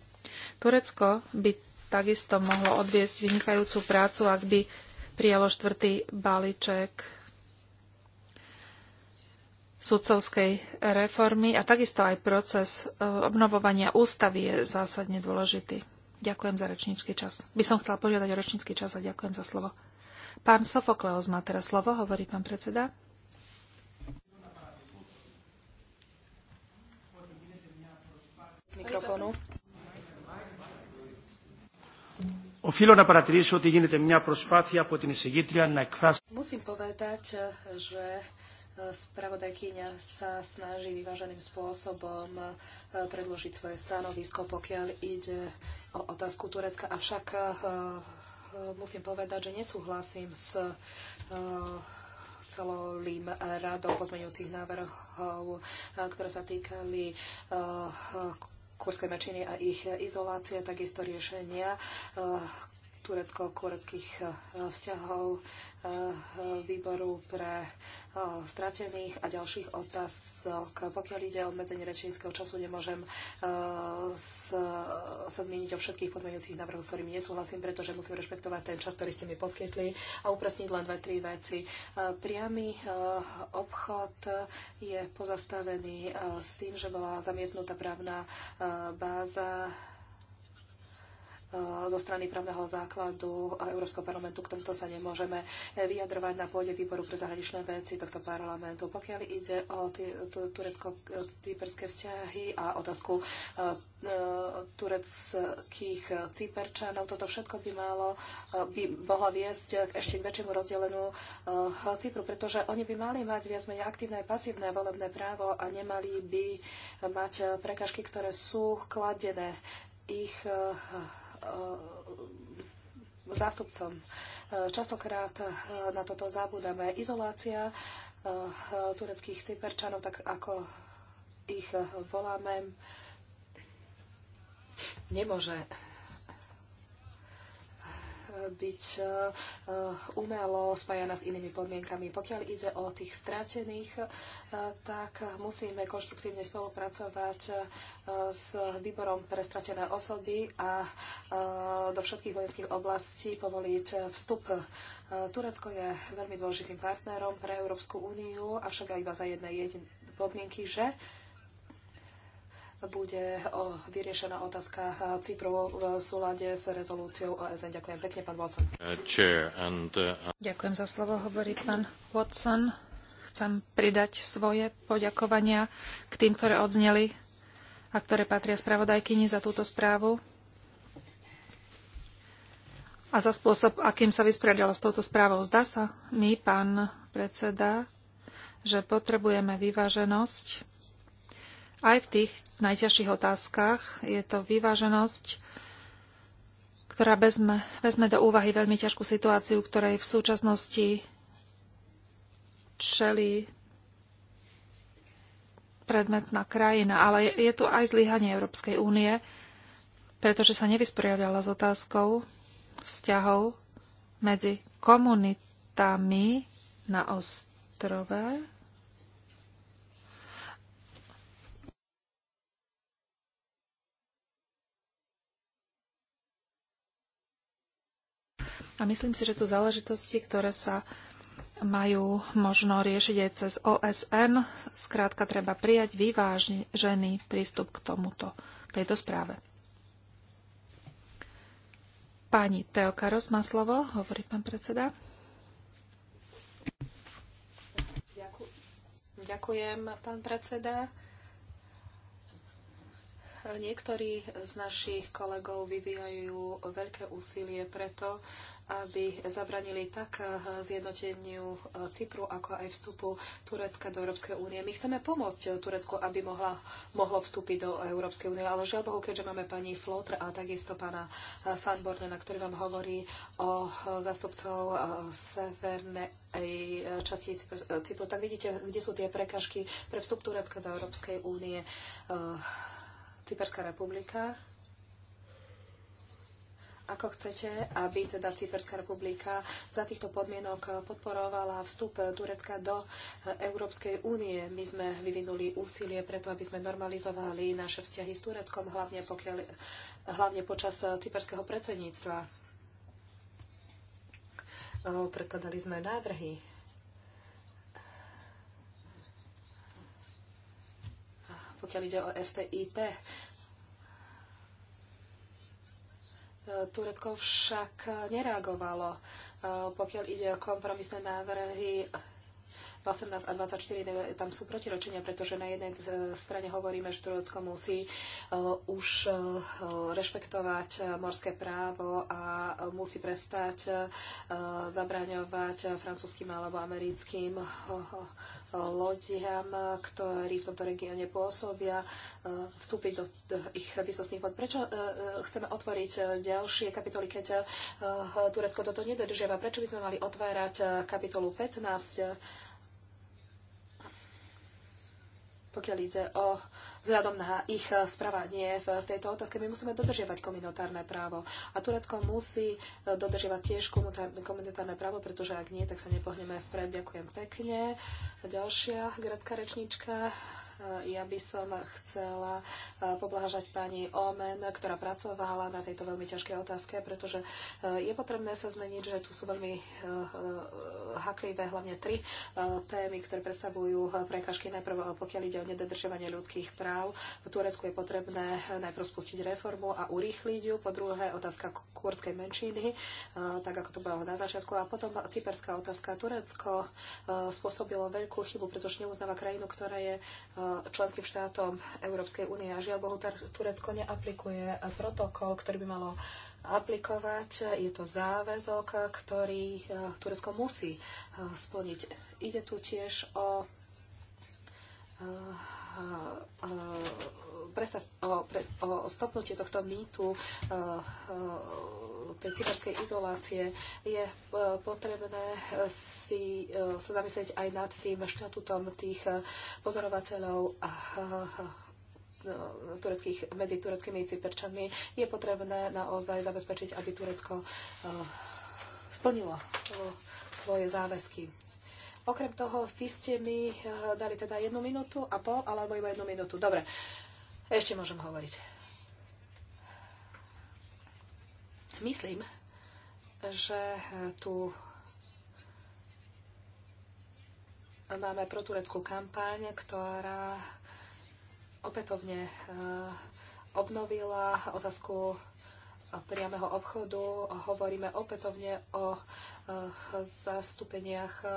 [SPEAKER 2] Turecko by takisto mohlo odviesť vynikajúcu prácu, ak by prijalo štvrtý balíček sudcovskej reformy a takisto aj proces e, obnovovania ústavy je zásadne dôležitý. Ďakujem za rečnícky čas. By som chcela požiadať o rečnícky čas a ďakujem za slovo. Pán Sofokleos má teraz slovo, hovorí pán predseda.
[SPEAKER 4] Musím povedať, že Spravodajkyňa sa snaží vyváženým spôsobom e, predložiť svoje stanovisko, pokiaľ ide o otázku Turecka. Avšak e, e, musím povedať, že nesúhlasím s celým radom pozmeňujúcich návrhov, ktoré sa týkali kurskej menšiny a ich izolácie, takisto riešenia turecko kureckých eh, vzťahov, eh, výboru pre eh, stratených a ďalších otázok. Pokiaľ ide o obmedzenie rečníckého času, nemôžem sa zmieniť o všetkých pozmeňujúcich návrhoch, s ktorými nesúhlasím, pretože musím rešpektovať ten čas, ktorý ste mi poskytli a upresniť len dve, tri veci. Priamy obchod je pozastavený s tým, že bola zamietnutá právna báza Eh, zo strany právneho základu Európskeho parlamentu, k tomuto sa nemôžeme eh, vyjadrovať na pôde výboru pre zahraničné veci tohto parlamentu. Pokiaľ ide o turecko-cyperské eh, vzťahy a otázku tureckých cyperčanov, toto všetko by malo, by mohlo viesť k ešte väčšiemu rozdeleniu Cypru, pretože oni by mali mať viac menej aktívne a pasívne volebné právo a nemali by mať prekažky, ktoré sú kladené ich Eh, zástupcom. Eh, častokrát eh, na toto zabudáme. Izolácia tureckých cyperčanov, tak ako ich voláme, nemôže byť e, umelo spájana s inými podmienkami. Pokiaľ ide o tých stratených, e, tak musíme konštruktívne spolupracovať e, s výborom pre stratené osoby a do všetkých vojenských oblastí povoliť vstup. Turecko je veľmi dôležitým partnerom pre Európsku úniu, avšak aj iba za jedné podmienky, že bude eh, vyriešená otázka eh, Cypru eh, v súlade s rezolúciou OSN. Ďakujem pekne, pán Watson.
[SPEAKER 5] Uh, uh, uh,
[SPEAKER 2] Ďakujem za slovo, hovorí pán Watson. Chcem pridať svoje poďakovania k tým, ktoré odzneli a ktoré patria spravodajkyni za túto správu a za spôsob, akým sa vysporiadala s touto správou. Zdá sa mi, pán predseda, že potrebujeme vyváženosť aj v tých najťažších otázkach je to vyváženosť, ktorá vezme, vezme do úvahy veľmi ťažkú situáciu, ktorej v súčasnosti čeli predmetná krajina. Ale je, je tu aj zlyhanie Európskej únie, pretože sa nevysporiadala s otázkou vzťahov medzi komunitami na ostrove A myslím si, že tu záležitosti, ktoré sa majú možno riešiť aj cez OSN. zkrátka treba prijať vyvážený prístup k tomuto, tejto správe. Pani Teokaros má slovo, hovorí pán predseda.
[SPEAKER 4] Ďakujem, pán predseda niektorí z našich kolegov vyvíjajú veľké úsilie preto, aby zabranili tak zjednoteniu Cypru, ako aj vstupu Turecka do Európskej únie. My chceme pomôcť Turecku, aby mohla, mohlo vstúpiť do Európskej únie, ale žiaľ Bohu, keďže máme pani Flotr a takisto pána Fanbornena, ktorý vám hovorí o zastupcov e, Severnej e, časti Cypru, tak vidíte, kde sú tie prekažky pre vstup Turecka do Európskej únie. E, Cyperská republika. Ako chcete, aby teda Cyperská republika za týchto podmienok podporovala vstup Turecka do Európskej únie? My sme vyvinuli úsilie preto, aby sme normalizovali naše vzťahy s Tureckom, hlavne, pokiaľ, hlavne počas cyperského predsedníctva. Predkladali sme návrhy pokiaľ ide o FTIP. Turecko však nereagovalo, pokiaľ ide o kompromisné návrhy 18 a 24 tam sú protiročenia, pretože na jednej strane hovoríme, že Turecko musí e, už e, rešpektovať morské právo a musí prestať e, zabraňovať francúzským alebo americkým lodiam, ktorí v tomto regióne pôsobia, vstúpiť do ich vysostných vod. Prečo chceme otvoriť ďalšie kapitoly, keď Turecko toto nedodržiava? Prečo by sme mali otvárať kapitolu 15? pokiaľ ide o vzhľadom na ich eh, správanie v tejto otázke. My musíme dodržiavať komunitárne právo a Turecko musí eh, dodržiavať tiež komunitárne právo, pretože ak nie, tak sa nepohneme vpred. Ďakujem pekne. Ďalšia grecká rečníčka, ja by som chcela e, poblážať pani Omen, ktorá pracovala na tejto veľmi ťažkej otázke, pretože e, je potrebné sa zmeniť, že tu sú veľmi e, haklivé hlavne tri témy, ktoré predstavujú prekažky. Najprv, pokiaľ ide o nedodržovanie ľudských práv, v Turecku je potrebné najprv spustiť reformu a urýchliť ju. Po druhé, otázka kurdskej menšiny, tak ako to bolo na začiatku. A potom cyperská otázka. Turecko spôsobilo veľkú chybu, pretože neuznáva krajinu, ktorá je členským štátom Európskej únie. A žiaľ Bohu, Turecko neaplikuje protokol, ktorý by malo aplikovať. Je to záväzok, ktorý e, Turecko musí e, splniť. Ide tu tiež o e, presta- o, o stopnutie tohto mýtu tej cyberskej izolácie, je e, potrebné e, si e, sa zamyslieť aj nad tým štatutom tých pozorovateľov a tureckých, medzi tureckými cyperčanmi. Je potrebné naozaj zabezpečiť, aby Turecko splnilo svoje záväzky. Okrem toho, vy ste mi dali teda jednu minútu a pol, alebo iba jednu minútu. Dobre, ešte môžem hovoriť. Myslím, že tu máme protureckú kampaň, ktorá opätovne eh, obnovila otázku priameho obchodu. Hovoríme opätovne o eh, zastúpeniach eh,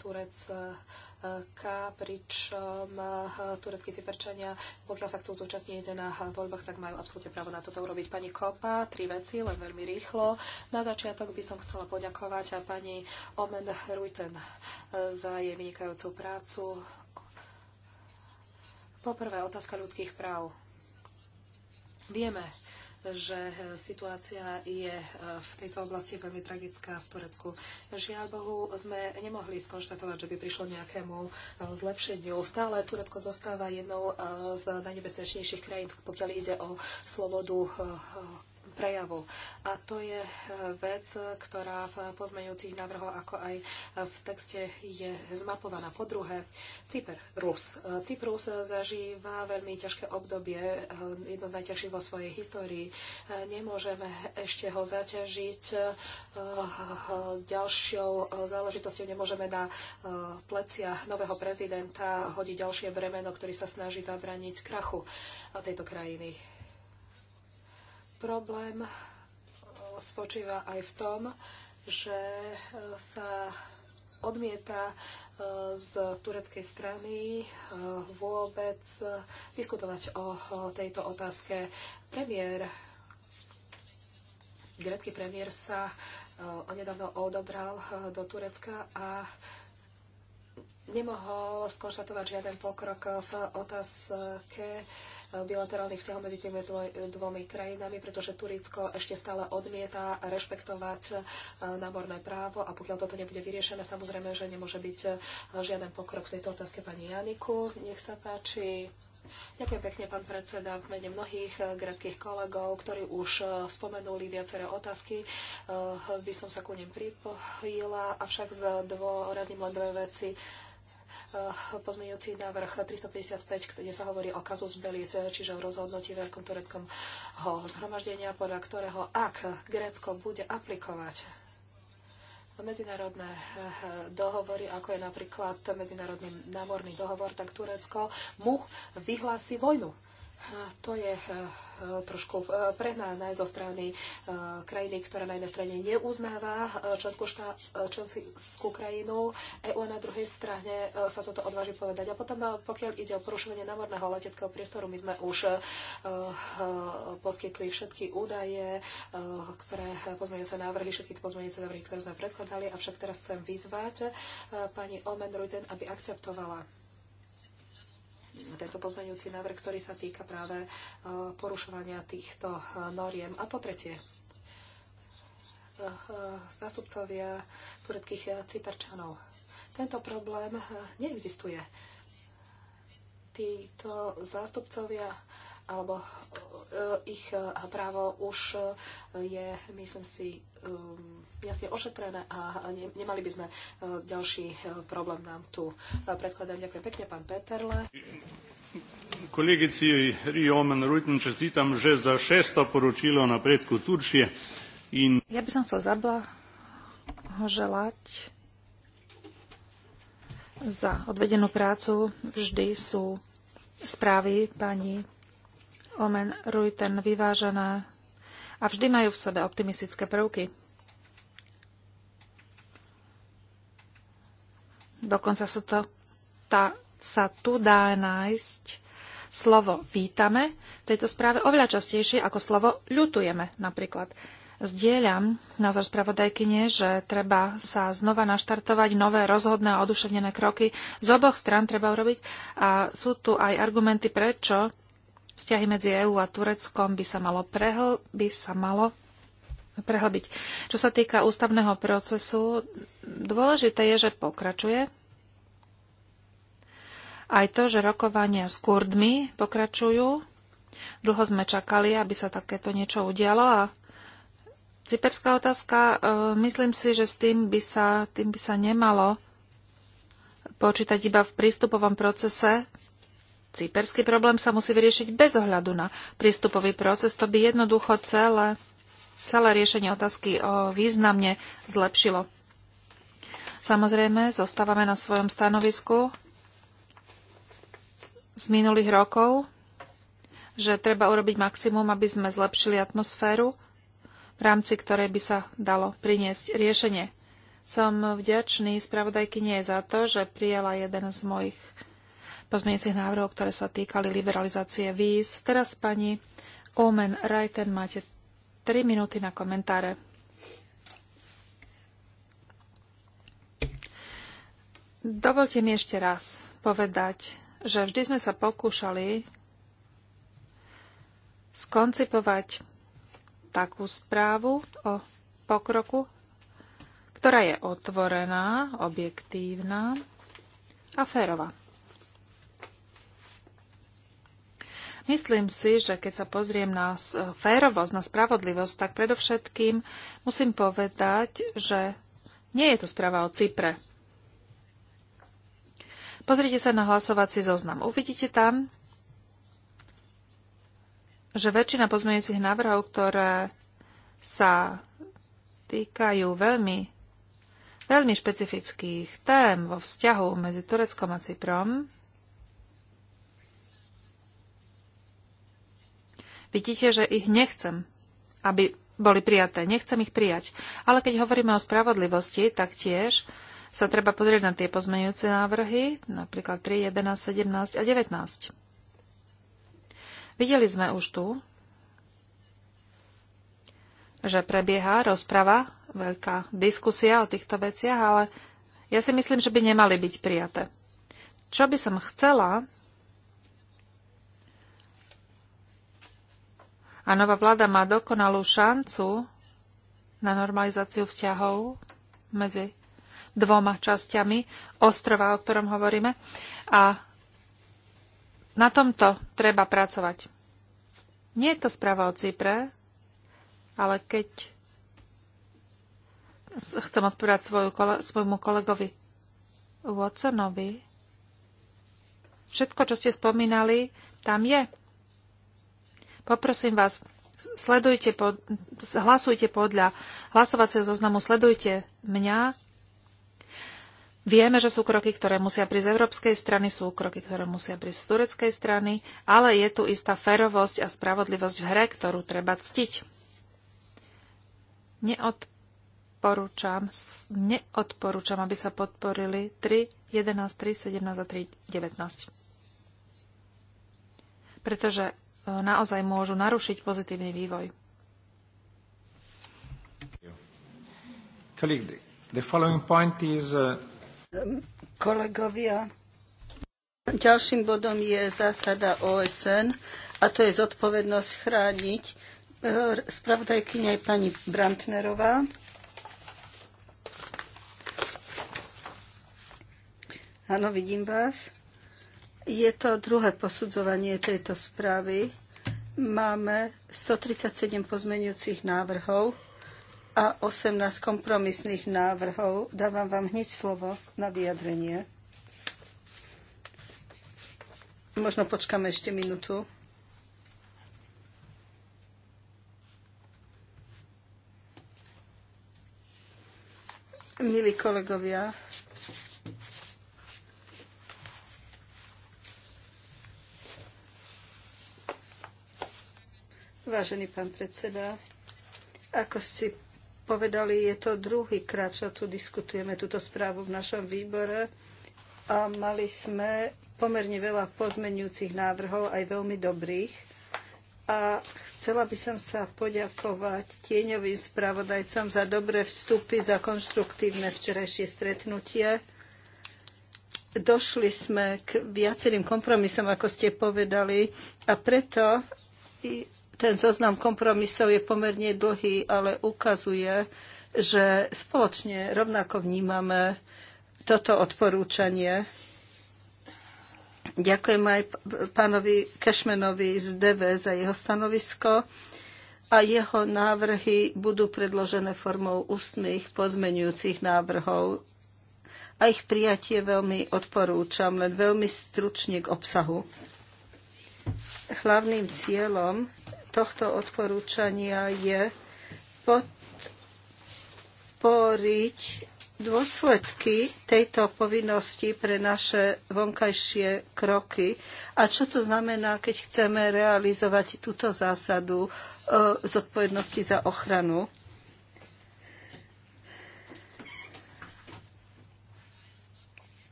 [SPEAKER 4] Turecka, pričom eh, tureckí cyperčania, pokiaľ sa chcú zúčastniť na voľbách, tak majú absolútne právo na toto urobiť. Pani Kopa, tri veci, len veľmi rýchlo. Na začiatok by som chcela poďakovať a pani Omen Ruiten za jej vynikajúcu prácu. Poprvé, otázka ľudských práv. Vieme, že e, situácia je e, v tejto oblasti veľmi tragická v Turecku. Žiaľ Bohu, sme nemohli skonštatovať, že by prišlo nejakému e, zlepšeniu. Stále Turecko zostáva jednou z najnebezpečnejších krajín, pokiaľ ide o slobodu prejavu. A to je e, vec, ktorá v pozmeňujúcich návrhoch, ako aj v texte je zmapovaná. Po druhé, Cyper, Rus. E, Cyprus zažíva veľmi ťažké obdobie, e, jedno z najťažších vo svojej histórii. Nemôžeme ešte ho zaťažiť ďalšou záležitosťou, nemôžeme na plecia nového prezidenta hodiť ďalšie bremeno, ktorý sa snaží zabraniť krachu tejto krajiny. Problém e, spočíva aj v tom, že e, sa odmieta e, z tureckej strany vôbec diskutovať o tejto otázke. Premiér, grecký premiér sa onedávno odobral do Turecka a nemohol skonštatovať žiaden pokrok v otázke bilaterálnych vzťahov medzi tými dvomi krajinami, pretože Turecko ešte stále odmieta rešpektovať e, námorné právo a pokiaľ toto nebude vyriešené, samozrejme, že nemôže byť e, žiaden pokrok v tejto otázke pani Janiku. Nech sa páči. Ďakujem pekne, pán predseda, v mene mnohých e, greckých kolegov, ktorí už spomenuli viaceré otázky. By som sa ku nim pripojila, avšak zdôrazním len dve veci Eh, pozmeňujúci návrh 355, kde sa hovorí o kazus belis, čiže o rozhodnutí veľkom tureckom zhromaždenia, podľa ktorého ak Grécko bude aplikovať medzinárodné eh, dohovory, ako je napríklad medzinárodný námorný dohovor, tak Turecko mu vyhlási vojnu. To je e, e, trošku e, prehnané zo strany krajiny, ktorá na jednej strane neuznáva členskú, štá, členskú krajinu EU a na druhej strane sa toto odváži povedať. A potom, pokiaľ ide o porušovanie námorného leteckého priestoru, my sme už poskytli všetky údaje pre pozmeňujúce návrhy, všetky tie pozmeňujúce návrhy, ktoré sme predkladali, avšak teraz chcem vyzvať pani Omen Ruiten, aby akceptovala tento pozmeňujúci návrh, ktorý sa týka práve e, porušovania týchto e, noriem. A po tretie, e, zástupcovia tureckých cyperčanov. Tento problém neexistuje. Títo zástupcovia alebo ich právo už je, myslím si, jasne ošetrené a ne, nemali by sme e, ďalší e, problém nám tu e, predkladať. Ďakujem pekne, pán Peterle.
[SPEAKER 5] Kolegici Riomen Rujten tam, že za šesto poručilo na predku Turčie. In...
[SPEAKER 2] Ja by som chcel želať, za odvedenú prácu. Vždy sú správy pani Omen Rujten vyvážené a vždy majú v sebe optimistické prvky. Dokonca sa, to, tá, sa tu dá nájsť slovo vítame v tejto správe oveľa častejšie ako slovo ľutujeme napríklad. Zdieľam názor spravodajkyne, že treba sa znova naštartovať nové rozhodné a oduševnené kroky. Z oboch stran treba urobiť a sú tu aj argumenty, prečo vzťahy medzi EÚ a Tureckom by sa malo prehl, by sa malo prehlbiť. Čo sa týka ústavného procesu, dôležité je, že pokračuje. Aj to, že rokovania s Kurdmi pokračujú. Dlho sme čakali, aby sa takéto niečo udialo a Cyperská otázka, e, myslím si, že s tým by sa, tým by sa nemalo počítať iba v prístupovom procese. Cyperský problém sa musí vyriešiť bez ohľadu na prístupový proces. To by jednoducho celé celé riešenie otázky významne zlepšilo. Samozrejme, zostávame na svojom stanovisku z minulých rokov, že treba urobiť maximum, aby sme zlepšili atmosféru, v rámci ktorej by sa dalo priniesť riešenie. Som vďačný spravodajkynie za to, že prijala jeden z mojich pozmeňujúcich návrhov, ktoré sa týkali liberalizácie víz. Teraz, pani Omen Rajten, máte 3 minúty na komentáre. Dovolte mi ešte raz povedať, že vždy sme sa pokúšali skoncipovať takú správu o pokroku, ktorá je otvorená, objektívna a férová. Myslím si, že keď sa pozriem na férovosť, na spravodlivosť, tak predovšetkým musím povedať, že nie je to správa o Cypre. Pozrite sa na hlasovací zoznam. Uvidíte tam, že väčšina pozmeňujúcich návrhov, ktoré sa týkajú veľmi, veľmi špecifických tém vo vzťahu medzi Tureckom a Cyprom, Vidíte, že ich nechcem, aby boli prijaté. Nechcem ich prijať. Ale keď hovoríme o spravodlivosti, tak tiež sa treba pozrieť na tie pozmeňujúce návrhy, napríklad 3, 11, 17 a 19. Videli sme už tu, že prebieha rozprava, veľká diskusia o týchto veciach, ale ja si myslím, že by nemali byť prijaté. Čo by som chcela, a nová vláda má dokonalú šancu na normalizáciu vzťahov medzi dvoma časťami ostrova, o ktorom hovoríme. A na tomto treba pracovať. Nie je to správa o Cypre, ale keď chcem odpovedať svoju, svojmu kolegovi Watsonovi, všetko, čo ste spomínali, tam je. Poprosím vás, sledujte pod, hlasujte podľa hlasovacieho zoznamu, sledujte mňa. Vieme, že sú kroky, ktoré musia prísť z európskej strany, sú kroky, ktoré musia prísť z tureckej strany, ale je tu istá ferovosť a spravodlivosť v hre, ktorú treba ctiť. Neodporúčam, neodporúčam aby sa podporili 3, 11, 3, 17 a 3, 19. Pretože naozaj môžu narušiť pozitívny vývoj.
[SPEAKER 1] Uh,
[SPEAKER 3] Kolegovia, ďalším bodom je zásada OSN a to je zodpovednosť chrániť. E, Spravodajkynia je pani Brantnerová. Áno, vidím vás. Je to druhé posudzovanie tejto správy. Máme 137 pozmeňujúcich návrhov a 18 kompromisných návrhov. Dávam vám hneď slovo na vyjadrenie. Možno počkáme ešte minútu. Milí kolegovia, Vážený pán predseda, ako ste povedali, je to druhý krát, čo tu diskutujeme túto správu v našom výbore a mali sme pomerne veľa pozmenujúcich návrhov, aj veľmi dobrých. A chcela by som sa poďakovať tieňovým spravodajcom za dobré vstupy, za konštruktívne včerajšie stretnutie. Došli sme k viacerým kompromisom, ako ste povedali, a preto ten zoznam kompromisov je pomerne dlhý, ale ukazuje, že spoločne rovnako vnímame toto odporúčanie. Ďakujem aj pánovi Kešmenovi z DV za jeho stanovisko a jeho návrhy budú predložené formou ústnych pozmenujúcich návrhov a ich prijatie veľmi odporúčam, len veľmi stručne k obsahu. Hlavným cieľom tohto odporúčania je podporiť dôsledky tejto povinnosti pre naše vonkajšie kroky a čo to znamená, keď chceme realizovať túto zásadu e, zodpovednosti za ochranu.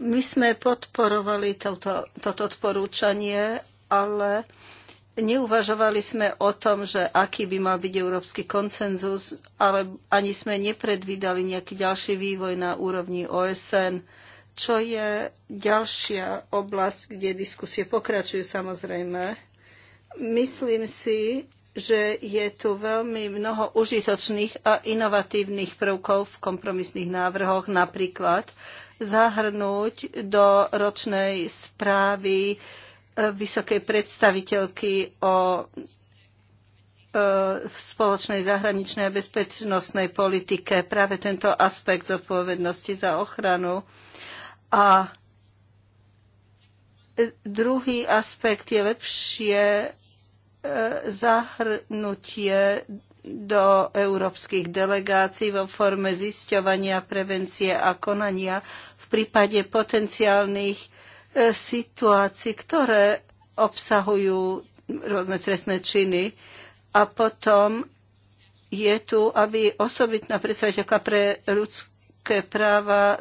[SPEAKER 3] My sme podporovali toto, toto odporúčanie, ale Neuvažovali sme o tom, že aký by mal byť európsky koncenzus, ale ani sme nepredvídali nejaký ďalší vývoj na úrovni OSN, čo je ďalšia oblasť, kde diskusie pokračujú samozrejme. Myslím si, že je tu veľmi mnoho užitočných a inovatívnych prvkov v kompromisných návrhoch, napríklad zahrnúť do ročnej správy vysokej predstaviteľky o e, spoločnej zahraničnej a bezpečnostnej politike práve tento aspekt zodpovednosti za ochranu. A druhý aspekt je lepšie e, zahrnutie do európskych delegácií vo forme zisťovania, prevencie a konania v prípade potenciálnych E, situácií, ktoré obsahujú rôzne trestné činy. A potom je tu, aby osobitná predstaviteľka pre ľudské práva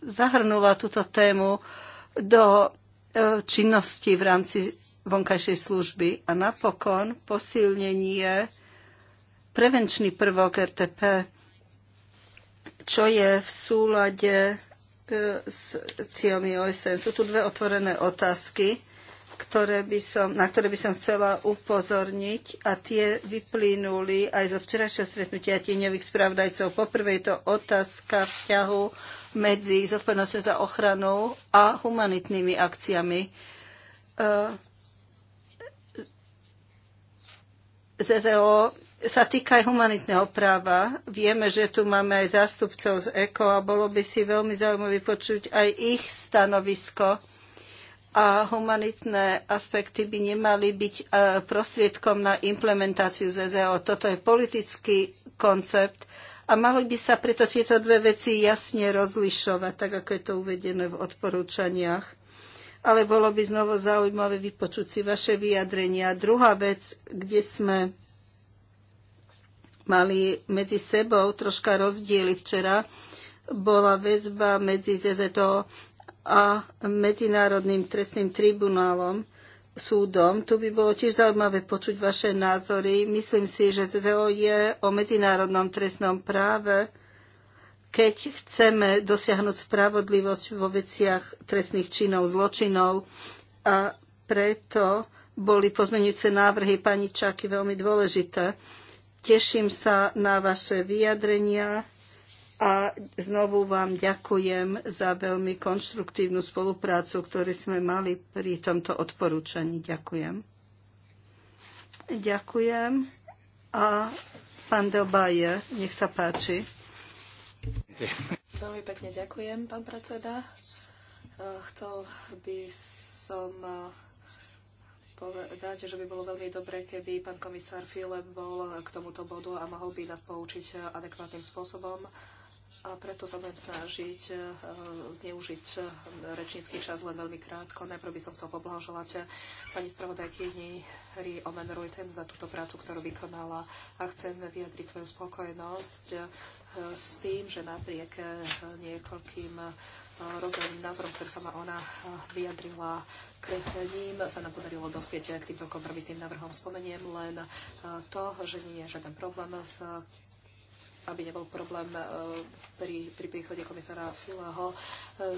[SPEAKER 3] zahrnula túto tému do e, činnosti v rámci vonkajšej služby. A napokon posilnenie prevenčný prvok RTP, čo je v súlade E, s cieľmi OSN. Sú tu dve otvorené otázky, ktoré by som, na ktoré by som chcela upozorniť a tie vyplynuli aj zo včerajšieho stretnutia tieňových spravdajcov. Poprvé je to otázka vzťahu medzi zodpovednosťou za ochranu a humanitnými akciami. E, ZZO sa týka aj humanitného práva. Vieme, že tu máme aj zástupcov z ECO a bolo by si veľmi zaujímavé počuť aj ich stanovisko. A humanitné aspekty by nemali byť e, prostriedkom na implementáciu ZZO. E Toto je politický koncept a mali by sa preto tieto dve veci jasne rozlišovať, tak ako je to uvedené v odporúčaniach ale bolo by znovu zaujímavé vypočuť si vaše vyjadrenia. Druhá vec, kde sme mali medzi sebou troška rozdiely. Včera bola väzba medzi ZZO a Medzinárodným trestným tribunálom súdom. Tu by bolo tiež zaujímavé počuť vaše názory. Myslím si, že ZZO je o medzinárodnom trestnom práve, keď chceme dosiahnuť spravodlivosť vo veciach trestných činov, zločinov. A preto boli pozmenujúce návrhy pani Čaky veľmi dôležité. Teším sa na vaše vyjadrenia a znovu vám ďakujem za veľmi konštruktívnu spoluprácu, ktorú sme mali pri tomto odporúčaní. Ďakujem. Ďakujem. A pán Delbaje, nech sa páči.
[SPEAKER 4] Veľmi pekne ďakujem, pán predseda. Chcel by som povedať, že by bolo veľmi dobre, keby pán komisár File bol k tomuto bodu a mohol by nás poučiť adekvátnym spôsobom. A preto sa budem snažiť e, zneužiť rečnícky čas len veľmi krátko. Najprv by som chcel poblahoželať pani spravodajkyni Ri Omen Rujten za túto prácu, ktorú vykonala a chcem vyjadriť svoju spokojnosť e, s tým, že napriek e, niekoľkým rozdielným názorom, ktorý sama ona vyjadrila k ním, sa nám podarilo dospieť e, k týmto kompromisným návrhom. Spomeniem len e, to, že nie je žiaden problém s aby nebol problém e, pri, pri príchode komisára Filaho,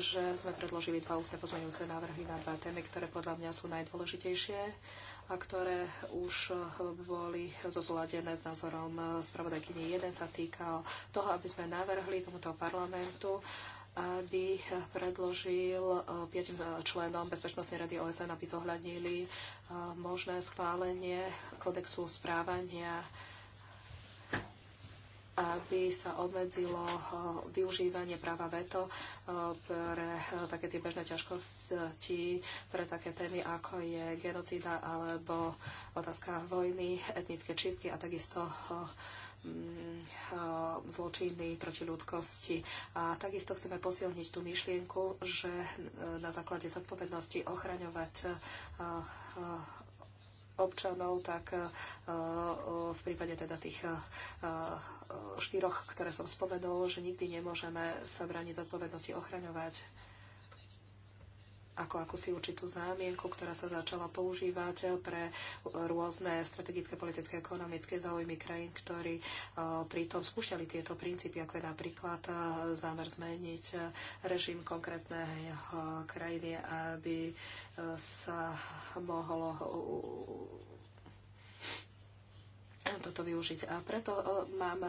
[SPEAKER 4] že sme predložili dva ústne pozmeňujúce návrhy na dva témy, ktoré podľa mňa sú najdôležitejšie a ktoré už boli zozuladené s názorom spravodajkyne. Jeden sa týkal toho, aby sme navrhli tomuto parlamentu aby predložil eh, piatim eh, členom Bezpečnostnej rady OSN, aby zohľadnili eh, možné schválenie kodexu správania aby sa obmedzilo využívanie práva veto pre také tie bežné ťažkosti, pre také témy, ako je genocída alebo otázka vojny, etnické čistky a takisto Mm, eh, zločiny proti ľudskosti. A takisto chceme posilniť tú myšlienku, že eh, na základe zodpovednosti ochraňovať eh, občanov, tak v prípade teda tých štyroch, ktoré som spomenul, že nikdy nemôžeme sa brániť zodpovednosti ochraňovať ako akúsi určitú zámienku, ktorá sa začala používať pre rôzne strategické, politické a ekonomické záujmy krajín, ktorí e, pritom skúšali tieto princípy, ako je napríklad e, zámer zmeniť e, režim konkrétnej krajiny, aby sa mohlo toto využiť. A preto mám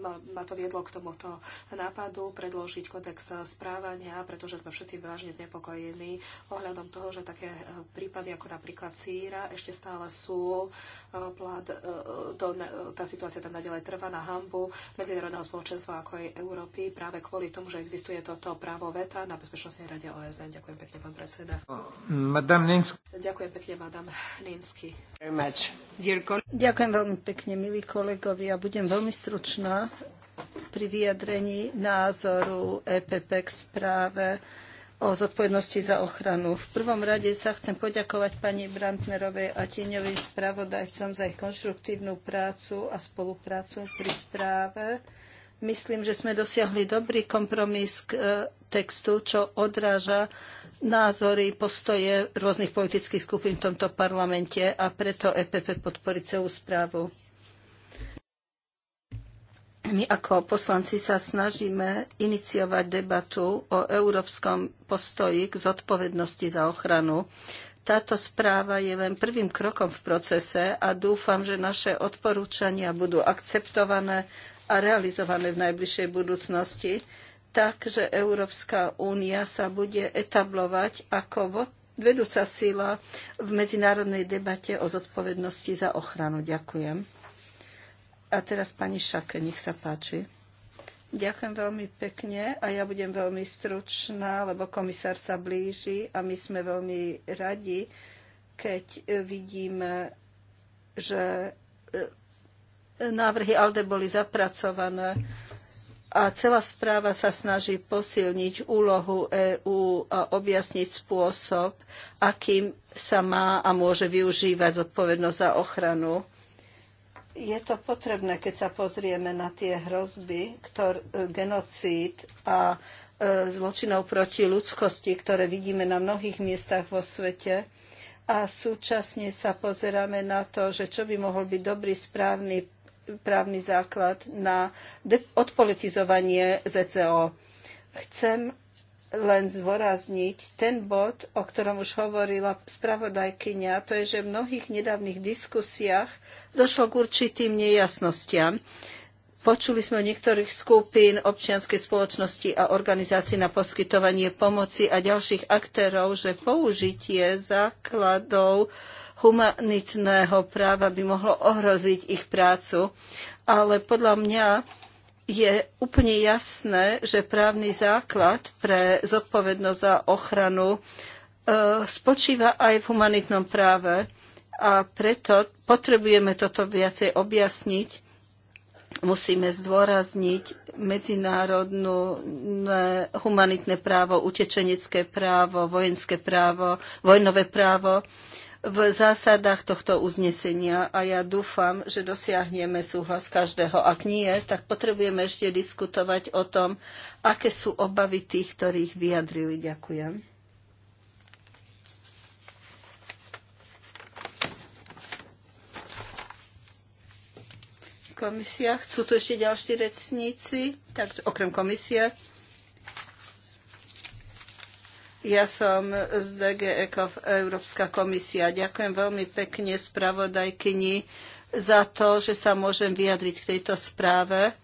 [SPEAKER 4] ma, ma to viedlo k tomuto nápadu predložiť kodex správania, pretože sme všetci vážne znepokojení ohľadom toho, že také e, prípady ako napríklad Síra ešte stále sú, e, plát, e, to, tá situácia tam nadalej trvá na hambu medzinárodného spoločenstva ako aj Európy práve kvôli tomu, že existuje toto právo veta na Bezpečnostnej rade OSN. Ďakujem pekne, pán predseda. Ďakujem pekne, madam Ninsky.
[SPEAKER 3] Ďakujem veľmi pekne, milí kolegovi, a budem veľmi stručná pri vyjadrení názoru EPP k správe o zodpovednosti za ochranu. V prvom rade sa chcem poďakovať pani Brantnerovej a tieňovým spravodajcom za ich konštruktívnu prácu a spoluprácu pri správe. Myslím, že sme dosiahli dobrý kompromis k e, textu, čo odráža názory, postoje rôznych politických skupín v tomto parlamente a preto EPP podporí celú správu. My ako poslanci sa snažíme iniciovať debatu o európskom postoji k zodpovednosti za ochranu. Táto správa je len prvým krokom v procese a dúfam, že naše odporúčania budú akceptované a realizované v najbližšej budúcnosti tak, že Európska únia sa bude etablovať ako vedúca síla v medzinárodnej debate o zodpovednosti za ochranu. Ďakujem. A teraz pani Šake, nech sa páči. Ďakujem veľmi pekne a ja budem veľmi stručná, lebo komisár sa blíži a my sme veľmi radi, keď vidíme, že e, návrhy ALDE boli zapracované a celá správa sa snaží posilniť úlohu EÚ a objasniť spôsob, akým sa má a môže využívať zodpovednosť za ochranu. Je to potrebné, keď sa pozrieme na tie hrozby, ktor, e, genocíd a e, zločinov proti ľudskosti, ktoré vidíme na mnohých miestach vo svete. A súčasne sa pozeráme na to, že čo by mohol byť dobrý správny právny základ na odpolitizovanie ZCO. Chcem len zdôrazniť ten bod, o ktorom už hovorila spravodajkyňa, to je, že v mnohých nedávnych diskusiách došlo k určitým nejasnostiam. Počuli sme o niektorých skupín občianskej spoločnosti a organizácií na poskytovanie pomoci a ďalších aktérov, že použitie základov humanitného práva by mohlo ohroziť ich prácu. Ale podľa mňa je úplne jasné, že právny základ pre zodpovednosť za ochranu e, spočíva aj v humanitnom práve a preto potrebujeme toto viacej objasniť. Musíme zdôrazniť medzinárodné humanitné právo, utečenecké právo, vojenské právo, vojnové právo v zásadách tohto uznesenia a ja dúfam, že dosiahneme súhlas každého. Ak nie, tak potrebujeme ešte diskutovať o tom, aké sú obavy tých, ktorých vyjadrili. Ďakujem. Komisia. Chcú tu ešte ďalší recníci? takže okrem komisie. Ja som z DG Európska komisia. Ďakujem veľmi pekne spravodajkyni za to, že sa môžem vyjadriť k tejto správe.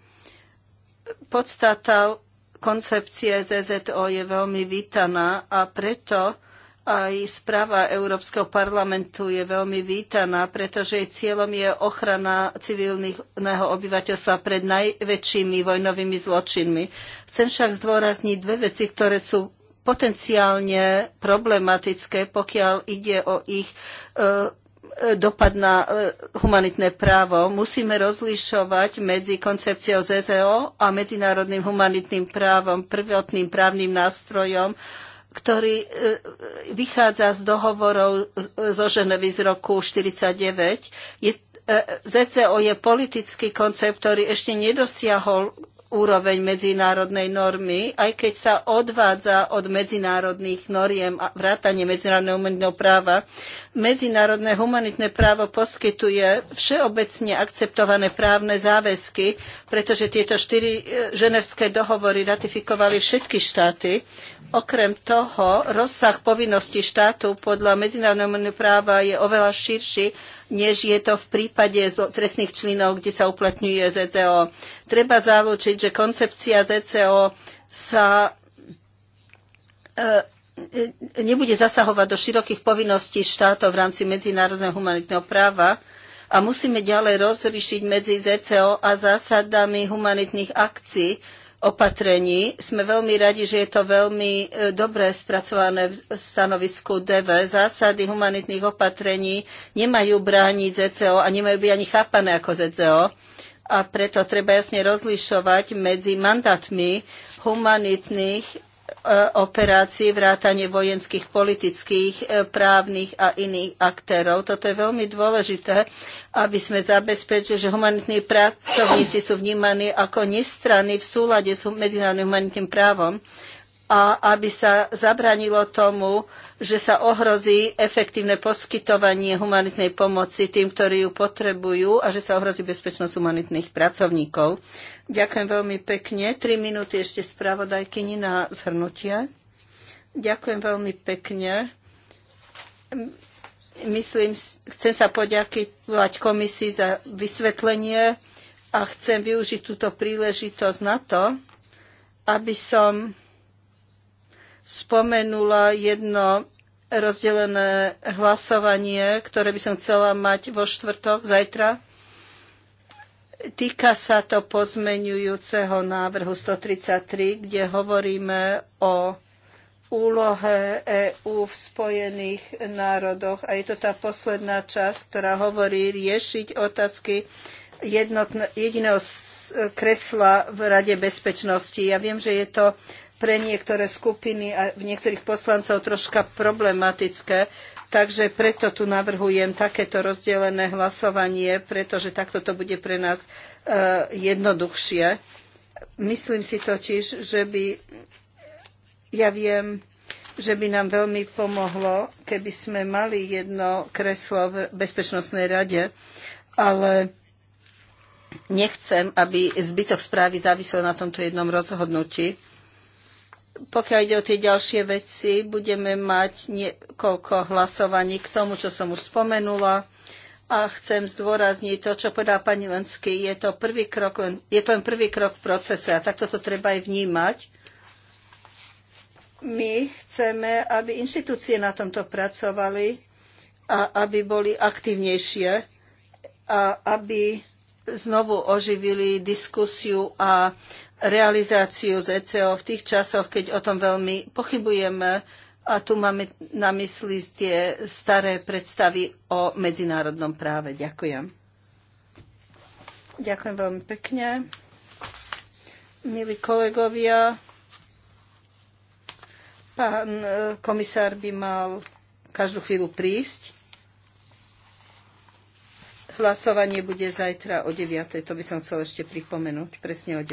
[SPEAKER 3] Podstata koncepcie ZZO je veľmi vítaná a preto aj správa Európskeho parlamentu je veľmi vítaná, pretože jej cieľom je ochrana civilného obyvateľstva pred najväčšími vojnovými zločinmi. Chcem však zdôrazniť dve veci, ktoré sú potenciálne problematické, pokiaľ ide o ich e, e, dopad na e, humanitné právo. Musíme rozlišovať medzi koncepciou ZZO a medzinárodným humanitným právom, prvotným právnym nástrojom, ktorý vychádza z dohovorov zo Ženevy z roku 1949. ZCO je politický koncept, ktorý ešte nedosiahol úroveň medzinárodnej normy, aj keď sa odvádza od medzinárodných noriem a vrátanie medzinárodného humanitného práva. Medzinárodné humanitné právo poskytuje všeobecne akceptované právne záväzky, pretože tieto štyri e, ženevské dohovory ratifikovali všetky štáty Okrem toho, rozsah povinností štátu podľa medzinárodného práva je oveľa širší, než je to v prípade trestných členov, kde sa uplatňuje ZCO. Treba zalúčiť, že koncepcia ZCO sa e, nebude zasahovať do širokých povinností štátov v rámci medzinárodného humanitného práva a musíme ďalej rozrišiť medzi ZCO a zásadami humanitných akcií, opatrení. Sme veľmi radi, že je to veľmi e, dobre spracované v stanovisku DV. Zásady humanitných opatrení nemajú brániť ZCO a nemajú byť ani chápané ako ZCO. A preto treba jasne rozlišovať medzi mandátmi humanitných Eh, operácií, vrátanie vojenských, politických, eh, právnych a iných aktérov. Toto je veľmi dôležité, aby sme zabezpečili, že humanitní pracovníci sú vnímaní ako nestranní v súlade s medzinárodným humanitným právom a aby sa zabranilo tomu, že sa ohrozí efektívne poskytovanie humanitnej pomoci tým, ktorí ju potrebujú a že sa ohrozí bezpečnosť humanitných pracovníkov. Ďakujem veľmi pekne. Tri minúty ešte spravodajkyni na zhrnutie. Ďakujem veľmi pekne. Myslím, chcem sa poďakovať komisii za vysvetlenie a chcem využiť túto príležitosť na to, aby som spomenula jedno rozdelené hlasovanie, ktoré by som chcela mať vo štvrtok, zajtra. Týka sa to pozmenujúceho návrhu 133, kde hovoríme o úlohe EÚ v Spojených národoch. A je to tá posledná časť, ktorá hovorí riešiť otázky jediného kresla v Rade bezpečnosti. Ja viem, že je to pre niektoré skupiny a niektorých poslancov troška problematické, takže preto tu navrhujem takéto rozdelené hlasovanie, pretože takto to bude pre nás e, jednoduchšie. Myslím si totiž, že by, ja viem, že by nám veľmi pomohlo, keby sme mali jedno kreslo v Bezpečnostnej rade, ale nechcem, aby zbytok správy závisel na tomto jednom rozhodnutí pokiaľ ide o tie ďalšie veci, budeme mať niekoľko hlasovaní k tomu, čo som už spomenula. A chcem zdôrazniť to, čo povedá pani Lenský. Je to, prvý krok, je to len prvý krok v procese a takto to treba aj vnímať. My chceme, aby inštitúcie na tomto pracovali a aby boli aktívnejšie a aby znovu oživili diskusiu a realizáciu z ECO v tých časoch, keď o tom veľmi pochybujeme. A tu máme na mysli tie staré predstavy o medzinárodnom práve. Ďakujem. Ďakujem veľmi pekne. Milí kolegovia, pán e, komisár by mal každú chvíľu prísť. Hlasovanie bude zajtra o 9. To by som chcel ešte pripomenúť, presne o 9.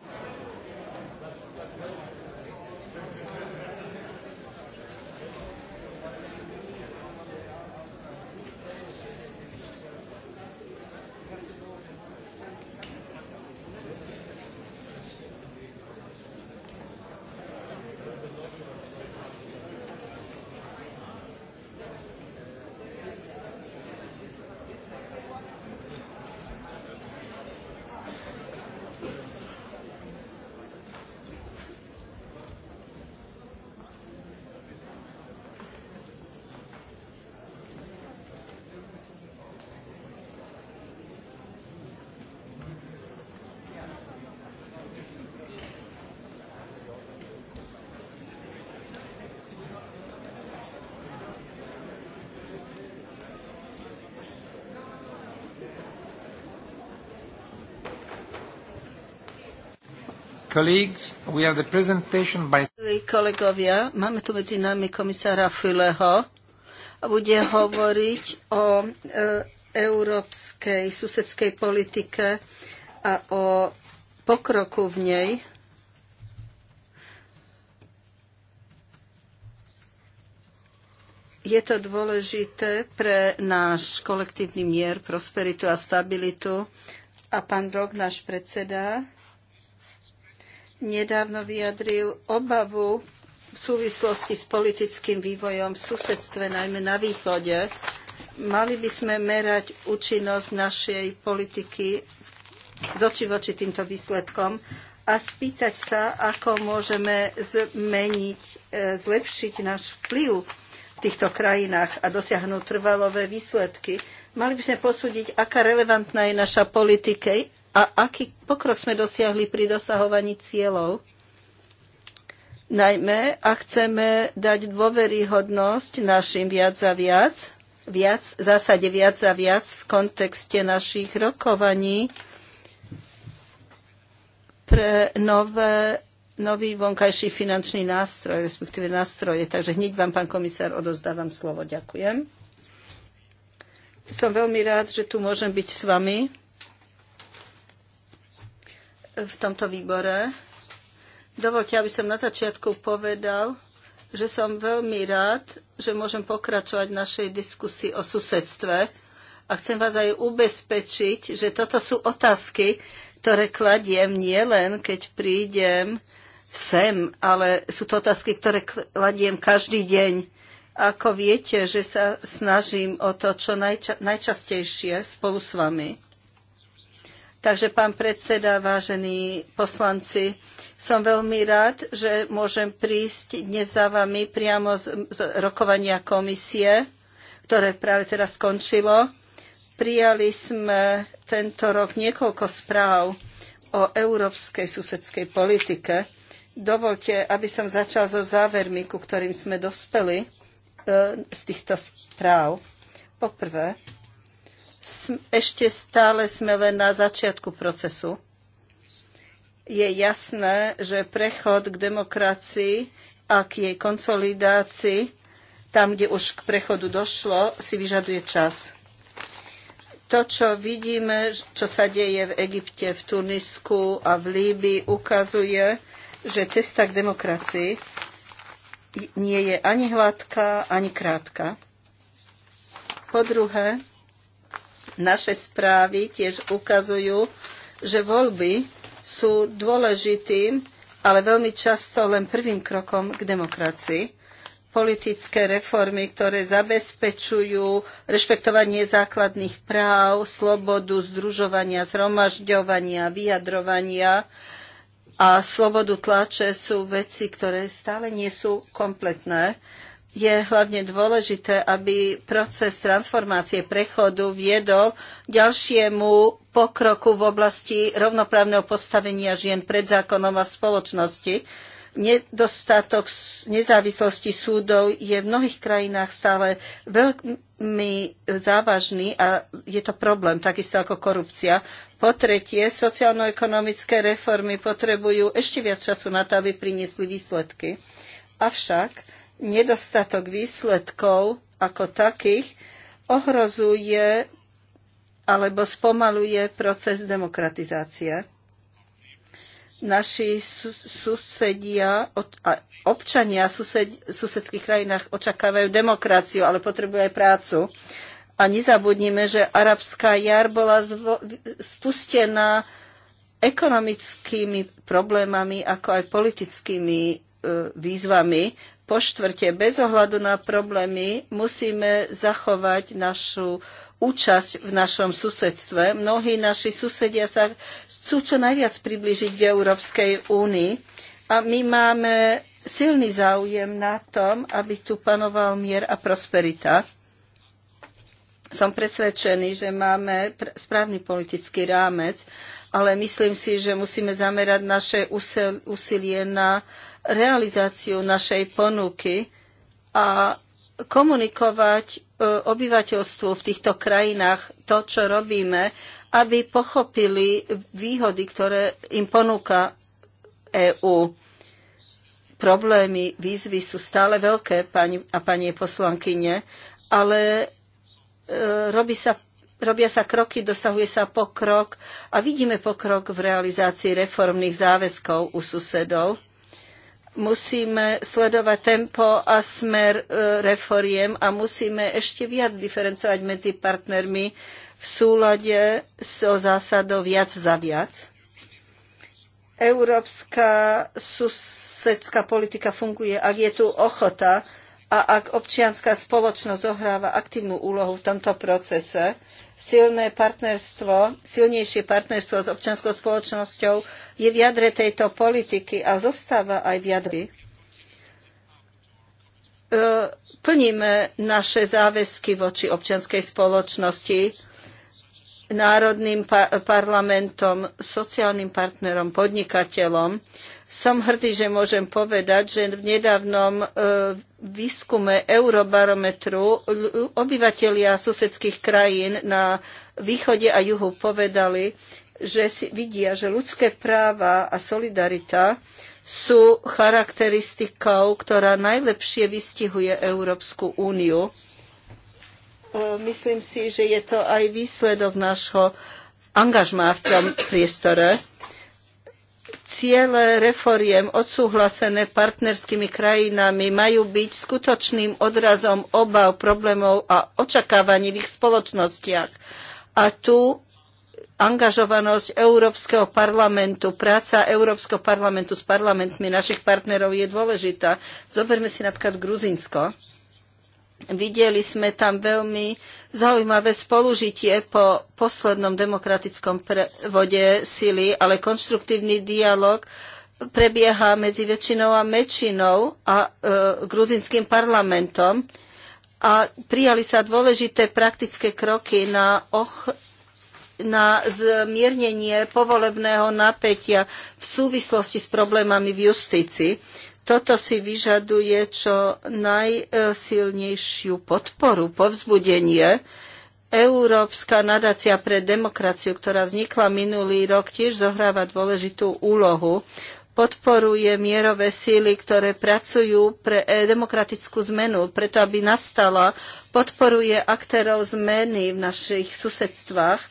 [SPEAKER 1] By...
[SPEAKER 3] Kolegovia, máme tu medzi nami komisára Fileho a bude hovoriť o e, európskej susedskej politike a o pokroku v nej. Je to dôležité pre náš kolektívny mier, prosperitu a stabilitu. A pán Rok, náš predseda, nedávno vyjadril obavu v súvislosti s politickým vývojom v susedstve, najmä na východe. Mali by sme merať účinnosť našej politiky z oči voči týmto výsledkom a spýtať sa, ako môžeme zmeniť, e, zlepšiť náš vplyv v týchto krajinách a dosiahnuť trvalové výsledky. Mali by sme posúdiť, aká relevantná je naša politika, a aký pokrok sme dosiahli pri dosahovaní cieľov. Najmä, ak chceme dať dôveryhodnosť našim viac a viac, viac, v zásade viac a viac v kontexte našich rokovaní pre nové, nový vonkajší finančný nástroj, respektíve nástroje. Takže hneď vám, pán komisár, odozdávam slovo. Ďakujem. Som veľmi rád, že tu môžem byť s vami v tomto výbore. Dovolte, aby som na začiatku povedal, že som veľmi rád, že môžem pokračovať v našej diskusii o susedstve. A chcem vás aj ubezpečiť, že toto sú otázky, ktoré kladiem nielen, keď prídem sem, ale sú to otázky, ktoré kladiem každý deň. Ako viete, že sa snažím o to čo najča- najčastejšie spolu s vami. Takže, pán predseda, vážení poslanci, som veľmi rád, že môžem prísť dnes za vami priamo z, z rokovania komisie, ktoré práve teraz skončilo. Prijali sme tento rok niekoľko správ o európskej susedskej politike. Dovolte, aby som začal so závermi, ku ktorým sme dospeli e, z týchto správ. Poprvé, ešte stále sme len na začiatku procesu. Je jasné, že prechod k demokracii a k jej konsolidácii, tam, kde už k prechodu došlo, si vyžaduje čas. To, čo vidíme, čo sa deje v Egypte, v Tunisku a v Líbii, ukazuje, že cesta k demokracii nie je ani hladká, ani krátka. Po druhé, naše správy tiež ukazujú, že voľby sú dôležitým, ale veľmi často len prvým krokom k demokracii politické reformy, ktoré zabezpečujú rešpektovanie základných práv, slobodu združovania, zhromažďovania, vyjadrovania a slobodu tlače sú veci, ktoré stále nie sú kompletné je hlavne dôležité, aby proces transformácie prechodu viedol k ďalšiemu pokroku v oblasti rovnoprávneho postavenia žien pred zákonom a spoločnosti. Nedostatok nezávislosti súdov je v mnohých krajinách stále veľmi závažný a je to problém, takisto ako korupcia. Po tretie, sociálno-ekonomické reformy potrebujú ešte viac času na to, aby priniesli výsledky. Avšak nedostatok výsledkov ako takých ohrozuje alebo spomaluje proces demokratizácie. Naši susedia, občania v sused, susedských krajinách očakávajú demokraciu, ale potrebujú aj prácu. A nezabudnime, že arabská jar bola zvo, spustená ekonomickými problémami, ako aj politickými e, výzvami po štvrte, bez ohľadu na problémy musíme zachovať našu účasť v našom susedstve. Mnohí naši susedia sa chcú čo najviac priblížiť k Európskej únii a my máme silný záujem na tom, aby tu panoval mier a prosperita. Som presvedčený, že máme správny politický rámec, ale myslím si, že musíme zamerať naše úsilie na uh, realizáciu našej ponuky a komunikovať e, obyvateľstvu v týchto krajinách to, čo robíme, aby pochopili výhody, ktoré im ponúka EÚ. Problémy, výzvy sú stále veľké, pani a pani poslankyne, ale e, robí sa, robia sa kroky, dosahuje sa pokrok a vidíme pokrok v realizácii reformných záväzkov u susedov musíme sledovať tempo a smer e, reforiem a musíme ešte viac diferencovať medzi partnermi v súlade so zásadou viac za viac. Európska susedská politika funguje, ak je tu ochota a ak občianská spoločnosť zohráva aktívnu úlohu v tomto procese, silné partnerstvo, silnejšie partnerstvo s občianskou spoločnosťou je v jadre tejto politiky a zostáva aj v jadre. E, plníme naše záväzky voči občianskej spoločnosti národným parlamentom, sociálnym partnerom, podnikateľom. Som hrdý, že môžem povedať, že v nedávnom e, výskume Eurobarometru obyvatelia susedských krajín na východe a juhu povedali, že si vidia, že ľudské práva a solidarita sú charakteristikou, ktorá najlepšie vystihuje Európsku úniu E, myslím si, že je to aj výsledok nášho angažmá v tom priestore. Ciele reforiem odsúhlasené partnerskými krajinami majú byť skutočným odrazom obav, problémov a očakávaní v ich spoločnostiach. A tu angažovanosť Európskeho parlamentu, práca Európskeho parlamentu s parlamentmi našich partnerov je dôležitá. Zoberme si napríklad Gruzinsko. Videli sme tam veľmi zaujímavé spolužitie po poslednom demokratickom prevode sily, ale konštruktívny dialog prebieha medzi väčšinou a menšinou a e, gruzinským parlamentom a prijali sa dôležité praktické kroky na, och, na zmiernenie povolebného napätia v súvislosti s problémami v justícii. Toto si vyžaduje čo najsilnejšiu podporu, povzbudenie. Európska nadácia pre demokraciu, ktorá vznikla minulý rok, tiež zohráva dôležitú úlohu. Podporuje mierové síly, ktoré pracujú pre e, demokratickú zmenu, preto aby nastala. Podporuje aktérov zmeny v našich susedstvách, e,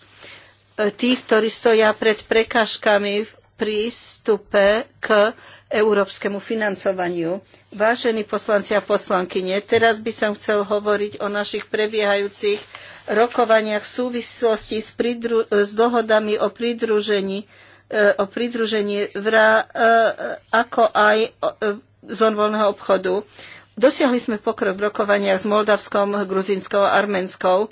[SPEAKER 3] tých, ktorí stoja pred prekážkami v prístupe k európskemu financovaniu. Vážení poslanci a poslankyne, teraz by som chcel hovoriť o našich prebiehajúcich rokovaniach v súvislosti s, pridru- s dohodami o pridružení e, o pridružení vra, e, ako aj e, zón voľného obchodu. Dosiahli sme pokrok v rokovaniach s Moldavskom, Gruzinskou a Arménskou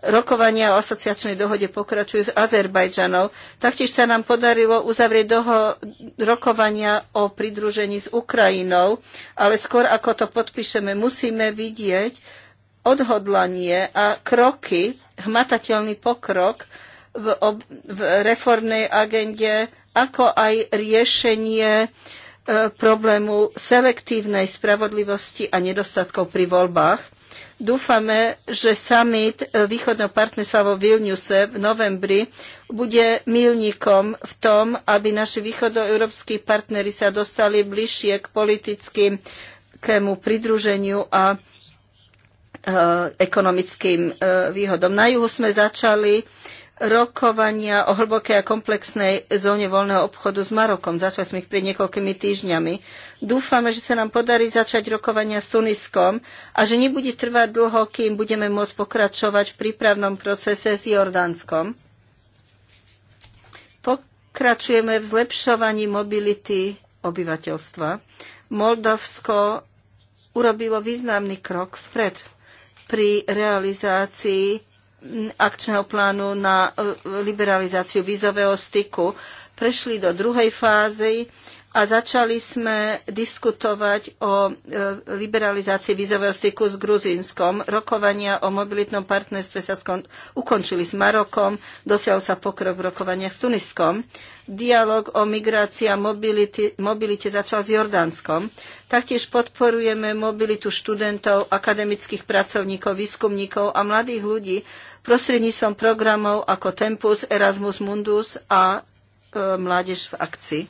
[SPEAKER 3] Rokovania o asociačnej dohode pokračujú s Azerbajdžanou. Taktiež sa nám podarilo uzavrieť doho- rokovania o pridružení s Ukrajinou, ale skôr ako to podpíšeme, musíme vidieť odhodlanie a kroky, hmatateľný pokrok v, ob- v reformnej agende, ako aj riešenie e, problému selektívnej spravodlivosti a nedostatkov pri voľbách. Dúfame, že summit e, východného partnerstva vo Vilniuse v novembri bude milníkom v tom, aby naši východoeurópsky partnery sa dostali bližšie k politickému pridruženiu a e, ekonomickým e, výhodom. Na juhu sme začali rokovania o hlbokej a komplexnej zóne voľného obchodu s Marokom. Začali sme ich pred niekoľkými týždňami. Dúfame, že sa nám podarí začať rokovania s Tuniskom a že nebude trvať dlho, kým budeme môcť pokračovať v prípravnom procese s Jordánskom. Pokračujeme v zlepšovaní mobility obyvateľstva. Moldavsko urobilo významný krok vpred pri realizácii akčného plánu na e, liberalizáciu vízového styku. Prešli do druhej fázy a začali sme diskutovať o e, liberalizácii vízového styku s Gruzínskom. Rokovania o mobilitnom partnerstve sa skon- ukončili s Marokom, dosiahol sa pokrok v rokovaniach s Tuniskom. Dialóg o migrácii a mobility, mobilite začal s Jordánskom. Taktiež podporujeme mobilitu študentov, akademických pracovníkov, výskumníkov a mladých ľudí, prostredníctvom programov ako Tempus, Erasmus Mundus a e, Mládež v akcii.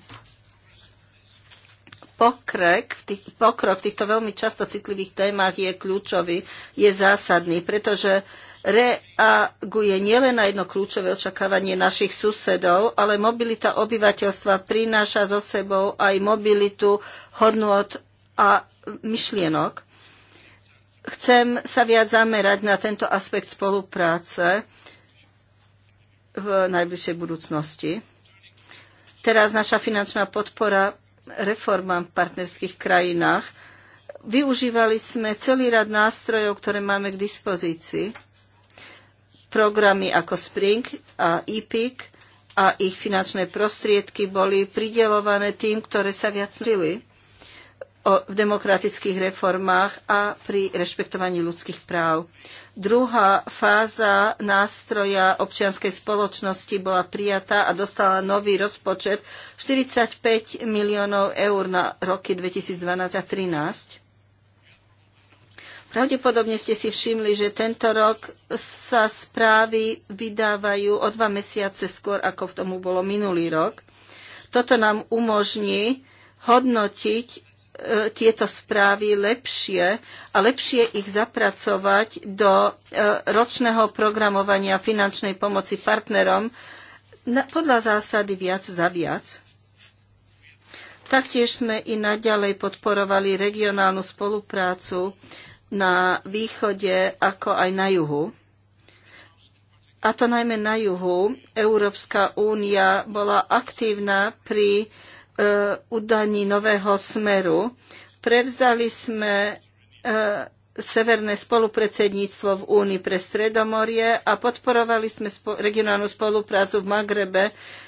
[SPEAKER 3] Pokrek v tých, pokrok v týchto veľmi často citlivých témach je kľúčový, je zásadný, pretože reaguje nielen na jedno kľúčové očakávanie našich susedov, ale mobilita obyvateľstva prináša so sebou aj mobilitu hodnot a myšlienok. Chcem sa viac zamerať na tento aspekt spolupráce v najbližšej budúcnosti. Teraz naša finančná podpora reformám v partnerských krajinách. Využívali sme celý rad nástrojov, ktoré máme k dispozícii. Programy ako Spring a EPIC a ich finančné prostriedky boli pridelované tým, ktoré sa viac zlili o, v demokratických reformách a pri rešpektovaní ľudských práv. Druhá fáza nástroja občianskej spoločnosti bola prijatá a dostala nový rozpočet 45 miliónov eur na roky 2012 a 2013. Pravdepodobne ste si všimli, že tento rok sa správy vydávajú o dva mesiace skôr, ako v tomu bolo minulý rok. Toto nám umožní hodnotiť E, tieto správy lepšie a lepšie ich zapracovať do e, ročného programovania finančnej pomoci partnerom podľa zásady viac za viac. Taktiež sme i naďalej podporovali regionálnu spoluprácu na východe ako aj na juhu. A to najmä na juhu. Európska únia bola aktívna pri uh, Eh, udaní nového smeru. Prevzali sme eh, severné spolupredsedníctvo v Únii pre Stredomorie a podporovali sme regionálnu spoluprácu v Magrebe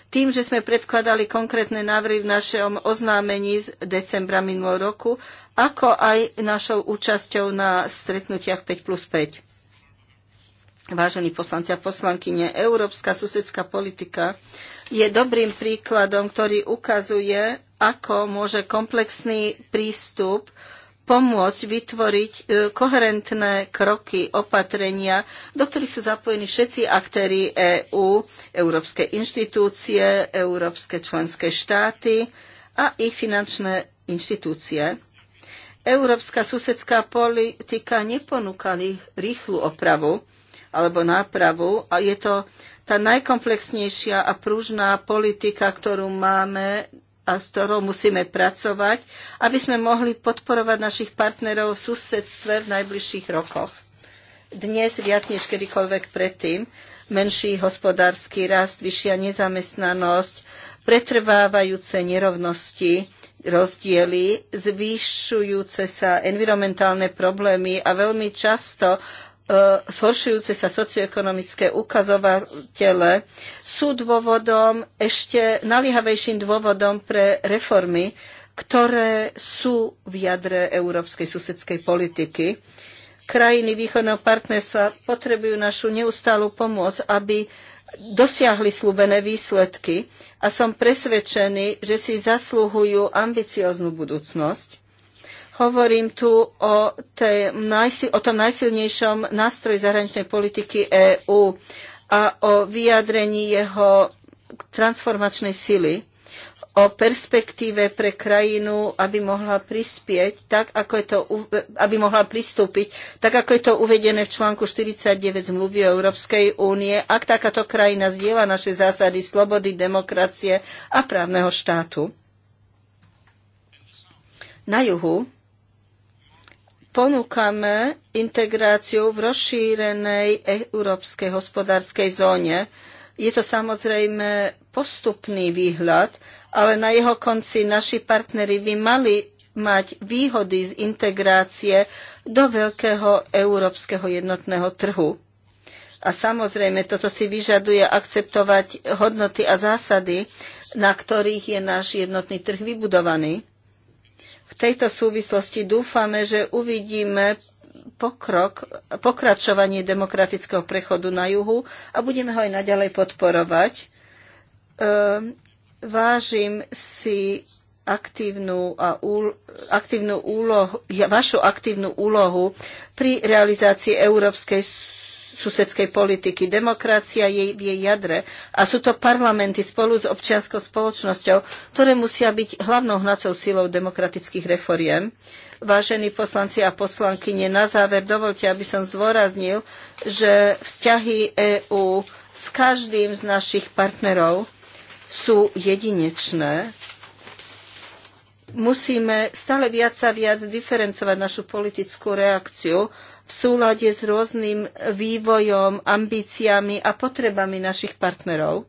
[SPEAKER 3] tým, že sme predkladali konkrétne návrhy v našom oznámení z decembra minulého roku, ako aj našou účasťou na stretnutiach 5 plus 5. Vážení poslanci a poslankyne, európska susedská politika je dobrým príkladom, ktorý ukazuje, ako môže komplexný prístup pomôcť vytvoriť e, koherentné kroky, opatrenia, do ktorých sú zapojení všetci aktéry EÚ, európske inštitúcie, európske členské štáty a ich finančné inštitúcie. Európska susedská politika neponúkali rýchlu opravu alebo nápravu a je to tá najkomplexnejšia a pružná politika, ktorú máme a s ktorou musíme pracovať, aby sme mohli podporovať našich partnerov v susedstve v najbližších rokoch. Dnes viac než kedykoľvek predtým menší hospodársky rast, vyššia nezamestnanosť, pretrvávajúce nerovnosti, rozdiely, zvyšujúce sa environmentálne problémy a veľmi často E, zhoršujúce sa socioekonomické ukazovatele sú dôvodom, ešte naliehavejším dôvodom pre reformy, ktoré sú v jadre európskej susedskej politiky. Krajiny východného partnerstva potrebujú našu neustálu pomoc, aby dosiahli slúbené výsledky a som presvedčený, že si zaslúhujú ambicióznu budúcnosť. Hovorím tu o, tej, o tom najsilnejšom nástroji zahraničnej politiky EÚ a o vyjadrení jeho transformačnej sily o perspektíve pre krajinu, aby mohla prispieť, tak ako je to, aby mohla pristúpiť, tak ako je to uvedené v článku 49 zmluvy o Európskej únie, ak takáto krajina zdieľa naše zásady slobody, demokracie a právneho štátu. Na juhu ponúkame integráciu v rozšírenej európskej hospodárskej zóne. Je to samozrejme postupný výhľad, ale na jeho konci naši partnery by mali mať výhody z integrácie do veľkého európskeho jednotného trhu. A samozrejme, toto si vyžaduje akceptovať hodnoty a zásady, na ktorých je náš jednotný trh vybudovaný. V tejto súvislosti dúfame, že uvidíme pokrok, pokračovanie demokratického prechodu na juhu a budeme ho aj naďalej podporovať. Ehm, vážim si aktívnu, a úl, aktívnu úlohu, vašu aktívnu úlohu pri realizácii európskej susedskej politiky. Demokracia je v jej jadre a sú to parlamenty spolu s občianskou spoločnosťou, ktoré musia byť hlavnou hnacou silou demokratických reforiem. Vážení poslanci a poslankyne, na záver dovolte, aby som zdôraznil, že vzťahy EÚ s každým z našich partnerov sú jedinečné. Musíme stále viac a viac diferencovať našu politickú reakciu v súlade s rôznym vývojom, ambíciami a potrebami našich partnerov.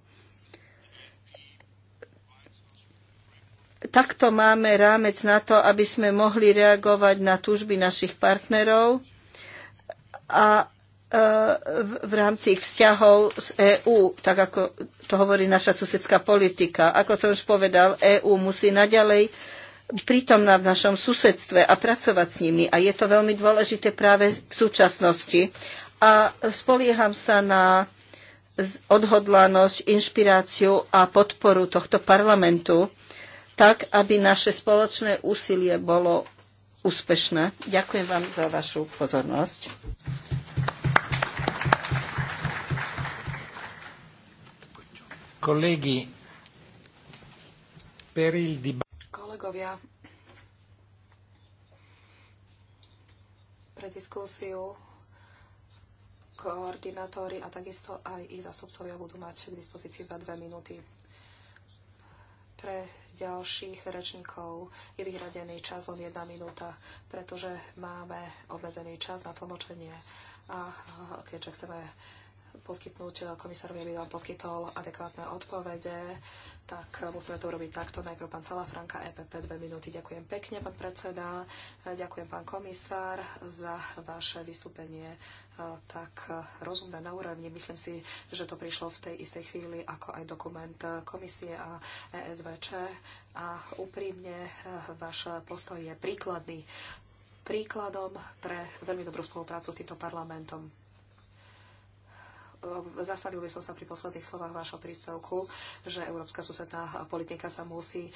[SPEAKER 3] takto máme rámec na to, aby sme mohli reagovať na túžby našich partnerov a e, v rámci ich vzťahov z EÚ, tak ako to hovorí naša susedská politika. Ako som už povedal, EÚ musí naďalej prítomná v našom susedstve a pracovať s nimi. A je to veľmi dôležité práve v súčasnosti. A spolieham sa na odhodlanosť, inšpiráciu a podporu tohto parlamentu, tak aby naše spoločné úsilie bolo úspešné. Ďakujem vám za vašu pozornosť.
[SPEAKER 1] Kolegy, per il dibattito
[SPEAKER 4] kolegovia, pre diskusiu koordinátori a takisto aj ich zastupcovia budú mať k dispozícii iba dve minúty. Pre ďalších rečníkov je vyhradený čas len jedna minúta, pretože máme obmedzený čas na tlmočenie a keďže chceme poskytnúť komisárovi, aby vám poskytol adekvátne odpovede, tak musíme to urobiť takto. Najprv pán Salafranka, EPP, dve minúty. Ďakujem pekne, pán predseda. Ďakujem, pán komisár, za vaše vystúpenie e, tak rozumné na úrovni. Myslím si, že to prišlo v tej istej chvíli ako aj dokument komisie a ESVČ. A úprimne e, váš postoj je príkladný príkladom pre veľmi dobrú spoluprácu s týmto parlamentom zastavil by som sa pri posledných slovách vášho príspevku, že európska susedná politika sa musí e,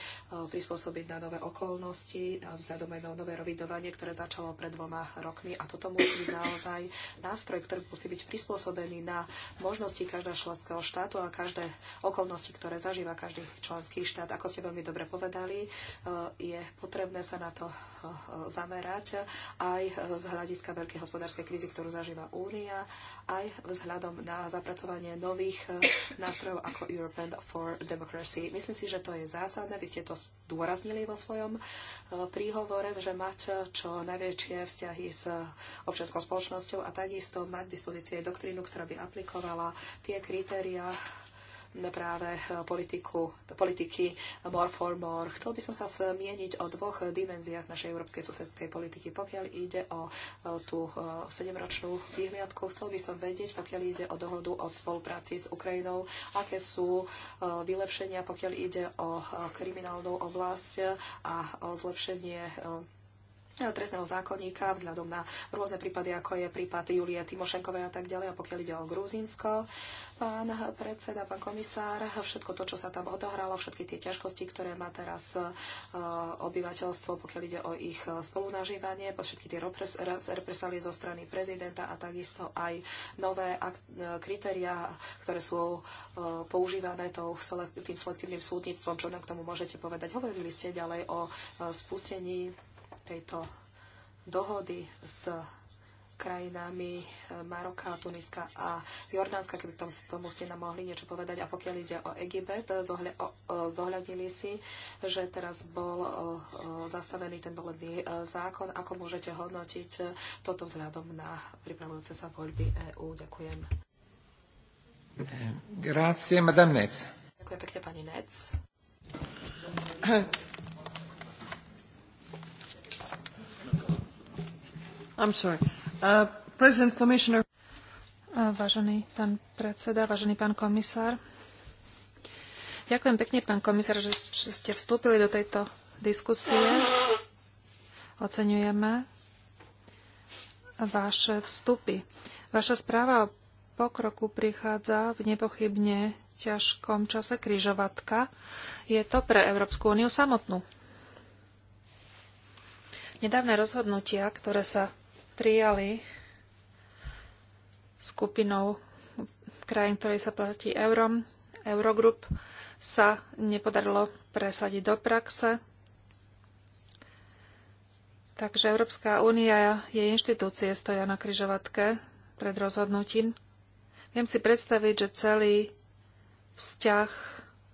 [SPEAKER 4] prispôsobiť na nové okolnosti, vzhľadom aj na nové rovidovanie, ktoré začalo pred dvoma rokmi. A toto musí byť naozaj nástroj, ktorý musí byť prispôsobený na možnosti každého členského štátu a každé okolnosti, ktoré zažíva každý členský štát. Ako ste veľmi dobre povedali, e, je potrebné sa na to e, zamerať aj z hľadiska veľkej hospodárskej krízy, ktorú zažíva Únia, aj vzhľadom na a zapracovanie nových eh, nástrojov ako European for Democracy. Myslím si, že to je zásadné. Vy ste to zdôraznili vo svojom eh, príhovore, že mať čo najväčšie vzťahy s eh, občianskou spoločnosťou a takisto mať dispozície doktrínu, ktorá by aplikovala tie kritéria práve eh, politiku, politiky More for More. Chcel by som sa zmieniť o dvoch dimenziách našej európskej susedskej politiky. Pokiaľ ide o eh, tú eh, sedemročnú výhliadku, chcel by som vedieť, pokiaľ ide o dohodu o spolupráci s Ukrajinou, aké sú vylepšenia, pokiaľ ide o kriminálnu oblasť a o zlepšenie trestného zákonníka vzhľadom na rôzne prípady, ako je prípad Julie Timošenkovej a tak ďalej, a pokiaľ ide o Gruzínsko pán predseda, pán komisár, všetko to, čo sa tam odohralo, všetky tie ťažkosti, ktoré má teraz e, obyvateľstvo, pokiaľ ide o ich e, spolunažívanie, všetky tie represálie zo strany prezidenta a takisto aj nové e, kritériá, ktoré sú používané tým selektívnym súdnictvom, čo nám k tomu môžete povedať. Hovorili ste ďalej o spustení tejto dohody s krajinami e, Maroka, Tuniska a Jordánska, keby k tomu ste nám mohli niečo povedať. A pokiaľ ide o Egypt, zohľadili si, že teraz bol e, e, zastavený ten volebný zákon. Ako môžete hodnotiť toto vzhľadom na pripravujúce sa voľby EÚ? Ďakujem.
[SPEAKER 1] Grazie, madame Nec.
[SPEAKER 4] Ďakujem pekne, pani Nec.
[SPEAKER 2] I'm sorry. Uh, vážený pán predseda, vážený pán komisár. Ďakujem pekne, pán komisár, že, že ste vstúpili do tejto diskusie. Oceňujeme vaše vstupy. Vaša správa o pokroku prichádza v nepochybne ťažkom čase kryžovatka. Je to pre Európsku úniu samotnú. Nedávne rozhodnutia, ktoré sa prijali skupinou krajín, ktorej sa platí eurom, Eurogroup, sa nepodarilo presadiť do praxe. Takže Európska únia, jej inštitúcie stoja na kryžovatke pred rozhodnutím. Viem si predstaviť, že celý vzťah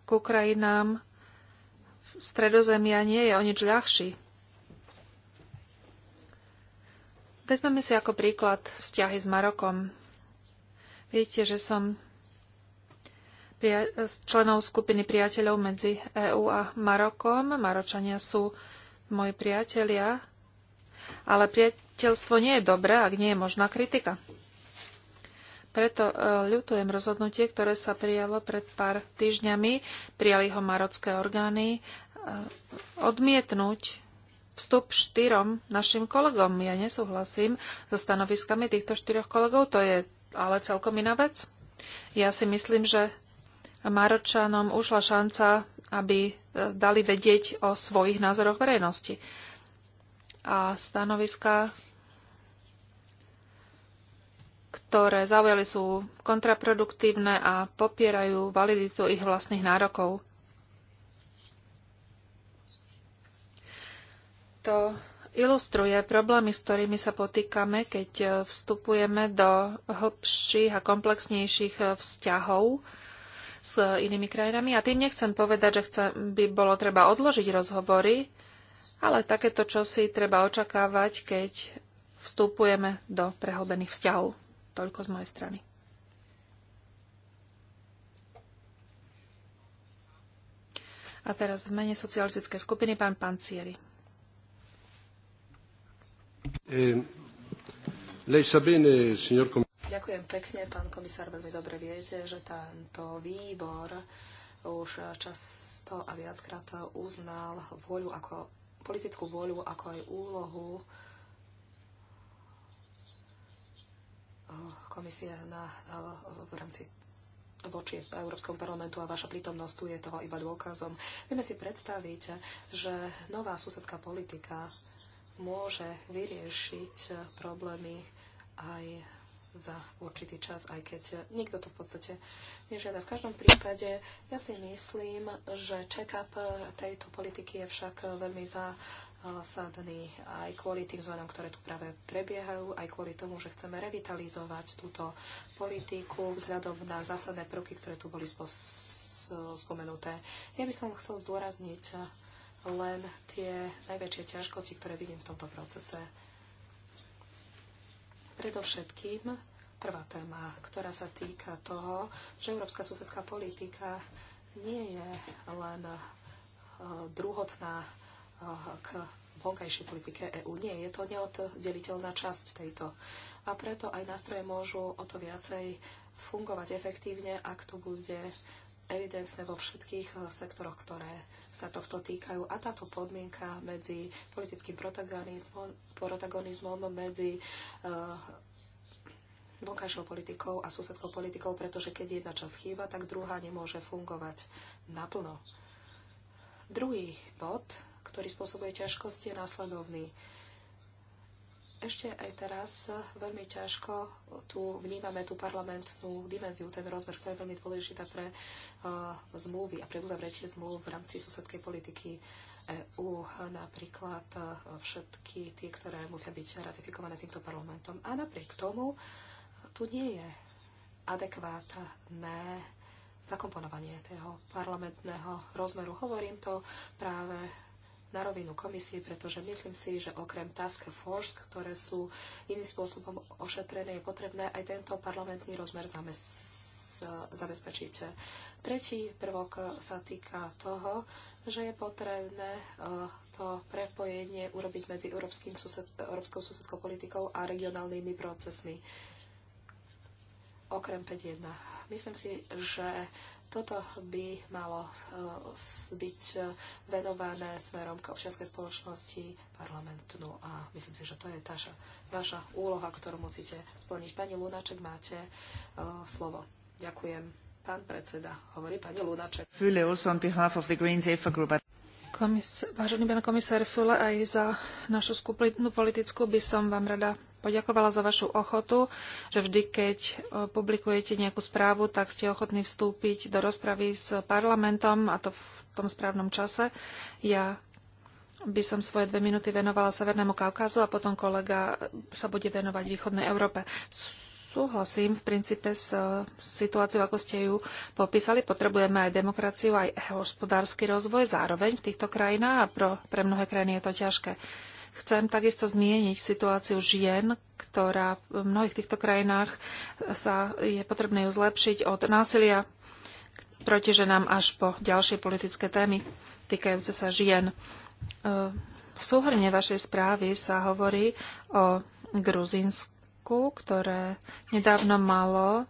[SPEAKER 2] k Ukrajinám Stredozemia nie je o nič ľahší. Vezmeme si ako príklad vzťahy s Marokom. Viete, že som členov skupiny priateľov medzi EÚ a Marokom. Maročania sú moji priatelia, ale priateľstvo nie je dobré, ak nie je možná kritika. Preto e, ľutujem rozhodnutie, ktoré sa prijalo pred pár týždňami. Prijali ho marocké orgány e, odmietnúť vstup štyrom našim kolegom. Ja nesúhlasím so stanoviskami týchto štyroch kolegov, to je ale celkom iná vec. Ja si myslím, že Maročanom ušla šanca, aby e, dali vedieť o svojich názoroch verejnosti. A stanoviska, ktoré zaujali, sú kontraproduktívne a popierajú validitu ich vlastných nárokov. to ilustruje problémy, s ktorými sa potýkame, keď e, vstupujeme do hĺbších a komplexnejších e, vzťahov s inými krajinami. A tým nechcem povedať, že chcem, by bolo treba odložiť rozhovory, ale takéto čosi treba očakávať, keď vstupujeme do prehlbených vzťahov. Toľko z mojej strany. A teraz v mene socialistickej skupiny pán Pancieri. Eh, Ďakujem pekne, pán komisár, veľmi
[SPEAKER 4] dobre viete, že tento výbor už často a viackrát uznal voľu ako, politickú voľu ako aj úlohu eh, komisie na, eh, v rámci voči Európskom parlamentu a vaša prítomnosť tu je toho iba dôkazom. Vieme si predstaviť, že nová susedská politika môže vyriešiť problémy aj za určitý čas, aj keď nikto to v podstate nežiada. V každom prípade ja si myslím, že check-up tejto politiky je však veľmi zásadný aj kvôli tým zmenám, ktoré tu práve prebiehajú, aj kvôli tomu, že chceme revitalizovať túto politiku vzhľadom na zásadné prvky, ktoré tu boli spomenuté. Ja by som chcel zdôrazniť len tie najväčšie ťažkosti, ktoré vidím v tomto procese. Predovšetkým prvá téma, ktorá sa týka toho, že európska susedská politika nie je len eh, druhotná eh, k vonkajšej politike EÚ. Nie, je to neoddeliteľná časť tejto. A preto aj nástroje môžu o to viacej fungovať efektívne, ak to bude evidentné vo všetkých eh, sektoroch, ktoré sa tohto týkajú. A táto podmienka medzi politickým protagonizmom, protagonizmom medzi uh, vonkajšou politikou a susedskou politikou, pretože keď jedna časť chýba, tak druhá nemôže fungovať naplno. Druhý bod, ktorý spôsobuje ťažkosti, je následovný ešte aj teraz veľmi ťažko tu vnímame tú parlamentnú dimenziu, ten rozmer, ktorá je veľmi dôležitá pre uh, zmluvy a pre uzavretie zmluv v rámci susedskej politiky EU, napríklad uh, všetky tie, ktoré musia byť ratifikované týmto parlamentom. A napriek tomu tu nie je adekvátne zakomponovanie toho parlamentného rozmeru. Hovorím to práve na rovinu komisii, pretože myslím si, že okrem task force, ktoré sú iným spôsobom ošetrené, je potrebné aj tento parlamentný rozmer zabezpečiť. Tretí prvok sa týka toho, že je potrebné eh, to prepojenie urobiť medzi európskou susedskou politikou a regionálnymi procesmi okrem 5.1. Myslím si, že toto by malo e, byť e, venované smerom k občianskej spoločnosti parlamentnú no a myslím si, že to je táša, vaša úloha, ktorú musíte splniť. Pani Lunaček, máte e, slovo. Ďakujem. Pán predseda, hovorí pani Lunaček.
[SPEAKER 2] Komis- Vážený pán komisár Fule, aj za našu skupinu politickú by som vám rada poďakovala za vašu ochotu, že vždy, keď e, publikujete nejakú správu, tak ste ochotní vstúpiť do rozpravy s parlamentom a to v tom správnom čase. Ja by som svoje dve minúty venovala Severnému Kaukazu a potom kolega sa bude venovať Východnej Európe. Súhlasím v princípe s e, situáciou, ako ste ju popísali. Potrebujeme aj demokraciu, aj hospodársky rozvoj zároveň v týchto krajinách a pro, pre mnohé krajiny je to ťažké. Chcem takisto zmieniť situáciu žien, ktorá v mnohých týchto krajinách sa je potrebné ju zlepšiť od násilia proti ženám až po ďalšie politické témy týkajúce sa žien. V súhrne vašej správy sa hovorí o Gruzinsku, ktoré nedávno malo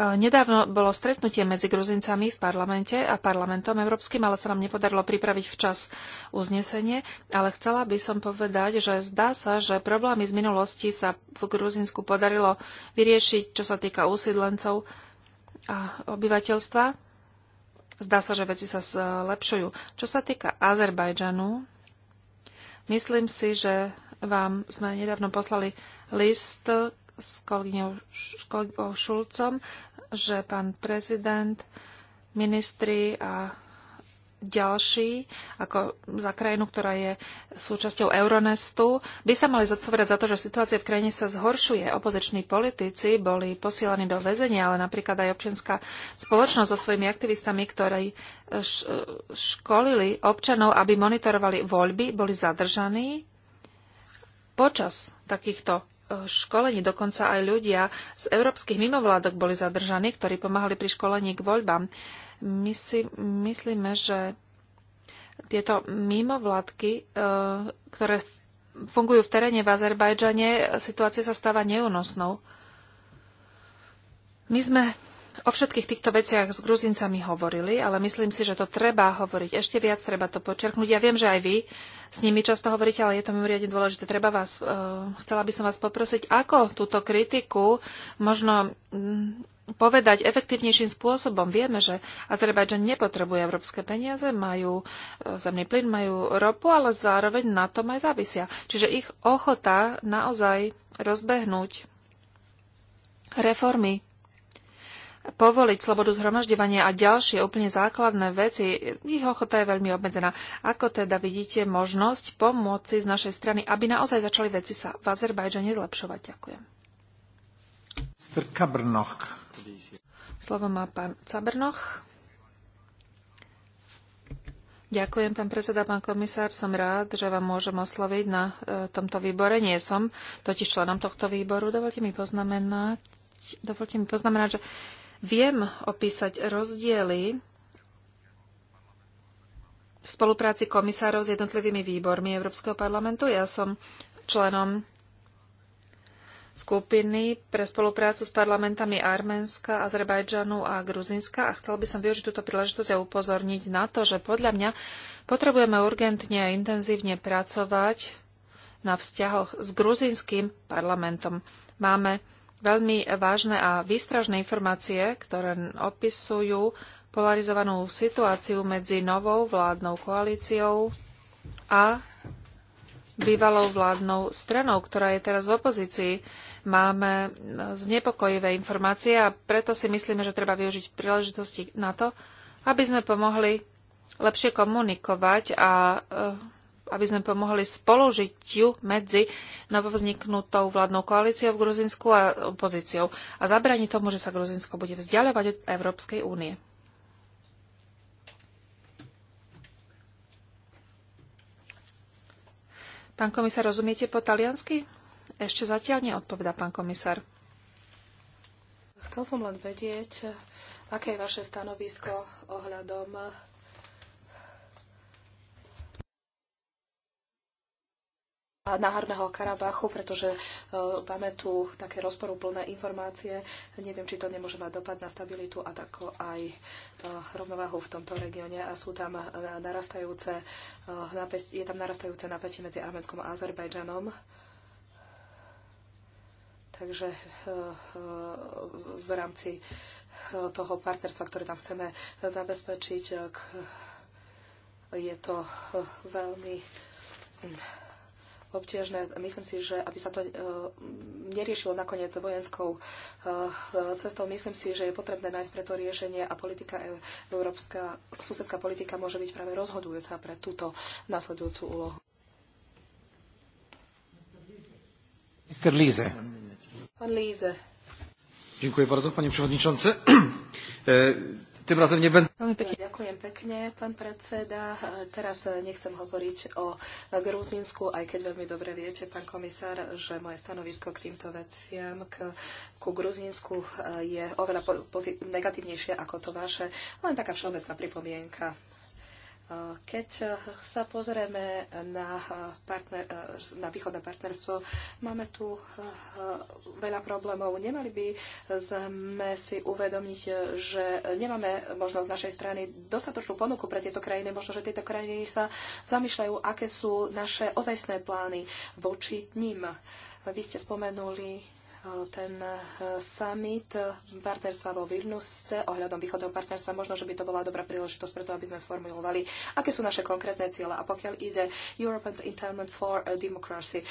[SPEAKER 2] Eh, nedávno bolo stretnutie medzi Gruzincami v parlamente a parlamentom európskym, ale sa nám nepodarilo pripraviť včas uznesenie. Ale chcela by som povedať, že zdá sa, že problémy z minulosti sa v Gruzinsku podarilo vyriešiť, čo sa týka úsidlencov a obyvateľstva. Zdá sa, že veci sa zlepšujú. Čo sa týka Azerbajdžanu, myslím si, že vám sme nedávno poslali list s kolegou Šulcom, že pán prezident, ministri a ďalší, ako za krajinu, ktorá je súčasťou Euronestu, by sa mali zodpovedať za to, že situácia v krajine sa zhoršuje. Opoziční politici boli posielaní do väzenia, ale napríklad aj občianská spoločnosť so svojimi aktivistami, ktorí eh, eh, školili občanov, aby monitorovali voľby, boli zadržaní počas takýchto školení. Dokonca aj ľudia z európskych mimovládok boli zadržaní, ktorí pomáhali pri školení k voľbám. My si myslíme, že tieto mimovládky, e, ktoré fungujú v teréne v Azerbajdžane, situácia sa stáva neúnosnou. My sme o všetkých týchto veciach s Gruzincami hovorili, ale myslím si, že to treba hovoriť ešte viac, treba to počerknúť. Ja viem, že aj vy s nimi často hovoríte, ale je to mimoriadne dôležité. Treba vás, uh, chcela by som vás poprosiť, ako túto kritiku možno mm, povedať efektívnejším spôsobom. Vieme, že Azerbajdžan nepotrebuje európske peniaze, majú eh, zemný plyn, majú ropu, ale zároveň na tom aj závisia. Čiže ich ochota naozaj rozbehnúť reformy povoliť slobodu zhromažďovania a ďalšie úplne základné veci, ich ochota je veľmi obmedzená. Ako teda vidíte možnosť pomoci z našej strany, aby naozaj začali veci sa v Azerbajdžane zlepšovať? Ďakujem. Slovo má pán Cabrnoch. Ďakujem, pán predseda, pán komisár. Som rád, že vám môžem osloviť na e, tomto výbore. Nie som totiž členom tohto výboru. Dovolte mi poznamenať, dovolte mi poznamenať že Viem opísať rozdiely v spolupráci komisárov s jednotlivými výbormi Európskeho parlamentu. Ja som členom skupiny pre spoluprácu s parlamentami Arménska, Azerbajdžanu a Gruzinska a chcel by som využiť túto príležitosť a upozorniť na to, že podľa mňa potrebujeme urgentne a intenzívne pracovať na vzťahoch s gruzinským parlamentom. Máme veľmi vážne a výstražné informácie, ktoré opisujú polarizovanú situáciu medzi novou vládnou koalíciou a bývalou vládnou stranou, ktorá je teraz v opozícii. Máme znepokojivé informácie a preto si myslíme, že treba využiť príležitosti na to, aby sme pomohli lepšie komunikovať a aby sme pomohli spolužitiu medzi novovzniknutou vládnou koalíciou v Gruzinsku a opozíciou a zabraní tomu, že sa Gruzinsko bude vzdialovať od Európskej únie. Pán komisár, rozumiete po taliansky? Ešte zatiaľ neodpoveda pán komisár.
[SPEAKER 4] Chcel som len vedieť, aké je vaše stanovisko ohľadom Náhorného Karabachu, pretože e, máme tu také rozporúplné informácie. Neviem, či to nemôže mať dopad na stabilitu a tako aj e, rovnováhu v tomto regióne. A sú tam e, narastajúce, je tam narastajúce napätie medzi Arménskom a Azerbajdžanom. Takže v rámci toho partnerstva, ktoré tam chceme zabezpečiť, je to veľmi obtiežné. Myslím si, že aby sa to e, neriešilo nakoniec vojenskou e, cestou, myslím si, že je potrebné nájsť pre to riešenie a politika e, európska, susedská politika môže byť práve rozhodujúca pre túto nasledujúcu úlohu. Mr. Líze. Pán Líze.
[SPEAKER 2] Dziękuję bardzo, panie przewodniczący. *clears throat* tým razem nebudem...
[SPEAKER 4] Pekne. Ďakujem pekne, pán predseda. Teraz eh, nechcem hovoriť o Gruzínsku, aj keď veľmi dobre viete, pán komisár, že moje stanovisko k týmto veciam, k, ku Gruzínsku eh, je oveľa negatívnejšie ako to vaše. Len taká všeobecná pripomienka keď sa pozrieme na, partner, na východné partnerstvo, máme tu eh, veľa problémov. Nemali by sme si uvedomiť, že nemáme možno z našej strany dostatočnú ponuku pre tieto krajiny. Možno, že tieto krajiny sa zamýšľajú, aké sú naše ozajstné plány voči ním. Vy ste spomenuli ten eh, summit partnerstva vo Vilniuse ohľadom východného partnerstva. Možno, že by to bola dobrá príležitosť preto, aby sme sformulovali, aké sú naše konkrétne ciele. A pokiaľ ide European Interment for eh, Democracy, eh,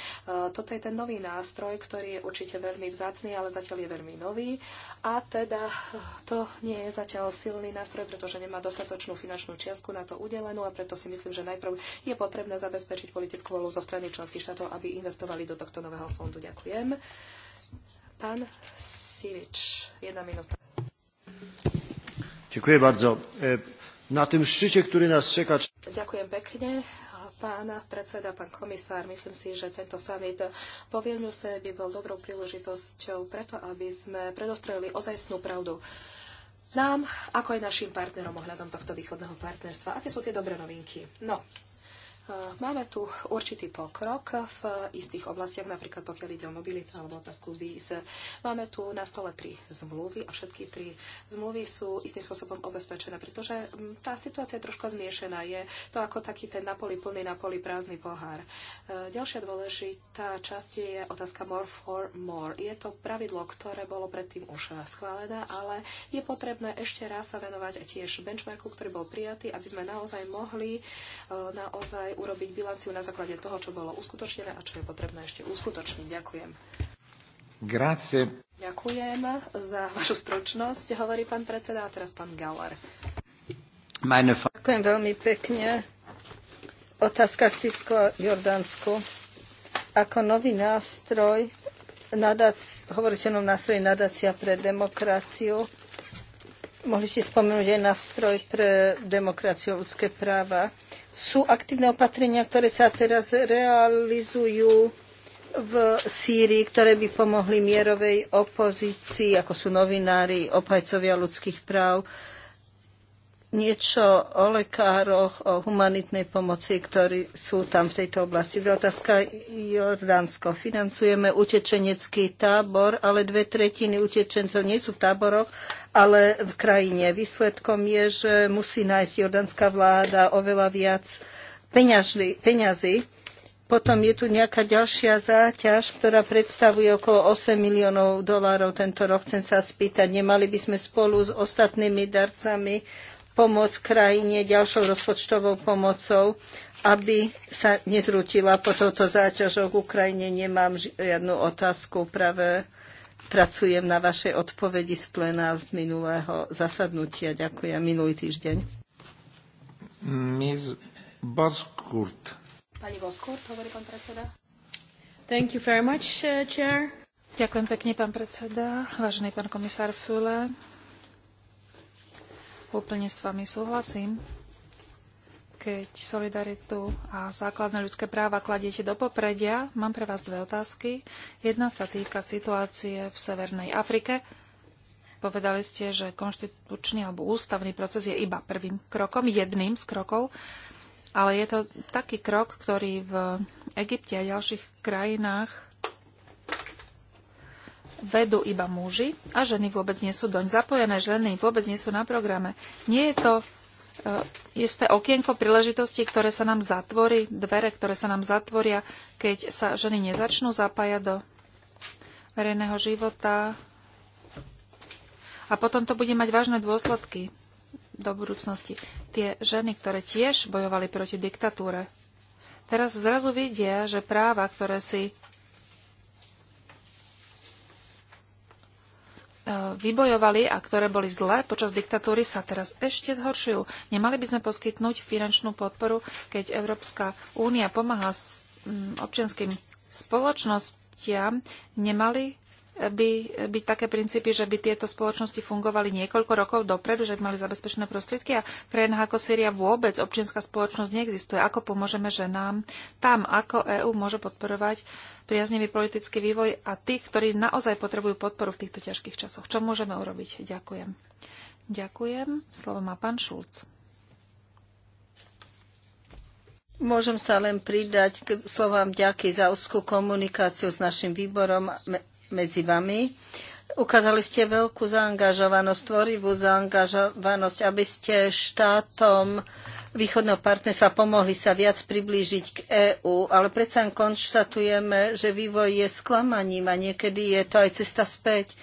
[SPEAKER 4] toto je ten nový nástroj, ktorý je určite veľmi vzácný, ale zatiaľ je veľmi nový. A teda to nie je zatiaľ silný nástroj, pretože nemá dostatočnú finančnú čiastku na to udelenú a preto si myslím, že najprv je potrebné zabezpečiť politickú volu zo strany členských štátov, aby investovali do tohto nového fondu. Ďakujem. Pán Sivič, jedna minúta.
[SPEAKER 5] Ďakujem bardzo. E,
[SPEAKER 4] na Ďakujem pekne pán predseda, pán komisár, myslím si, že tento summit po Vilniuse by bol dobrou príležitosťou preto, aby sme predostrojili ozajstnú pravdu nám, ako aj našim partnerom ohľadom tohto východného partnerstva. Aké sú tie dobré novinky? No, Máme tu určitý pokrok v istých oblastiach, napríklad pokiaľ ide o mobilitu alebo otázku víz. Máme tu na stole tri zmluvy a všetky tri zmluvy sú istým spôsobom obezpečené, pretože mm, tá situácia je troška zmiešená. Je to ako taký ten napoli plný, napoli prázdny pohár. E, ďalšia dôležitá časť je otázka more for more. Je to pravidlo, ktoré bolo predtým už schválené, ale je potrebné ešte raz sa venovať tiež benchmarku, ktorý bol prijatý, aby sme naozaj mohli e, naozaj urobiť bilanciu na základe toho, čo bolo uskutočnené a čo je potrebné ešte uskutočniť. Ďakujem.
[SPEAKER 1] Grazie.
[SPEAKER 4] Ďakujem za vašu stručnosť, hovorí pán predseda a teraz pán Galler.
[SPEAKER 5] Ďakujem
[SPEAKER 3] veľmi pekne. Otázka v Sisko Jordánsku. Ako nový nástroj, nadac, hovoríte o nástroji nadácia pre demokraciu, Mohli si spomenúť aj nástroj pre demokraciu a ľudské práva. Sú aktívne opatrenia, ktoré sa teraz realizujú v Sýrii, ktoré by pomohli mierovej opozícii, ako sú novinári, obhajcovia ľudských práv, niečo o lekároch, o humanitnej pomoci, ktorí sú tam v tejto oblasti. Otázka Jordánsko. Financujeme utečenecký tábor, ale dve tretiny utečencov nie sú v táboroch, ale v krajine. Výsledkom je, že musí nájsť jordánska vláda oveľa viac peňažli, peňazí. Potom je tu nejaká ďalšia záťaž, ktorá predstavuje okolo 8 miliónov dolárov tento rok. Chcem sa spýtať, nemali by sme spolu s ostatnými darcami pomoc krajine ďalšou rozpočtovou pomocou, aby sa nezrutila po touto záťažou k Ukrajine. Nemám žiadnu otázku, práve pracujem na vašej odpovedi z plena z minulého zasadnutia. Ďakujem, minulý týždeň.
[SPEAKER 1] Ms. Boskurt.
[SPEAKER 4] Pani Boskurt, hovorí pán predseda.
[SPEAKER 2] Thank you very much, uh, Chair. Ďakujem pekne, pán predseda. Vážený pán komisár Füle, Úplne s vami súhlasím. Keď solidaritu a základné ľudské práva kladiete do popredia, mám pre vás dve otázky. Jedna sa týka situácie v Severnej Afrike. Povedali ste, že konštitučný alebo ústavný proces je iba prvým krokom, jedným z krokov, ale je to taký krok, ktorý v Egypte a ďalších krajinách vedú iba muži a ženy vôbec nie sú doň zapojené, ženy vôbec nie sú na programe. Nie je to e, isté okienko príležitosti, ktoré sa nám zatvorí, dvere, ktoré sa nám zatvoria, keď sa ženy nezačnú zapájať do verejného života. A potom to bude mať vážne dôsledky do budúcnosti. Tie ženy, ktoré tiež bojovali proti diktatúre, teraz zrazu vidia, že práva, ktoré si E, vybojovali a ktoré boli zlé počas diktatúry, sa teraz ešte zhoršujú. Nemali by sme poskytnúť finančnú podporu, keď Európska únia pomáha s občianským spoločnostiam. Nemali by byť také princípy, že by tieto spoločnosti fungovali niekoľko rokov dopredu, že by mali zabezpečené prostriedky a v krajinách ako Syria vôbec občianská spoločnosť neexistuje. Ako pomôžeme ženám tam, ako EÚ môže podporovať priaznivý politický vývoj a tých, ktorí naozaj potrebujú podporu v týchto ťažkých časoch. Čo môžeme urobiť? Ďakujem. Ďakujem. Slovo má pán Šulc. Môžem sa len pridať k slovám ďaky
[SPEAKER 3] za úzkú komunikáciu s našim výborom medzi vami. Ukázali ste veľkú zaangažovanosť, tvorivú zaangažovanosť, aby ste štátom východného partnerstva pomohli sa viac priblížiť k EÚ, ale predsa konštatujeme, že vývoj je sklamaním a niekedy je to aj cesta späť.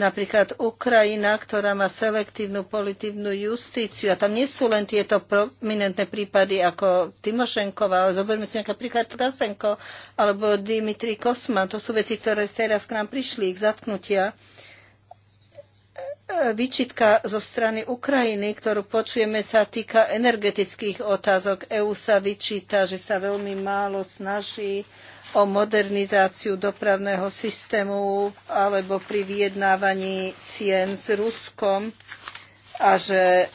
[SPEAKER 3] Napríklad Ukrajina, ktorá má selektívnu politívnu justíciu. A tam nie sú len tieto prominentné prípady ako Timošenkova, ale zoberme si nejaký príklad Tkasenko alebo Dimitri Kosman. To sú veci, ktoré teraz k nám prišli, ich zatknutia výčitka zo strany Ukrajiny, ktorú počujeme, sa týka energetických otázok. EÚ sa vyčíta, že sa veľmi málo snaží o modernizáciu dopravného systému alebo pri vyjednávaní cien s Ruskom a že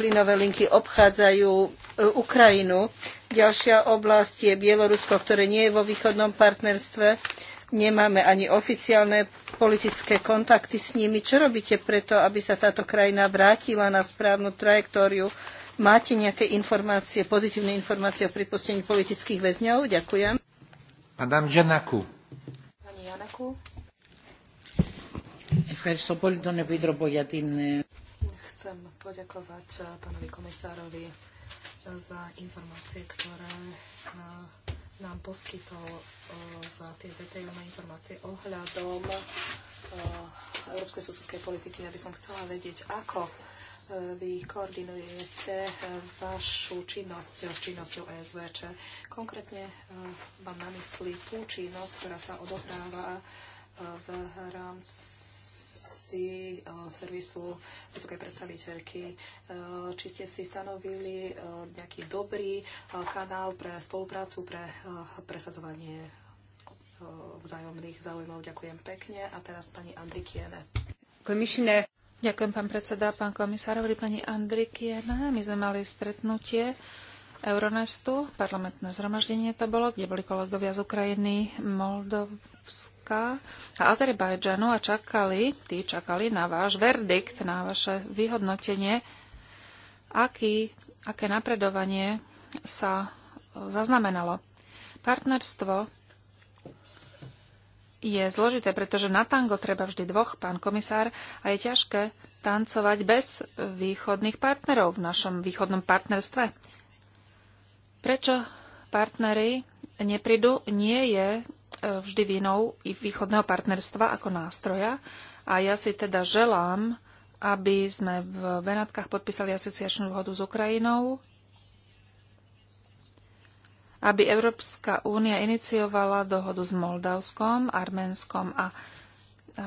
[SPEAKER 3] plynové linky obchádzajú e, Ukrajinu. Ďalšia oblasť je Bielorusko, ktoré nie je vo východnom partnerstve. Nemáme ani oficiálne politické kontakty s nimi. Čo robíte preto, aby sa táto krajina vrátila na správnu trajektóriu? Máte nejaké informácie, pozitívne informácie o pripustení politických väzňov? Ďakujem.
[SPEAKER 1] Madame Pani
[SPEAKER 4] Janaku.
[SPEAKER 2] Ευχαριστώ πολύ τον Επίτροπο για την...
[SPEAKER 4] Chcem poďakovať eh, pánovi komisárovi eh, za informácie, ktoré eh, nám poskytol za tie detailné informácie ohľadom európskej susedskej politiky. Ja by som chcela vedieť, ako vy koordinujete eh, vašu činnosť s činnosťou ESVČ. Konkrétne eh, mám na mysli tú činnosť, ktorá sa odohráva eh, v rámci servisu vysokej predstaviteľky. Či ste si stanovili nejaký dobrý kanál pre spoluprácu, pre presadzovanie vzájomných záujmov. Ďakujem pekne. A teraz pani Andrikiene.
[SPEAKER 2] Komisne. Ďakujem, pán predseda, pán komisár, pani Andrikiena. My sme mali stretnutie Euronestu, parlamentné zhromaždenie to bolo, kde boli kolegovia z Ukrajiny, Moldovska a Azerbajdžanu a čakali, tí čakali na váš verdikt, na vaše vyhodnotenie, aký, aké napredovanie sa zaznamenalo. Partnerstvo je zložité, pretože na tango treba vždy dvoch, pán komisár, a je ťažké tancovať bez východných partnerov v našom východnom partnerstve. Prečo partnery neprídu, nie je e, vždy vinou i východného partnerstva ako nástroja. A ja si teda želám, aby sme v Benátkach podpísali asociačnú dohodu s Ukrajinou aby Európska únia iniciovala dohodu s Moldavskom, Arménskom a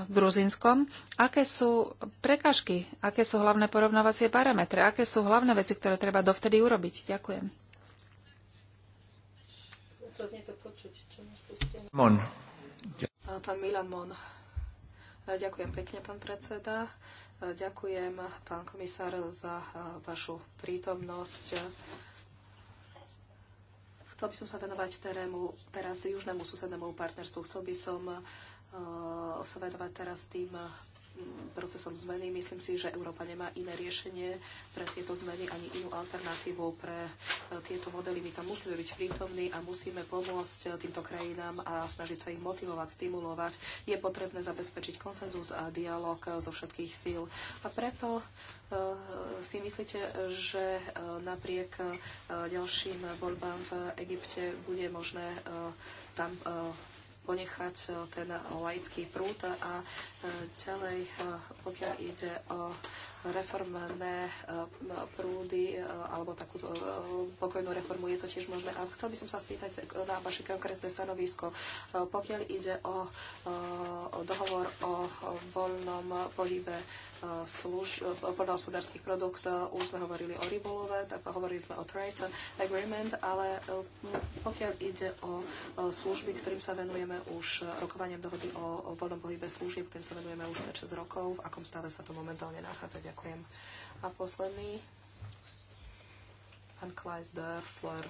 [SPEAKER 2] Gruzinskom. Aké sú prekažky? Aké sú hlavné porovnávacie parametre? Aké sú hlavné veci, ktoré treba dovtedy urobiť? Ďakujem.
[SPEAKER 4] Mon. Pán Milan Mon. Ďakujem pekne, pán predseda. Ďakujem, pán komisár, za vašu prítomnosť Chcel by som sa venovať terému, teraz južnému susednému partnerstvu. Chcel by som uh, sa venovať teraz tým procesom zmeny. Myslím si, že Európa nemá iné riešenie pre tieto zmeny ani inú alternatívu pre e, tieto modely. My tam musíme byť prítomní a musíme pomôcť e, týmto krajinám a snažiť sa ich motivovať, stimulovať. Je potrebné zabezpečiť konsenzus a dialog e, zo všetkých síl. A preto si myslíte, že napriek ďalším voľbám v Egypte bude možné tam ponechať eh, ten teda laický prúd a eh, celej eh, pokiaľ ide o reformné e, prúdy e, alebo takú e, pokojnú reformu je to tiež možné. A chcel by som sa spýtať na vaše konkrétne stanovisko. Pokiaľ ide o, dohovor o voľnom pohybe služ, podhospodárských produktov, už sme hovorili o rybolove, tak hovorili sme o trade agreement, ale pokiaľ ide o služby, ktorým sa venujeme už rokovaniem dohody o voľnom pohybe služieb, ktorým sa venujeme už 5-6 rokov akom stave sa to momentálne nachádza. Ďakujem. A posledný, pán Kleisdörfler.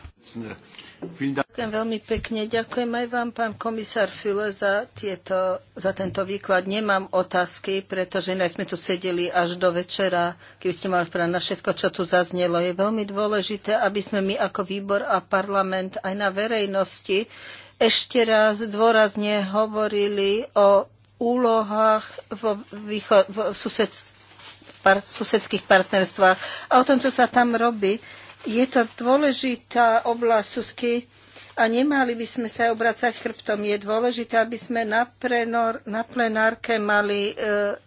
[SPEAKER 1] Ďakujem
[SPEAKER 3] veľmi pekne. Ďakujem aj vám, pán komisár File, za, tieto, za tento výklad. Nemám otázky, pretože inak sme tu sedeli až do večera, keby ste mali na všetko, čo tu zaznelo. Je veľmi dôležité, aby sme my ako výbor a parlament aj na verejnosti ešte raz dôrazne hovorili o úlohách vo, výcho- v sused, par- susedských partnerstvách a o tom, čo sa tam robí. Je to dôležitá oblasť susky a nemali by sme sa obracať chrbtom. Je dôležité, aby sme na, prenor, na plenárke mali e,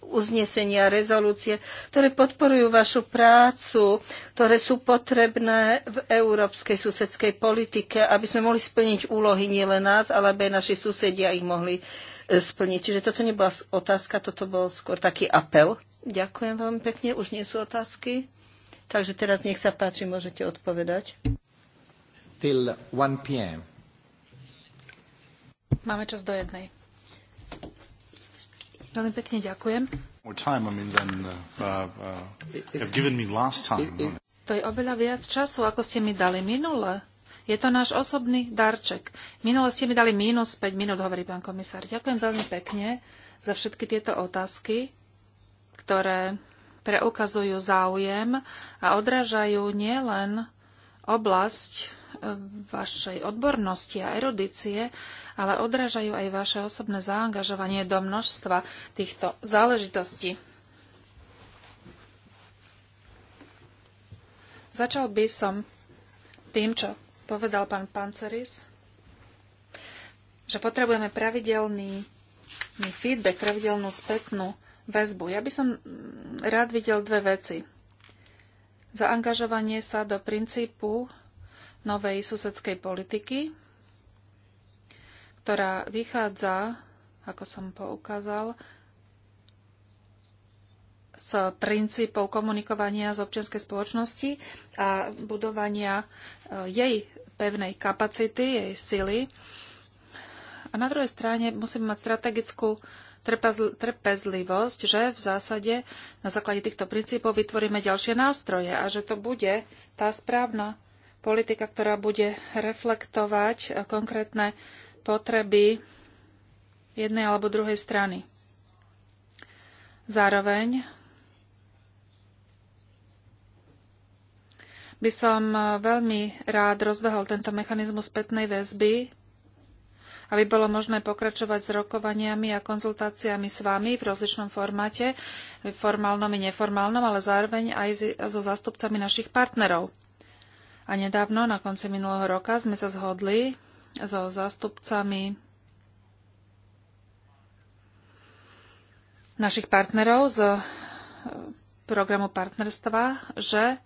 [SPEAKER 3] uznesenia, rezolúcie, ktoré podporujú vašu prácu, ktoré sú potrebné v európskej susedskej politike, aby sme mohli splniť úlohy nielen nás, ale aby aj naši susedia ich mohli E, splniť. Čiže toto nebola otázka, toto bol skôr taký apel. Ďakujem veľmi pekne, už nie sú otázky. Takže teraz nech sa páči, môžete
[SPEAKER 2] odpovedať.
[SPEAKER 1] Still 1 p.m.
[SPEAKER 2] Máme čas do jednej. Veľmi pekne ďakujem.
[SPEAKER 5] Uh, uh, uh,
[SPEAKER 2] to je oveľa viac času, ako ste mi dali minule. Je to náš osobný darček. Minule ste mi dali mínus 5 minút, hovorí pán komisár. Ďakujem veľmi pekne za všetky tieto otázky, ktoré preukazujú záujem a odrážajú nielen oblasť e, vašej odbornosti a erudície, ale odrážajú aj vaše osobné zaangažovanie do množstva týchto záležitostí. Začal by som tým, čo povedal pán Panceris, že potrebujeme pravidelný feedback, pravidelnú spätnú väzbu. Ja by som mm, rád videl dve veci. Zaangažovanie sa do princípu novej susedskej politiky, ktorá vychádza, ako som poukázal, z princípov komunikovania z občianskej spoločnosti a budovania eh, jej pevnej kapacity, jej sily. A na druhej strane musíme mať strategickú trpezlivosť, že v zásade na základe týchto princípov vytvoríme ďalšie nástroje a že to bude tá správna politika, ktorá bude reflektovať eh, konkrétne potreby jednej alebo druhej strany. Zároveň by som e, veľmi rád rozbehol tento mechanizmus spätnej väzby, aby bolo možné pokračovať s rokovaniami a konzultáciami s vami v rozličnom formáte, formálnom i neformálnom, ale zároveň aj so zástupcami našich partnerov. A nedávno, na konci minulého roka, sme sa zhodli so zástupcami našich partnerov z e, programu partnerstva, že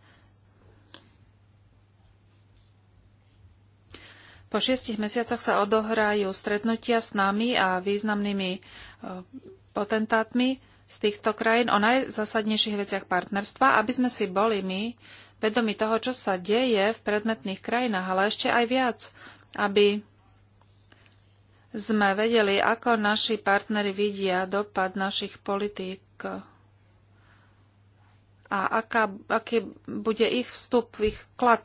[SPEAKER 2] Po šiestich mesiacoch sa odohrajú stretnutia s nami a významnými e, potentátmi z týchto krajín o najzásadnejších veciach partnerstva, aby sme si boli my vedomi toho, čo sa deje v predmetných krajinách, ale ešte aj viac, aby sme vedeli, ako naši partnery vidia dopad našich politík a aká, aký bude ich vstup, ich klad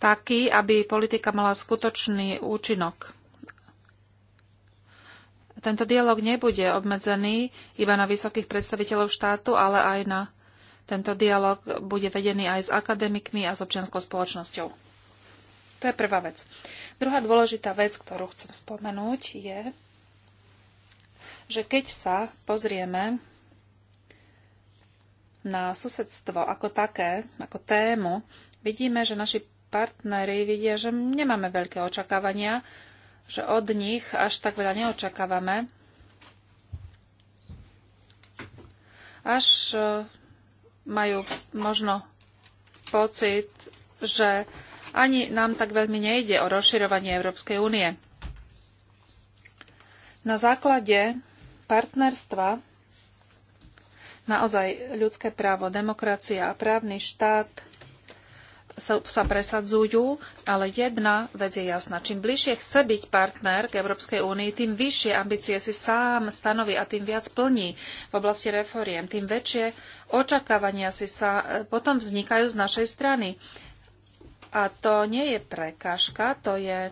[SPEAKER 2] taký, aby politika mala skutočný účinok. Tento dialog nebude obmedzený iba na vysokých predstaviteľov štátu, ale aj na tento dialog bude vedený aj s akademikmi a s občianskou spoločnosťou. To je prvá vec. Druhá dôležitá vec, ktorú chcem spomenúť, je, že keď sa pozrieme na susedstvo ako také, ako tému, vidíme, že naši Partneri vidia, že nemáme veľké očakávania, že od nich až tak veľa neočakávame. Až e, majú možno pocit, že ani nám tak veľmi nejde o rozširovanie Európskej únie. Na základe partnerstva naozaj ľudské právo, demokracia a právny štát sa, sa presadzujú, ale jedna vec je jasná. Čím bližšie chce byť partner k Európskej únii, tým vyššie ambície si sám stanoví a tým viac plní v oblasti reforiem, tým väčšie očakávania si sa e, potom vznikajú z našej strany. A to nie je prekážka, to je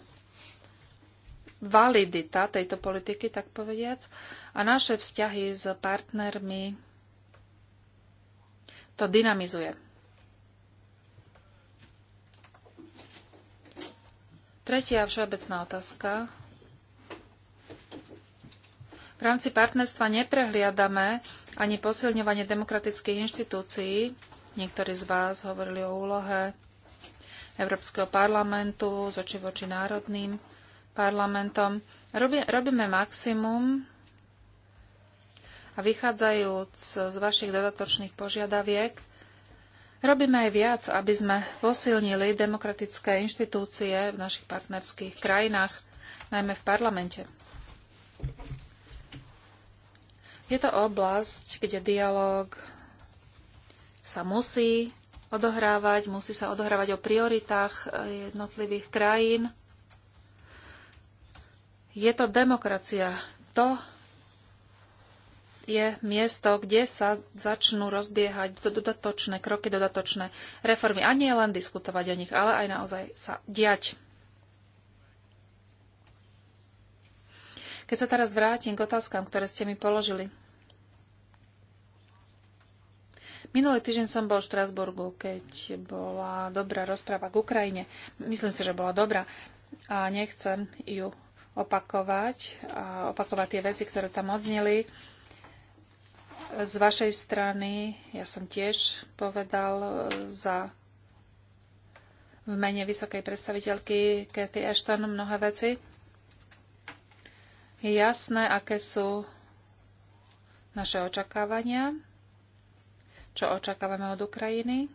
[SPEAKER 2] validita tejto politiky, tak povediac. A naše vzťahy s partnermi to dynamizuje. Tretia všeobecná otázka. V rámci partnerstva neprehliadame ani posilňovanie demokratických inštitúcií. Niektorí z vás hovorili o úlohe Európskeho parlamentu z oči voči národným parlamentom. Robíme maximum a vychádzajúc z vašich dodatočných požiadaviek, Robíme aj viac, aby sme posilnili demokratické inštitúcie v našich partnerských krajinách, najmä v parlamente. Je to oblasť, kde dialog sa musí odohrávať, musí sa odohrávať o prioritách jednotlivých krajín. Je to demokracia. To je miesto, kde sa začnú rozbiehať dodatočné kroky, dodatočné reformy. A nie len diskutovať o nich, ale aj naozaj sa diať. Keď sa teraz vrátim k otázkam, ktoré ste mi položili. Minulý týždeň som bol v Štrasburgu, keď bola dobrá rozpráva k Ukrajine. Myslím si, že bola dobrá a nechcem ju opakovať, a opakovať tie veci, ktoré tam odzneli z vašej strany, ja som tiež povedal e, za v mene vysokej predstaviteľky Kathy Ashton mnohé veci. Je jasné, aké sú naše očakávania, čo očakávame od Ukrajiny.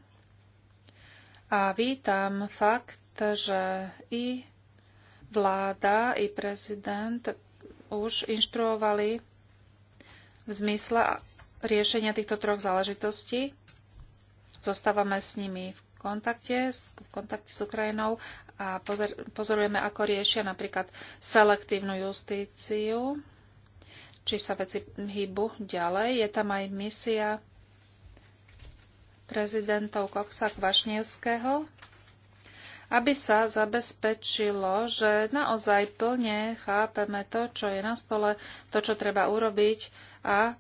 [SPEAKER 2] A vítam fakt, že i vláda, i prezident už inštruovali v zmysle riešenia týchto troch záležitostí. Zostávame s nimi v kontakte, v kontakte s Ukrajinou a pozor, pozorujeme, ako riešia napríklad selektívnu justíciu, či sa veci hýbu ďalej. Je tam aj misia prezidentov Koksa Kvašnievského, aby sa zabezpečilo, že naozaj plne chápeme to, čo je na stole, to, čo treba urobiť a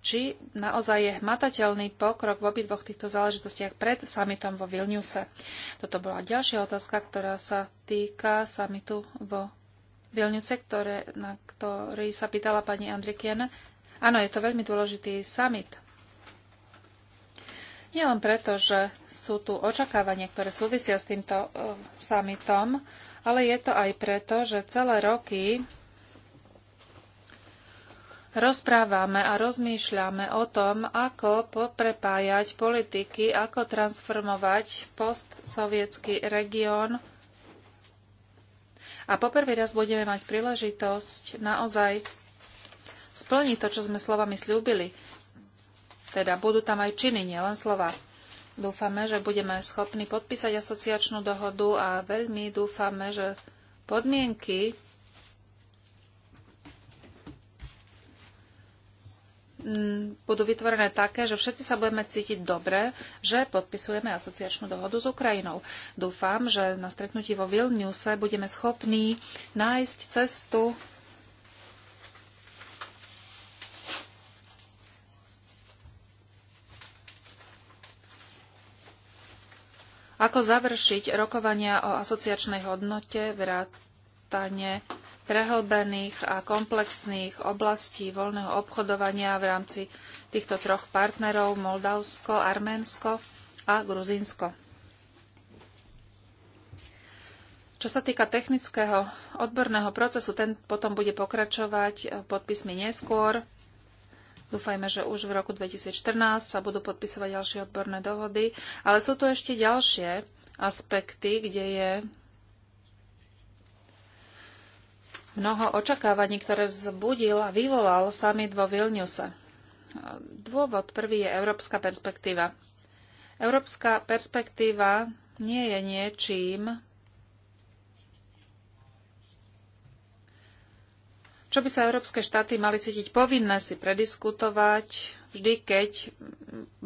[SPEAKER 2] či naozaj je hmatateľný pokrok v obidvoch týchto záležitostiach pred samitom vo Vilniuse. Toto bola ďalšia otázka, ktorá sa týka samitu vo Vilniuse, ktoré, na ktorý sa pýtala pani Andrikiene. Áno, je to veľmi dôležitý summit. len preto, že sú tu očakávania, ktoré súvisia s týmto uh, summitom, ale je to aj preto, že celé roky rozprávame a rozmýšľame o tom, ako poprepájať politiky, ako transformovať postsovietský región. A poprvý raz budeme mať príležitosť naozaj splniť to, čo sme slovami slúbili. Teda budú tam aj činy, nielen slova. Dúfame, že budeme schopní podpísať asociačnú dohodu a veľmi dúfame, že podmienky Mm, budú vytvorené také, že všetci sa budeme cítiť dobre, že podpisujeme asociačnú dohodu s Ukrajinou. Dúfam, že na stretnutí vo Vilniuse budeme schopní nájsť cestu ako završiť rokovania o asociačnej hodnote vrát vrátane prehlbených a komplexných oblastí voľného obchodovania v rámci týchto troch partnerov Moldavsko, Arménsko a Gruzínsko. Čo sa týka technického odborného procesu, ten potom bude pokračovať podpismi neskôr. Dúfajme, že už v roku 2014 sa budú podpisovať ďalšie odborné dohody, ale sú tu ešte ďalšie aspekty, kde je mnoho očakávaní, ktoré zbudil a vyvolal summit vo Vilniuse. Dôvod prvý je európska perspektíva. Európska perspektíva nie je niečím, čo by sa európske štáty mali cítiť povinné si prediskutovať vždy, keď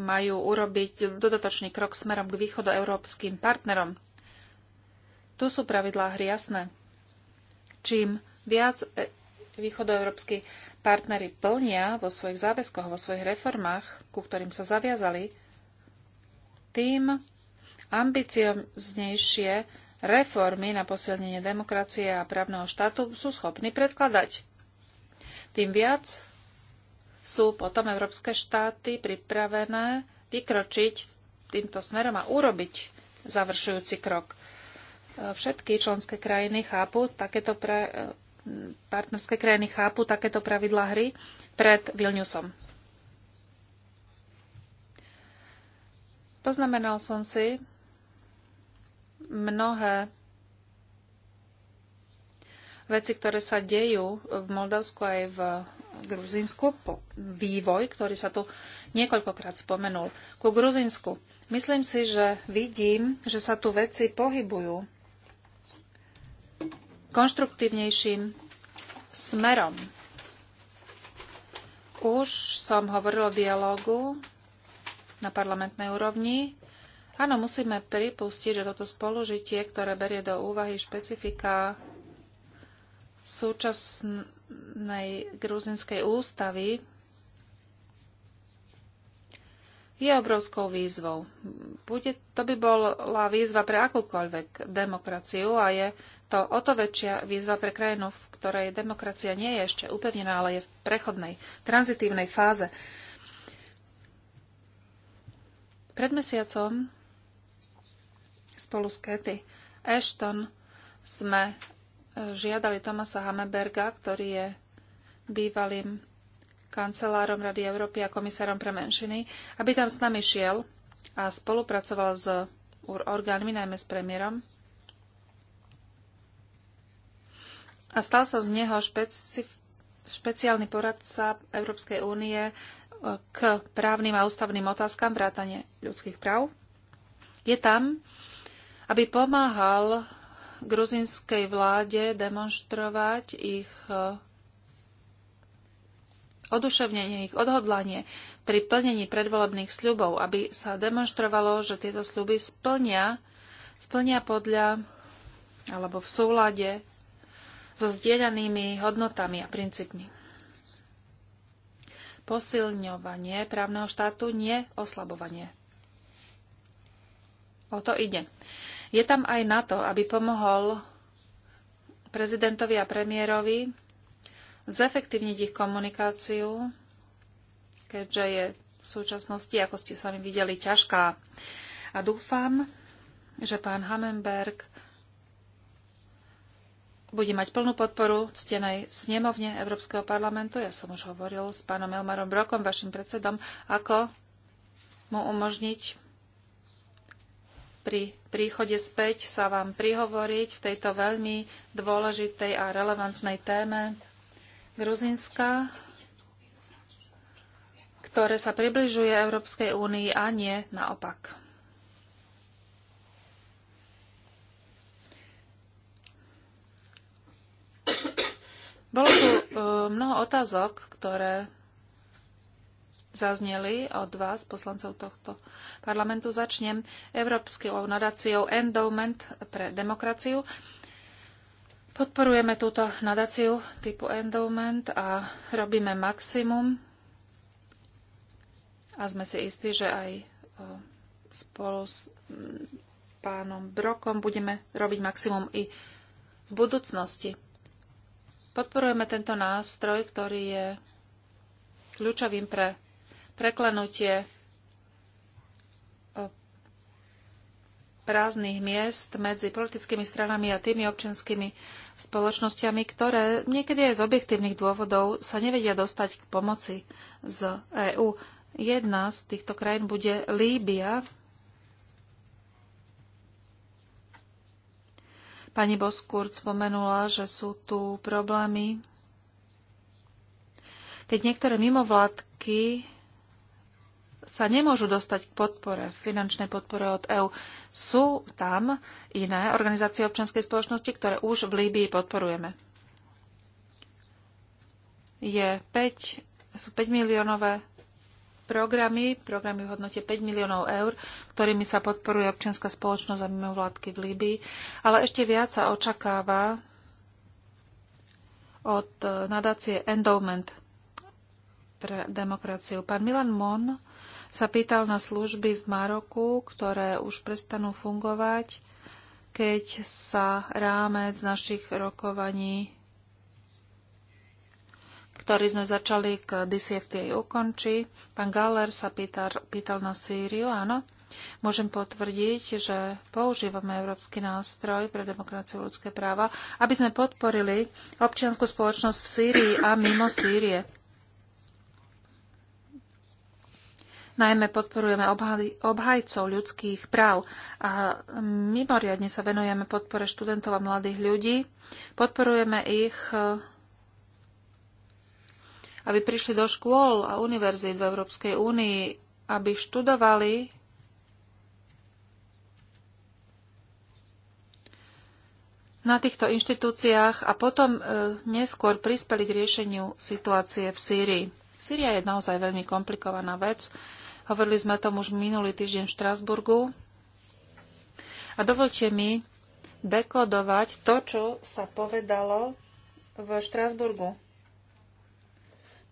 [SPEAKER 2] majú urobiť dodatočný krok smerom k východu európskym partnerom. Tu sú pravidlá hry jasné. Čím viac e, východoeurópsky partnery plnia vo svojich záväzkoch, vo svojich reformách, ku ktorým sa zaviazali, tým ambicioznejšie reformy na posilnenie demokracie a právneho štátu sú schopní predkladať. Tým viac sú potom európske štáty pripravené vykročiť týmto smerom a urobiť završujúci krok. E, všetky členské krajiny chápu takéto pre, e, partnerské krajiny chápu takéto pravidlá hry pred Vilniusom. Poznamenal som si mnohé veci, ktoré sa dejú v Moldavsku aj v Gruzínsku, vývoj, ktorý sa tu niekoľkokrát spomenul. Ku Gruzínsku. Myslím si, že vidím, že sa tu veci pohybujú konštruktívnejším smerom. Už som hovoril o dialogu na parlamentnej úrovni. Áno, musíme pripustiť, že toto spolužitie, ktoré berie do úvahy špecifika súčasnej gruzinskej ústavy, je obrovskou výzvou. Bude, to by bola výzva pre akúkoľvek demokraciu a je to o to väčšia výzva pre krajinu, v ktorej demokracia nie je ešte upevnená, ale je v prechodnej, tranzitívnej fáze. Pred mesiacom spolu s Kety Ashton sme e, žiadali Tomasa Hameberga, ktorý je bývalým kancelárom Rady Európy a komisárom pre menšiny, aby tam s nami šiel a spolupracoval s orgánmi, najmä s premiérom, a stal sa z neho špeci- špeciálny poradca Európskej únie e, k právnym a ústavným otázkam vrátane ľudských práv. Je tam, aby pomáhal gruzinskej vláde demonstrovať ich e, oduševnenie, ich odhodlanie pri plnení predvolebných sľubov, aby sa demonstrovalo, že tieto sľuby splnia, splnia podľa alebo v súlade so zdieľanými hodnotami a princípmi. Posilňovanie právneho štátu, nie oslabovanie. O to ide. Je tam aj na to, aby pomohol prezidentovi a premiérovi zefektívniť ich komunikáciu, keďže je v súčasnosti, ako ste sami videli, ťažká. A dúfam, že pán Hamenberg bude mať plnú podporu ctenej snemovne Európskeho parlamentu. Ja som už hovoril s pánom Elmarom Brokom, vašim predsedom, ako mu umožniť pri príchode späť sa vám prihovoriť v tejto veľmi dôležitej a relevantnej téme Gruzinska, ktoré sa približuje Európskej únii a nie naopak. Bolo tu e, mnoho otázok, ktoré zazneli od vás, poslancov tohto parlamentu. Začnem Európskou nadáciou Endowment pre demokraciu. Podporujeme túto nadáciu typu Endowment a robíme maximum. A sme si istí, že aj e, spolu s pánom Brokom budeme robiť maximum i v budúcnosti. Podporujeme tento nástroj, ktorý je kľúčovým pre preklenutie eh, prázdnych miest medzi politickými stranami a tými občianskými spoločnosťami, ktoré niekedy aj z objektívnych dôvodov sa nevedia dostať k pomoci z EÚ. Jedna z týchto krajín bude Líbia, Pani Boskurt spomenula, že sú tu problémy, keď niektoré mimovládky sa nemôžu dostať k podpore, finančnej podpore od EÚ. Sú tam iné organizácie občianskej spoločnosti, ktoré už v Líbii podporujeme. Je 5, sú 5 miliónové programy, programy v hodnote 5 miliónov eur, ktorými sa podporuje občianská spoločnosť a mimovládky v Líbii. Ale ešte viac sa očakáva od e, nadácie Endowment pre demokraciu. Pán Milan Mon sa pýtal na služby v Maroku, ktoré už prestanú fungovať, keď sa rámec našich rokovaní ktorý sme začali k DCFTA ukončí. Pán Galler sa pýtal, pýtal na Sýriu, áno. Môžem potvrdiť, že používame Európsky nástroj pre demokraciu a ľudské práva, aby sme podporili občianskú spoločnosť v Sýrii a mimo Sýrie. Najmä podporujeme obhaj, obhajcov ľudských práv a mimoriadne sa venujeme podpore študentov a mladých ľudí. Podporujeme ich aby prišli do škôl a univerzít v Európskej únii, aby študovali na týchto inštitúciách a potom e, neskôr prispeli k riešeniu situácie v Sýrii. Sýria je naozaj veľmi komplikovaná vec. Hovorili sme o tom už minulý týždeň v Štrasburgu. A dovolte mi dekodovať to, čo sa povedalo v Štrasburgu.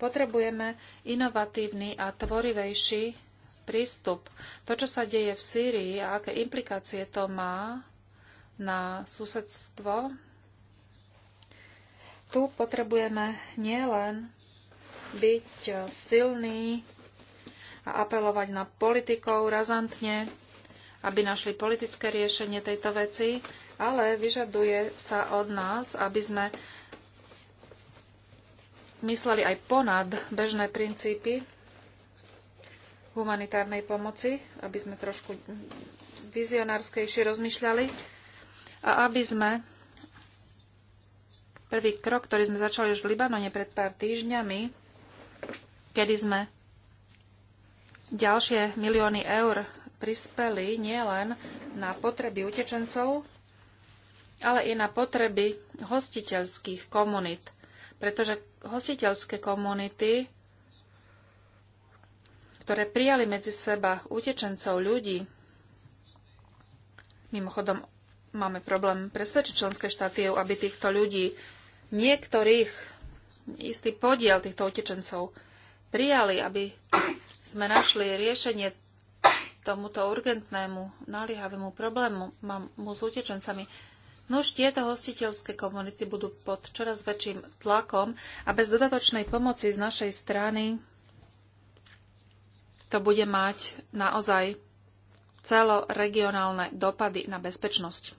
[SPEAKER 2] Potrebujeme inovatívny a tvorivejší prístup. To, čo sa deje v Sýrii a aké implikácie to má na susedstvo, tu potrebujeme nielen byť silný a apelovať na politikov razantne, aby našli politické riešenie tejto veci, ale vyžaduje sa od nás, aby sme mysleli aj ponad bežné princípy humanitárnej pomoci, aby sme trošku vizionárskejšie rozmýšľali a aby sme prvý krok, ktorý sme začali už v Libanone pred pár týždňami, kedy sme ďalšie milióny eur prispeli nielen na potreby utečencov, ale i na potreby hostiteľských komunít pretože hostiteľské komunity, ktoré prijali medzi seba utečencov ľudí, mimochodom máme problém presvedčiť členské štáty, aby týchto ľudí, niektorých, istý podiel týchto utečencov prijali, aby sme našli riešenie tomuto urgentnému, naliehavému problému mám s utečencami. Nož tieto hostiteľské komunity budú pod čoraz väčším tlakom a bez dodatočnej pomoci z našej strany to bude mať naozaj celoregionálne dopady na bezpečnosť.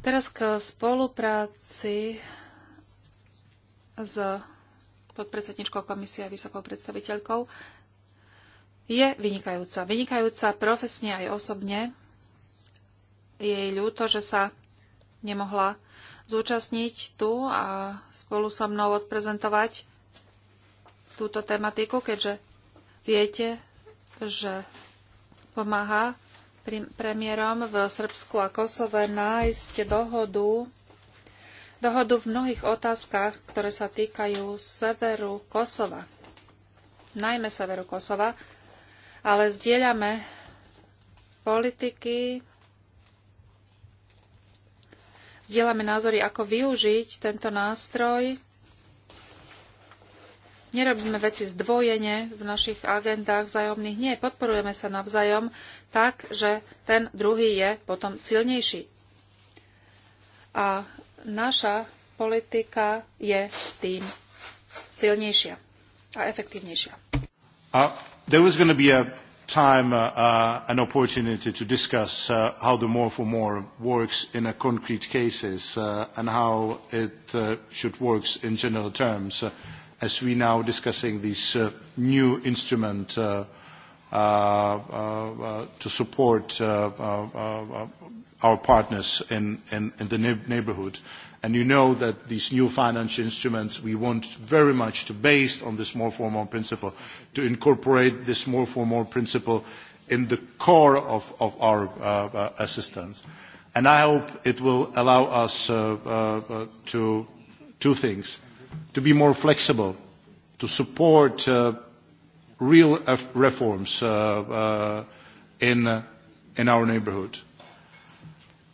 [SPEAKER 2] Teraz k spolupráci s podpredsedničkou komisie a vysokou predstaviteľkou je vynikajúca. Vynikajúca profesne aj osobne jej ľúto, že sa nemohla zúčastniť tu a spolu so mnou odprezentovať túto tematiku, keďže viete, že pomáha premiérom v Srbsku a Kosove nájsť dohodu, dohodu v mnohých otázkach, ktoré sa týkajú severu Kosova. Najmä severu Kosova, ale zdieľame politiky, Zdieľame názory, ako využiť tento nástroj. Nerobíme veci zdvojene v našich agendách vzájomných. Nie, podporujeme sa navzájom tak, že ten druhý je potom silnejší. A naša politika je tým silnejšia a efektívnejšia.
[SPEAKER 5] Uh, there was going to be a time uh, uh, an opportunity to discuss uh, how the more for more works in a concrete cases uh, and how it uh, should work in general terms uh, as we now discussing this uh, new instrument uh, uh, uh, uh to support uh, uh, uh, our partners in, in, in the neighborhood. Uh, And you know that these new financial instruments, we want very much to, based on the small for more principle, to incorporate the small for more principle in the core of, of our uh, uh, assistance. And I hope it will allow us uh, uh, uh to two things, to be more flexible, to support uh, real reforms in, in our neighbourhood,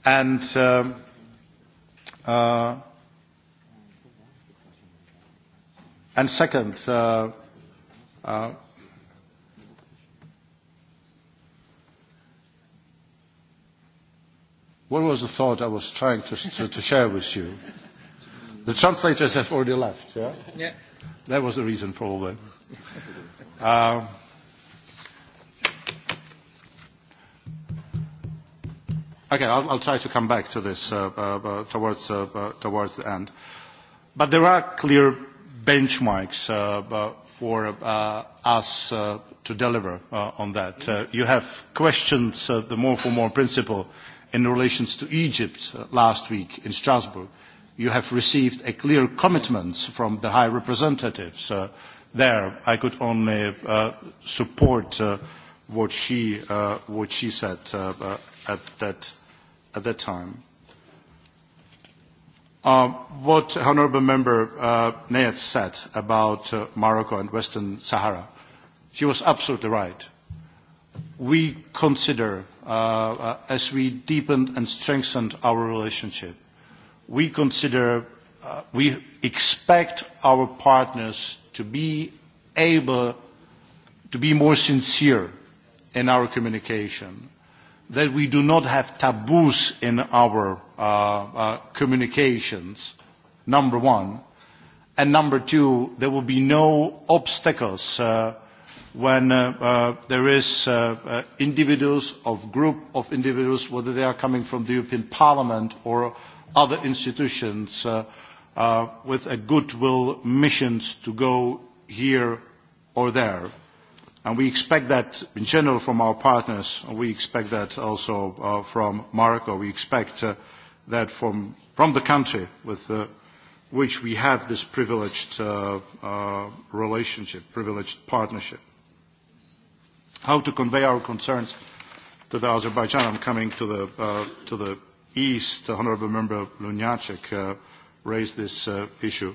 [SPEAKER 5] and um, Uh, and second, uh, uh, what was the thought I was trying to, to, to share with you? The translators have already left, yeah? Yeah. That was the reason, probably. Uh, Okay, I'll, I'll try to come back to this uh, uh, uh, towards, uh, uh, towards the end. But there are clear benchmarks uh, uh, for uh, us uh, to deliver uh, on that. Uh, you have questioned uh, the more for more principle in relation to Egypt uh, last week in Strasbourg. You have received a clear commitment from the high representatives uh, there. I could only uh, support uh, what, she, uh, what she said uh, uh, at that at that time. Uh, what Honourable Member uh, Nayat said about uh, Morocco and Western Sahara, she was absolutely right. We consider, uh, uh, as we deepened and strengthened our relationship, we consider, uh, we expect our partners to be able to be more sincere in our communication that we do not have taboos in our uh, uh, communications, number one. And number two, there will be no obstacles uh, when uh, uh, there is uh, uh, individuals of group of individuals, whether they are coming from the European Parliament or other institutions, uh, uh, with a goodwill missions to go here or there. And we expect that in general from our partners. and We expect that also uh, from Morocco. We expect uh, that from, from the country with uh, which we have this privileged uh, uh, relationship, privileged partnership. How to convey our concerns to the Azerbaijan? I'm coming to the, uh, to the east. Honourable Member Lunacek raised this issue.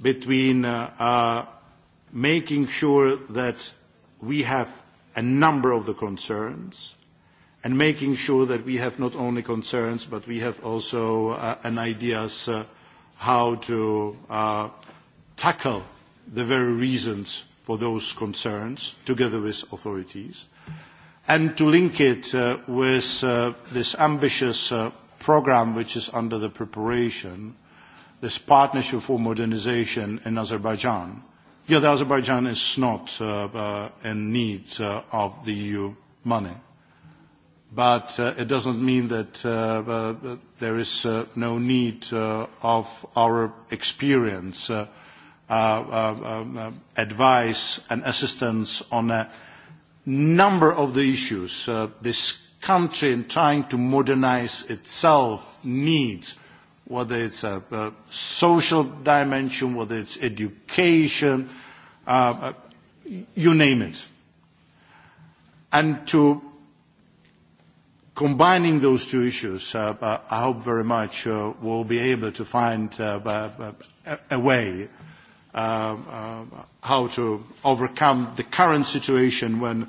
[SPEAKER 5] between uh, uh, making sure that we have a number of the concerns and making sure that we have not only concerns, but we have also uh, an ideas uh, how to uh, tackle the very reasons for those concerns together with authorities, and to link it uh, with uh, this ambitious uh, program which is under the preparation this partnership for modernization in Azerbaijan, yet Azerbaijan is not uh, uh, in need uh, of the EU money. But uh, it doesn't mean that uh, uh, there is uh, no need uh, of our experience, uh, uh, uh, uh, advice and assistance on a number of the issues uh, this country in trying to modernize itself needs – whether it's a, a social dimension, whether it's education, uh, uh, you name it. And to combining those two issues, uh, uh I hope very much uh, we'll be able to find uh, uh, a, a way uh, uh, how to overcome the current situation when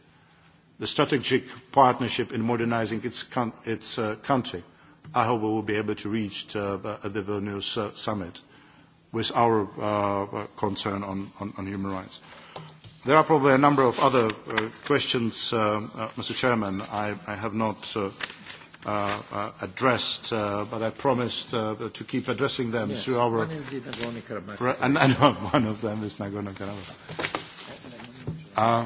[SPEAKER 5] the strategic partnership in modernising its, its uh, country. I hope we will be able to reach uh, at uh, the Vilnius uh, summit with our uh, uh, concern on, on, on human rights. There are probably a number of other uh, questions, uh, uh, Mr. Chairman, I, I have not uh, uh, uh, addressed, uh, but I promised uh, to keep addressing them yes, through our... One is
[SPEAKER 1] the Nagorno-Karabakh. *laughs* And, and one
[SPEAKER 5] of them is Nagorno-Karabakh. Uh,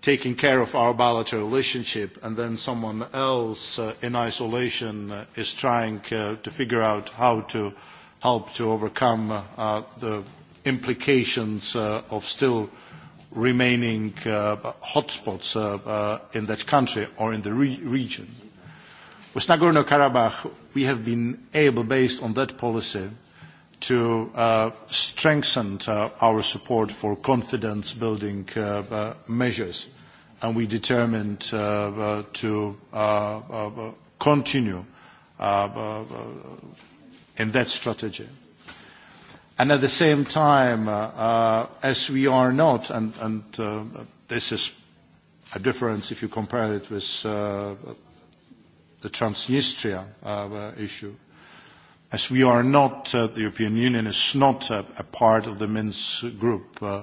[SPEAKER 5] taking care of our bilateral relationship and then someone else uh, in isolation uh, is trying uh, to figure out how to help to overcome uh, the implications uh, of still remaining uh, hotspots uh, uh, in that country or in the re region. With Nagorno-Karabakh, we have been able, based on that policy, to uh, strengthen uh, our support for confidence-building uh, measures, and we determined to continue in that strategy. And at the same time, uh, as we are not, and, and uh, this is a difference if you compare it with uh, the Transnistria uh, issue, as we are not, uh, the European Union is not a, a part of the Minsk group, uh,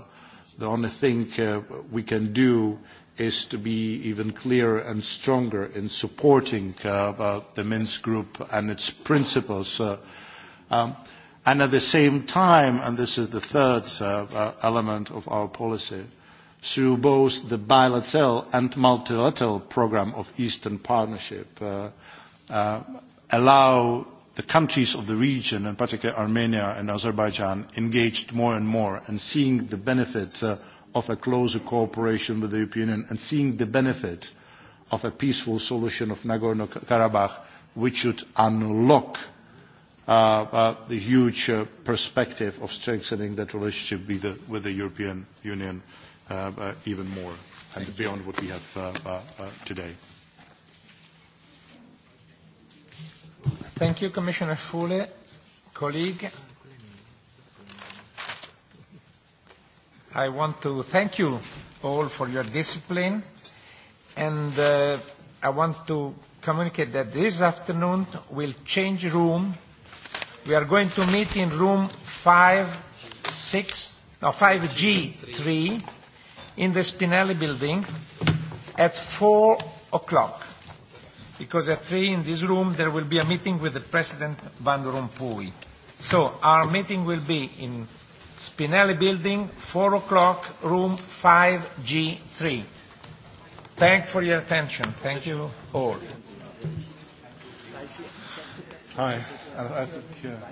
[SPEAKER 5] the only thing uh, we can do is to be even clearer and stronger in supporting uh, uh the Minsk group and its principles. Uh, um, and at the same time, and this is the third uh, uh, element of our policy, through both the bilateral and multilateral program of Eastern Partnership, uh, uh, allow the countries of the region, and particularly Armenia and Azerbaijan, engaged more and more and seeing the benefit uh, of a closer cooperation with the European Union and seeing the benefit of a peaceful solution of Nagorno-Karabakh, which should unlock uh, uh, the huge uh, perspective of strengthening that relationship with the, with the European Union uh, uh, even more and beyond what we have uh, uh, uh today.
[SPEAKER 1] Thank you, Commissioner Fule. Colleague, I want to thank you all for your discipline, and uh, I want to communicate that this afternoon we'll change room. We are going to meet in room 5, 6, no, 5G3 in the Spinelli building at 4 o'clock because at 3 in this room there will be a meeting with the President Van Rompuy. So our meeting will be in Spinelli Building, 4 o'clock, room 5G3. Thanks for your attention. Thank you all. Hi. I, I think, uh...